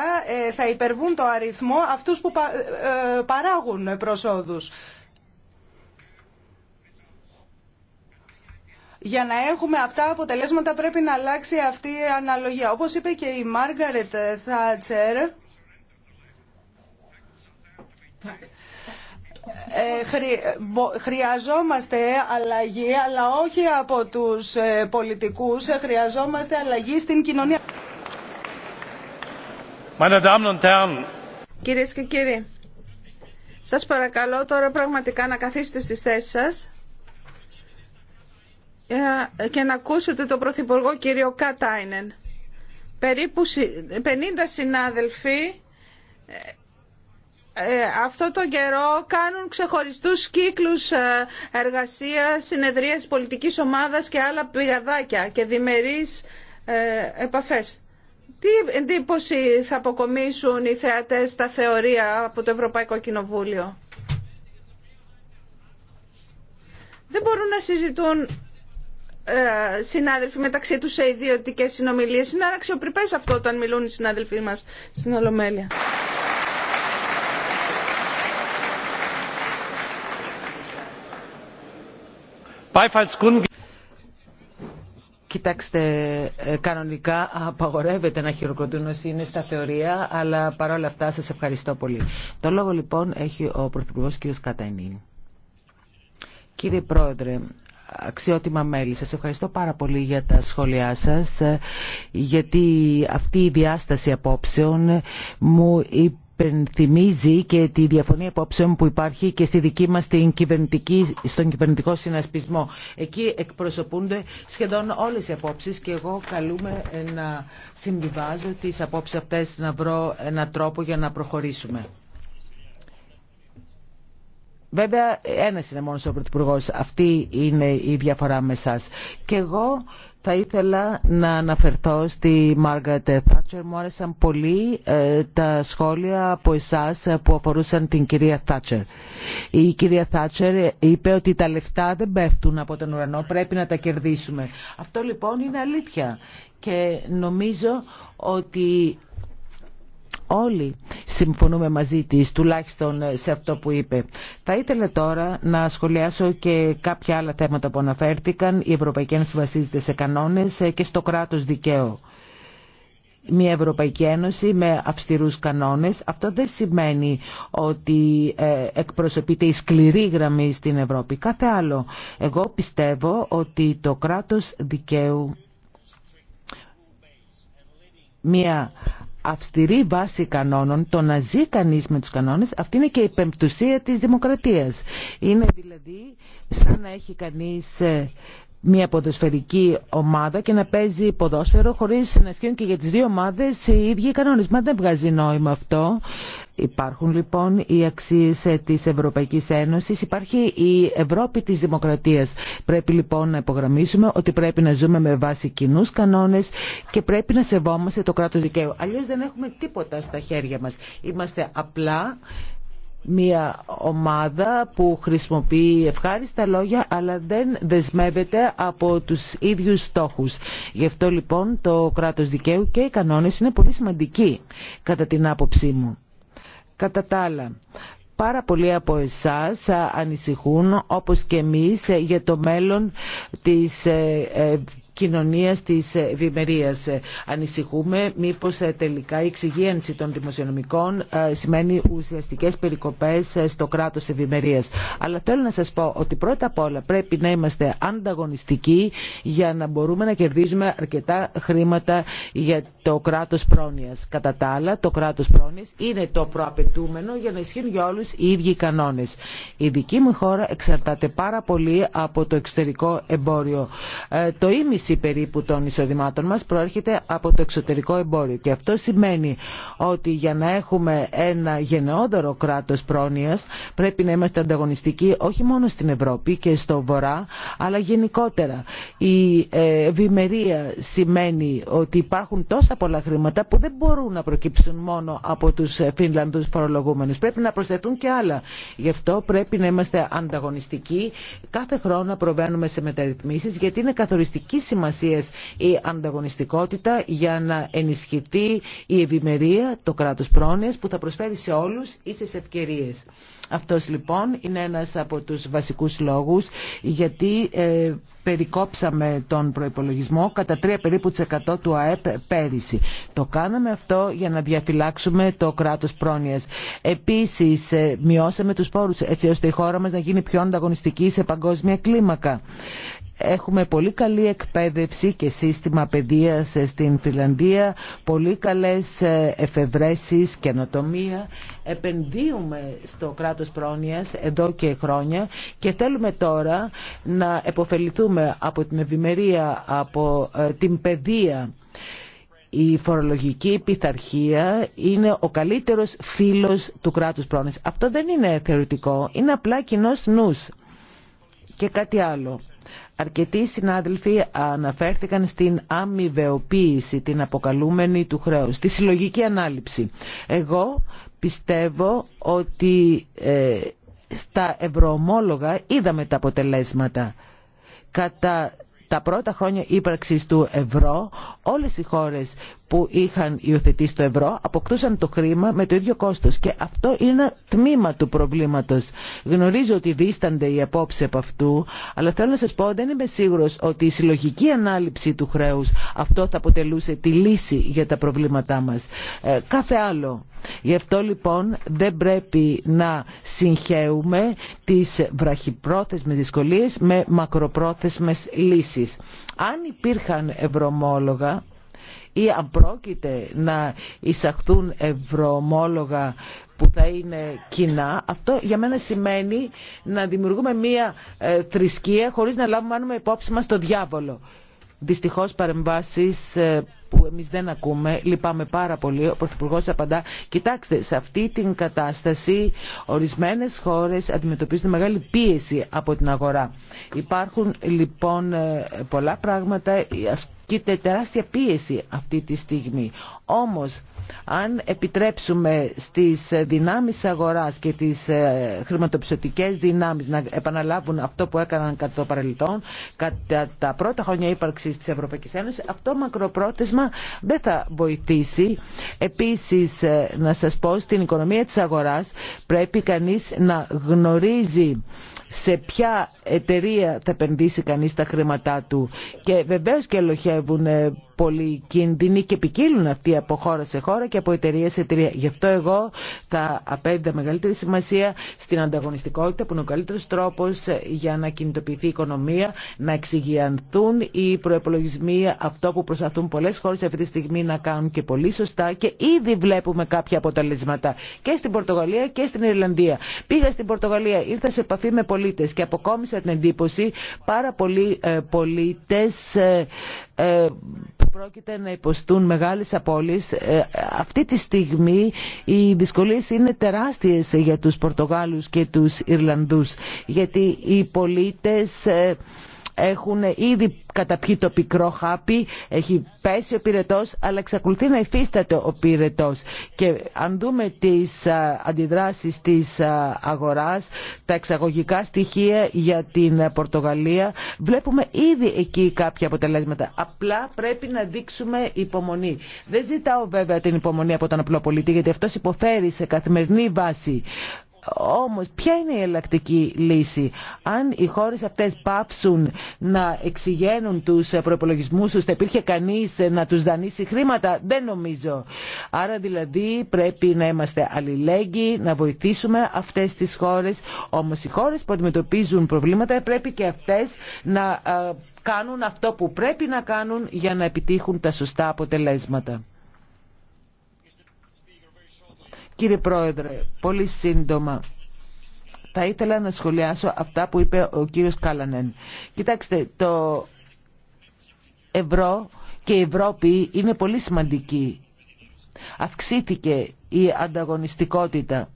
ε, θα υπερβούν το αριθμό αυτούς που ε, παράγουν προσόδους. Για να έχουμε αυτά αποτελέσματα πρέπει να αλλάξει αυτή η αναλογία. Όπως είπε και η Μάργαρετ Θάτσερ, ε, χρειαζόμαστε αλλαγή, αλλά όχι από τους ε, πολιτικούς. χρειαζόμαστε αλλαγή στην κοινωνία.
Κυρίες και κύριοι, σας παρακαλώ τώρα πραγματικά να καθίσετε στις θέσεις σας. Ε, και να ακούσετε τον Πρωθυπουργό κύριο Κατάινεν. Περίπου 50 συνάδελφοι ε, ε, αυτό τον καιρό κάνουν ξεχωριστούς κύκλους εργασίας, συνεδρίες πολιτικής ομάδας και άλλα πηγαδάκια και διμερείς επαφές. Τι εντύπωση θα αποκομίσουν οι θεατές στα θεωρία από το Ευρωπαϊκό Κοινοβούλιο. Δεν μπορούν να συζητούν ε, συνάδελφοι μεταξύ τους σε ιδιωτικές συνομιλίες. Είναι αναξιοπρεπές αυτό όταν μιλούν οι συνάδελφοί μας στην Ολομέλεια.
Κοιτάξτε, ε, κανονικά απαγορεύεται να χειροκροτούν όσοι είναι στα θεωρία, αλλά παρόλα αυτά σας ευχαριστώ πολύ. Το λόγο λοιπόν έχει ο Πρωθυπουργός κ. Κατανίν. Κύριε Πρόεδρε, αξιότιμα μέλη. Σας ευχαριστώ πάρα πολύ για τα σχόλιά σας, γιατί αυτή η διάσταση απόψεων μου υπενθυμίζει και τη διαφωνία απόψεων που υπάρχει και στη δική μας την κυβερνητική, στον κυβερνητικό συνασπισμό. Εκεί εκπροσωπούνται σχεδόν όλες οι απόψεις και εγώ καλούμε να συμβιβάζω τις απόψεις αυτές, να βρω έναν τρόπο για να προχωρήσουμε. Βέβαια, ένα είναι μόνο ο Πρωθυπουργό. Αυτή είναι η διαφορά με εσά. Και εγώ θα ήθελα να αναφερθώ στη Μάργαρετ Θάτσερ. Μου άρεσαν πολύ ε, τα σχόλια από εσά που αφορούσαν την κυρία Θάτσερ. Η κυρία Θάτσερ είπε ότι τα λεφτά δεν πέφτουν από τον ουρανό, πρέπει να τα κερδίσουμε. Αυτό λοιπόν είναι αλήθεια. Και νομίζω ότι όλοι συμφωνούμε μαζί της, τουλάχιστον σε αυτό που είπε. Θα ήθελα τώρα να σχολιάσω και κάποια άλλα θέματα που αναφέρθηκαν. Η Ευρωπαϊκή Ένωση βασίζεται σε κανόνες και στο κράτος δικαίου μια Ευρωπαϊκή Ένωση με αυστηρούς κανόνες. Αυτό δεν σημαίνει ότι ε, εκπροσωπείται η σκληρή γραμμή στην Ευρώπη. Κάθε άλλο. Εγώ πιστεύω ότι το κράτος δικαίου μια αυστηρή βάση κανόνων, το να ζει κανεί με τους κανόνες, αυτή είναι και η πεμπτουσία της δημοκρατίας. Είναι δηλαδή σαν να έχει κανείς ε, μια ποδοσφαιρική ομάδα και να παίζει ποδόσφαιρο χωρίς να ισχύουν και για τις δύο ομάδες οι ίδιοι κανόνες. Μα δεν βγάζει νόημα αυτό. Υπάρχουν λοιπόν οι αξίες ε, της Ευρωπαϊκής Ένωσης, υπάρχει η Ευρώπη της Δημοκρατίας. Πρέπει λοιπόν να υπογραμμίσουμε ότι πρέπει να ζούμε με βάση κοινού κανόνες και πρέπει να σεβόμαστε το κράτος δικαίου. Αλλιώς δεν έχουμε τίποτα στα χέρια μας. Είμαστε απλά μια ομάδα που χρησιμοποιεί ευχάριστα λόγια αλλά δεν δεσμεύεται από τους ίδιους στόχους. Γι' αυτό λοιπόν το κράτος δικαίου και οι κανόνες είναι πολύ σημαντικοί κατά την άποψή μου. Κατά τα άλλα, πάρα πολλοί από εσάς ανησυχούν όπως και εμείς για το μέλλον της ε, ε, κοινωνίας της ευημερίας. Ανησυχούμε μήπως ε, τελικά η εξυγίανση των δημοσιονομικών ε, σημαίνει ουσιαστικές περικοπές ε, στο κράτος ευημερία. Αλλά θέλω να σας πω ότι πρώτα απ' όλα πρέπει να είμαστε ανταγωνιστικοί για να μπορούμε να κερδίζουμε αρκετά χρήματα για το κράτος πρόνοιας. Κατά τα άλλα, το κράτος πρόνοιας είναι το προαπαιτούμενο για να ισχύουν για όλους οι ίδιοι κανόνες. Η δική μου χώρα εξαρτάται πάρα πολύ από το εξωτερικό εμπόριο. το μισή περίπου των εισοδημάτων μας προέρχεται από το εξωτερικό εμπόριο. Και αυτό σημαίνει ότι για να έχουμε ένα γενναιόδωρο κράτος πρόνοιας πρέπει να είμαστε ανταγωνιστικοί όχι μόνο στην Ευρώπη και στο Βορρά αλλά γενικότερα. Η ε, ευημερία σημαίνει ότι υπάρχουν τόσα πολλά χρήματα που δεν μπορούν να προκύψουν μόνο από τους Φινλανδούς φορολογούμενους. Πρέπει να προσθεθούν και άλλα. Γι' αυτό πρέπει να είμαστε ανταγωνιστικοί. Κάθε χρόνο προβαίνουμε σε μεταρρυθμίσεις γιατί είναι καθοριστική η ανταγωνιστικότητα για να ενισχυθεί η ευημερία, το κράτος πρόνοιας που θα προσφέρει σε όλους ίσες ευκαιρίε. Αυτός λοιπόν είναι ένας από τους βασικούς λόγους γιατί ε, περικόψαμε τον προϋπολογισμό κατά 3 περίπου 100% του ΑΕΠ πέρυσι. Το κάναμε αυτό για να διαφυλάξουμε το κράτος πρόνοιας. Επίσης ε, μειώσαμε τους φόρου έτσι ώστε η χώρα μας να γίνει πιο ανταγωνιστική σε παγκόσμια κλίμακα. Έχουμε πολύ καλή εκπαίδευση και σύστημα παιδείας στην Φιλανδία, πολύ καλές ε, εφευρέσεις, καινοτομία. Επενδύουμε στο κράτος πρόνοιας εδώ και χρόνια και θέλουμε τώρα να επωφεληθούμε από την ευημερία, από ε, την παιδεία. Η φορολογική πειθαρχία είναι ο καλύτερος φίλος του κράτους πρόνοιας. Αυτό δεν είναι θεωρητικό, είναι απλά κοινό νους. Και κάτι άλλο. Αρκετοί συνάδελφοι αναφέρθηκαν στην αμοιβεοποίηση, την αποκαλούμενη του χρέους, τη συλλογική ανάληψη. Εγώ πιστεύω ότι ε, στα ευρωομόλογα είδαμε τα αποτελέσματα. Κατά τα πρώτα χρόνια ύπαρξης του ευρώ, όλες οι χώρες που είχαν υιοθετήσει το ευρώ αποκτούσαν το χρήμα με το ίδιο κόστος και αυτό είναι τμήμα του προβλήματος. Γνωρίζω ότι δίστανται οι απόψει από αυτού, αλλά θέλω να σας πω δεν είμαι σίγουρος ότι η συλλογική ανάληψη του χρέους αυτό θα αποτελούσε τη λύση για τα προβλήματά μας. Ε, κάθε άλλο. Γι' αυτό λοιπόν δεν πρέπει να συγχέουμε τις βραχυπρόθεσμες δυσκολίες με μακροπρόθεσμες λύσεις. Αν υπήρχαν ευρωμόλογα ή αν πρόκειται να εισαχθούν ευρωομόλογα που θα είναι κοινά, αυτό για μένα σημαίνει να δημιουργούμε μία ε, θρησκεία χωρίς να λάβουμε άνουμε υπόψη μας το διάβολο. Δυστυχώς παρεμβάσεις ε, που εμείς δεν ακούμε, λυπάμαι πάρα πολύ, ο Πρωθυπουργό απαντά, κοιτάξτε, σε αυτή την κατάσταση ορισμένες χώρες αντιμετωπίζουν μεγάλη πίεση από την αγορά. Υπάρχουν λοιπόν ε, πολλά πράγματα, ασκείται τεράστια πίεση αυτή τη στιγμή. Όμως αν επιτρέψουμε στις δυνάμεις αγοράς και τις ε, χρηματοπιστωτικές δυνάμεις να επαναλάβουν αυτό που έκαναν κατά το παρελθόν, κατά τα πρώτα χρόνια ύπαρξης της Ευρωπαϊκής Ένωσης, αυτό μακροπρόθεσμα δεν θα βοηθήσει. Επίσης, ε, να σας πω, στην οικονομία της αγοράς πρέπει κανείς να γνωρίζει σε ποια εταιρεία θα επενδύσει κανείς τα χρήματά του. Και βεβαίως και ελοχεύουν πολύ κίνδυνοι και ποικίλουν αυτοί από χώρα σε χώρα και από εταιρεία σε εταιρεία. Γι' αυτό εγώ θα απέδιδα μεγαλύτερη σημασία στην ανταγωνιστικότητα που είναι ο καλύτερο τρόπο ε, για να κινητοποιηθεί η οικονομία, να εξυγιανθούν οι προεπολογισμοί, αυτό που προσπαθούν πολλέ χώρε αυτή τη στιγμή να κάνουν και πολύ σωστά και ήδη βλέπουμε κάποια αποτελέσματα και στην Πορτογαλία και στην Ιρλανδία. Πήγα στην Πορτογαλία, ήρθα σε επαφή με πολίτε και αποκόμισα την εντύπωση πάρα πολλοί ε, πολίτε ε, ε, πρόκειται να υποστούν μεγάλες απώλειες. Ε, αυτή τη στιγμή οι δυσκολίες είναι τεράστιες για τους Πορτογάλους και τους Ιρλανδούς γιατί οι πολίτες ε, έχουν ήδη καταπιεί το πικρό χάπι, έχει πέσει ο πυρετός, αλλά εξακολουθεί να υφίσταται ο πυρετός. Και αν δούμε τις αντιδράσεις της αγοράς, τα εξαγωγικά στοιχεία για την Πορτογαλία, βλέπουμε ήδη εκεί κάποια αποτελέσματα. Απλά πρέπει να δείξουμε υπομονή. Δεν ζητάω βέβαια την υπομονή από τον απλό πολίτη, γιατί αυτός υποφέρει σε καθημερινή βάση. Όμως ποια είναι η ελλακτική λύση αν οι χώρες αυτές πάψουν να εξηγαίνουν τους προπολογισμού τους θα υπήρχε κανείς να τους δανείσει χρήματα δεν νομίζω άρα δηλαδή πρέπει να είμαστε αλληλέγγυοι να βοηθήσουμε αυτές τις χώρες όμως οι χώρες που αντιμετωπίζουν προβλήματα πρέπει και αυτές να ε, κάνουν αυτό που πρέπει να κάνουν για να επιτύχουν τα σωστά αποτελέσματα Κύριε Πρόεδρε, πολύ σύντομα. Θα ήθελα να σχολιάσω αυτά που είπε ο κύριος Κάλανεν. Κοιτάξτε, το ευρώ και η Ευρώπη είναι πολύ σημαντική. Αυξήθηκε η ανταγωνιστικότητα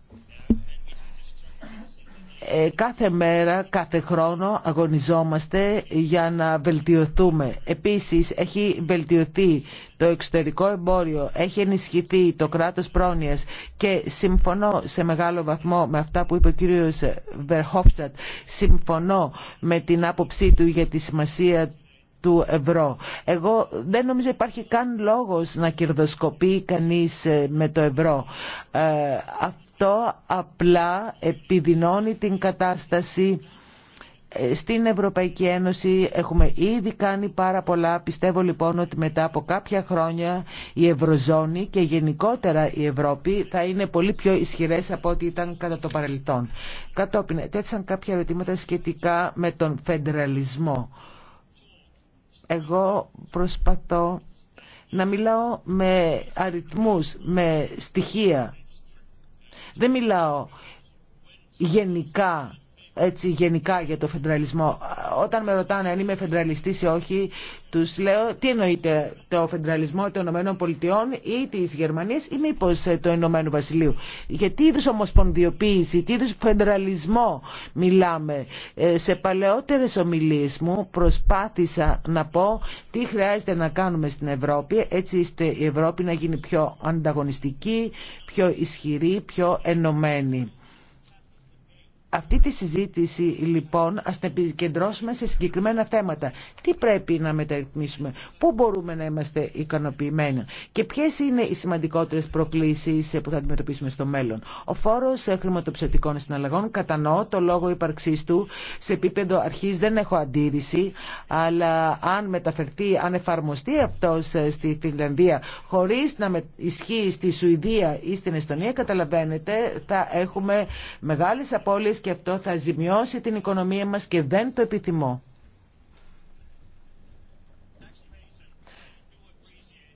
ε, κάθε μέρα, κάθε χρόνο αγωνιζόμαστε για να βελτιωθούμε. Επίσης έχει βελτιωθεί το εξωτερικό εμπόριο, έχει ενισχυθεί το κράτος πρόνοιας και συμφωνώ σε μεγάλο βαθμό με αυτά που είπε ο κύριος Βερχόφστατ, συμφωνώ με την άποψή του για τη σημασία του ευρώ. Εγώ δεν νομίζω υπάρχει καν λόγος να κερδοσκοπεί κανείς ε, με το ευρώ. Ε, αυτό απλά επιδεινώνει την κατάσταση ε, στην Ευρωπαϊκή Ένωση έχουμε ήδη κάνει πάρα πολλά. Πιστεύω λοιπόν ότι μετά από κάποια χρόνια η Ευρωζώνη και γενικότερα η Ευρώπη θα είναι πολύ πιο ισχυρές από ό,τι ήταν κατά το παρελθόν. Κατόπιν, τέτοισαν κάποια ερωτήματα σχετικά με τον φεντεραλισμό. Εγώ προσπαθώ να μιλάω με αριθμούς, με στοιχεία δεν μιλάω γενικά έτσι γενικά για το φεντραλισμό. Όταν με ρωτάνε αν είμαι φεντραλιστή ή όχι, του λέω τι εννοείται το φεντραλισμό των Ηνωμένων Πολιτειών ή τη Γερμανία, ή μήπω ε, το Ηνωμένου Βασιλείου. Για τι είδου ομοσπονδιοποίηση, τι είδου φεντραλισμό μιλάμε. Ε, σε παλαιότερε ομιλίε μου προσπάθησα να πω τι χρειάζεται να κάνουμε στην Ευρώπη έτσι ώστε η Ευρώπη να γίνει πιο ανταγωνιστική, πιο ισχυρή, πιο ενωμένη αυτή τη συζήτηση λοιπόν ας την επικεντρώσουμε σε συγκεκριμένα θέματα. Τι πρέπει να μεταρρυθμίσουμε, πού μπορούμε να είμαστε ικανοποιημένοι και ποιες είναι οι σημαντικότερες προκλήσεις που θα αντιμετωπίσουμε στο μέλλον. Ο φόρος χρηματοψηφιακών συναλλαγών κατανοώ το λόγο ύπαρξής του σε επίπεδο αρχής δεν έχω αντίρρηση αλλά αν μεταφερθεί, αν εφαρμοστεί αυτός ε, στη Φινλανδία χωρίς να ισχύει στη Σουηδία ή στην Εστονία καταλαβαίνετε θα έχουμε μεγάλες απώλειες και αυτό θα ζημιώσει την οικονομία μας και δεν το επιθυμώ.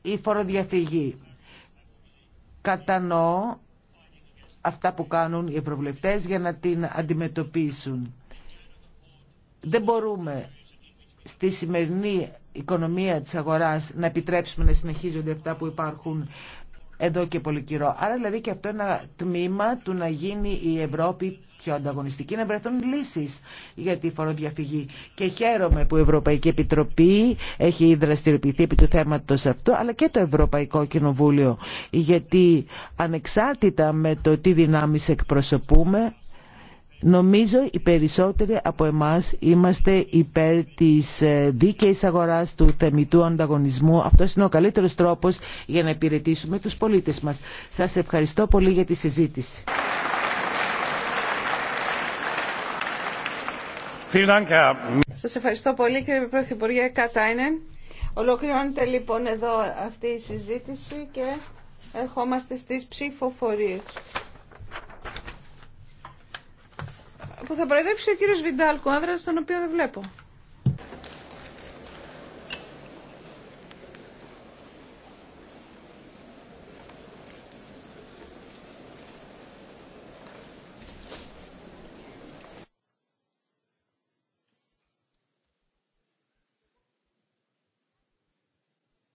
Η φοροδιαφυγή. Κατανοώ αυτά που κάνουν οι ευρωβουλευτές για να την αντιμετωπίσουν. Δεν μπορούμε στη σημερινή οικονομία της αγοράς να επιτρέψουμε να συνεχίζονται αυτά που υπάρχουν εδώ και πολύ καιρό. Άρα δηλαδή και αυτό είναι ένα τμήμα του να γίνει η Ευρώπη πιο ανταγωνιστικοί να βρεθούν λύσει για τη φοροδιαφυγή. Και χαίρομαι που η Ευρωπαϊκή Επιτροπή έχει δραστηριοποιηθεί επί του θέματο αυτού, αλλά και το Ευρωπαϊκό Κοινοβούλιο. Γιατί ανεξάρτητα με το τι δυνάμεις εκπροσωπούμε, Νομίζω οι περισσότεροι από εμάς είμαστε υπέρ της ε, δίκαιης αγοράς του θεμητού ανταγωνισμού. Αυτό είναι ο καλύτερος τρόπος για να υπηρετήσουμε τους πολίτες μας. Σας ευχαριστώ πολύ για τη συζήτηση.
Σας ευχαριστώ πολύ κύριε Πρωθυπουργέ Κατάινεν. Ολοκληρώνεται λοιπόν εδώ αυτή η συζήτηση και ερχόμαστε στις ψηφοφορίες. Που θα προεδρεύσει ο κύριος Βιντάλκο, άνδρας τον οποίο δεν βλέπω.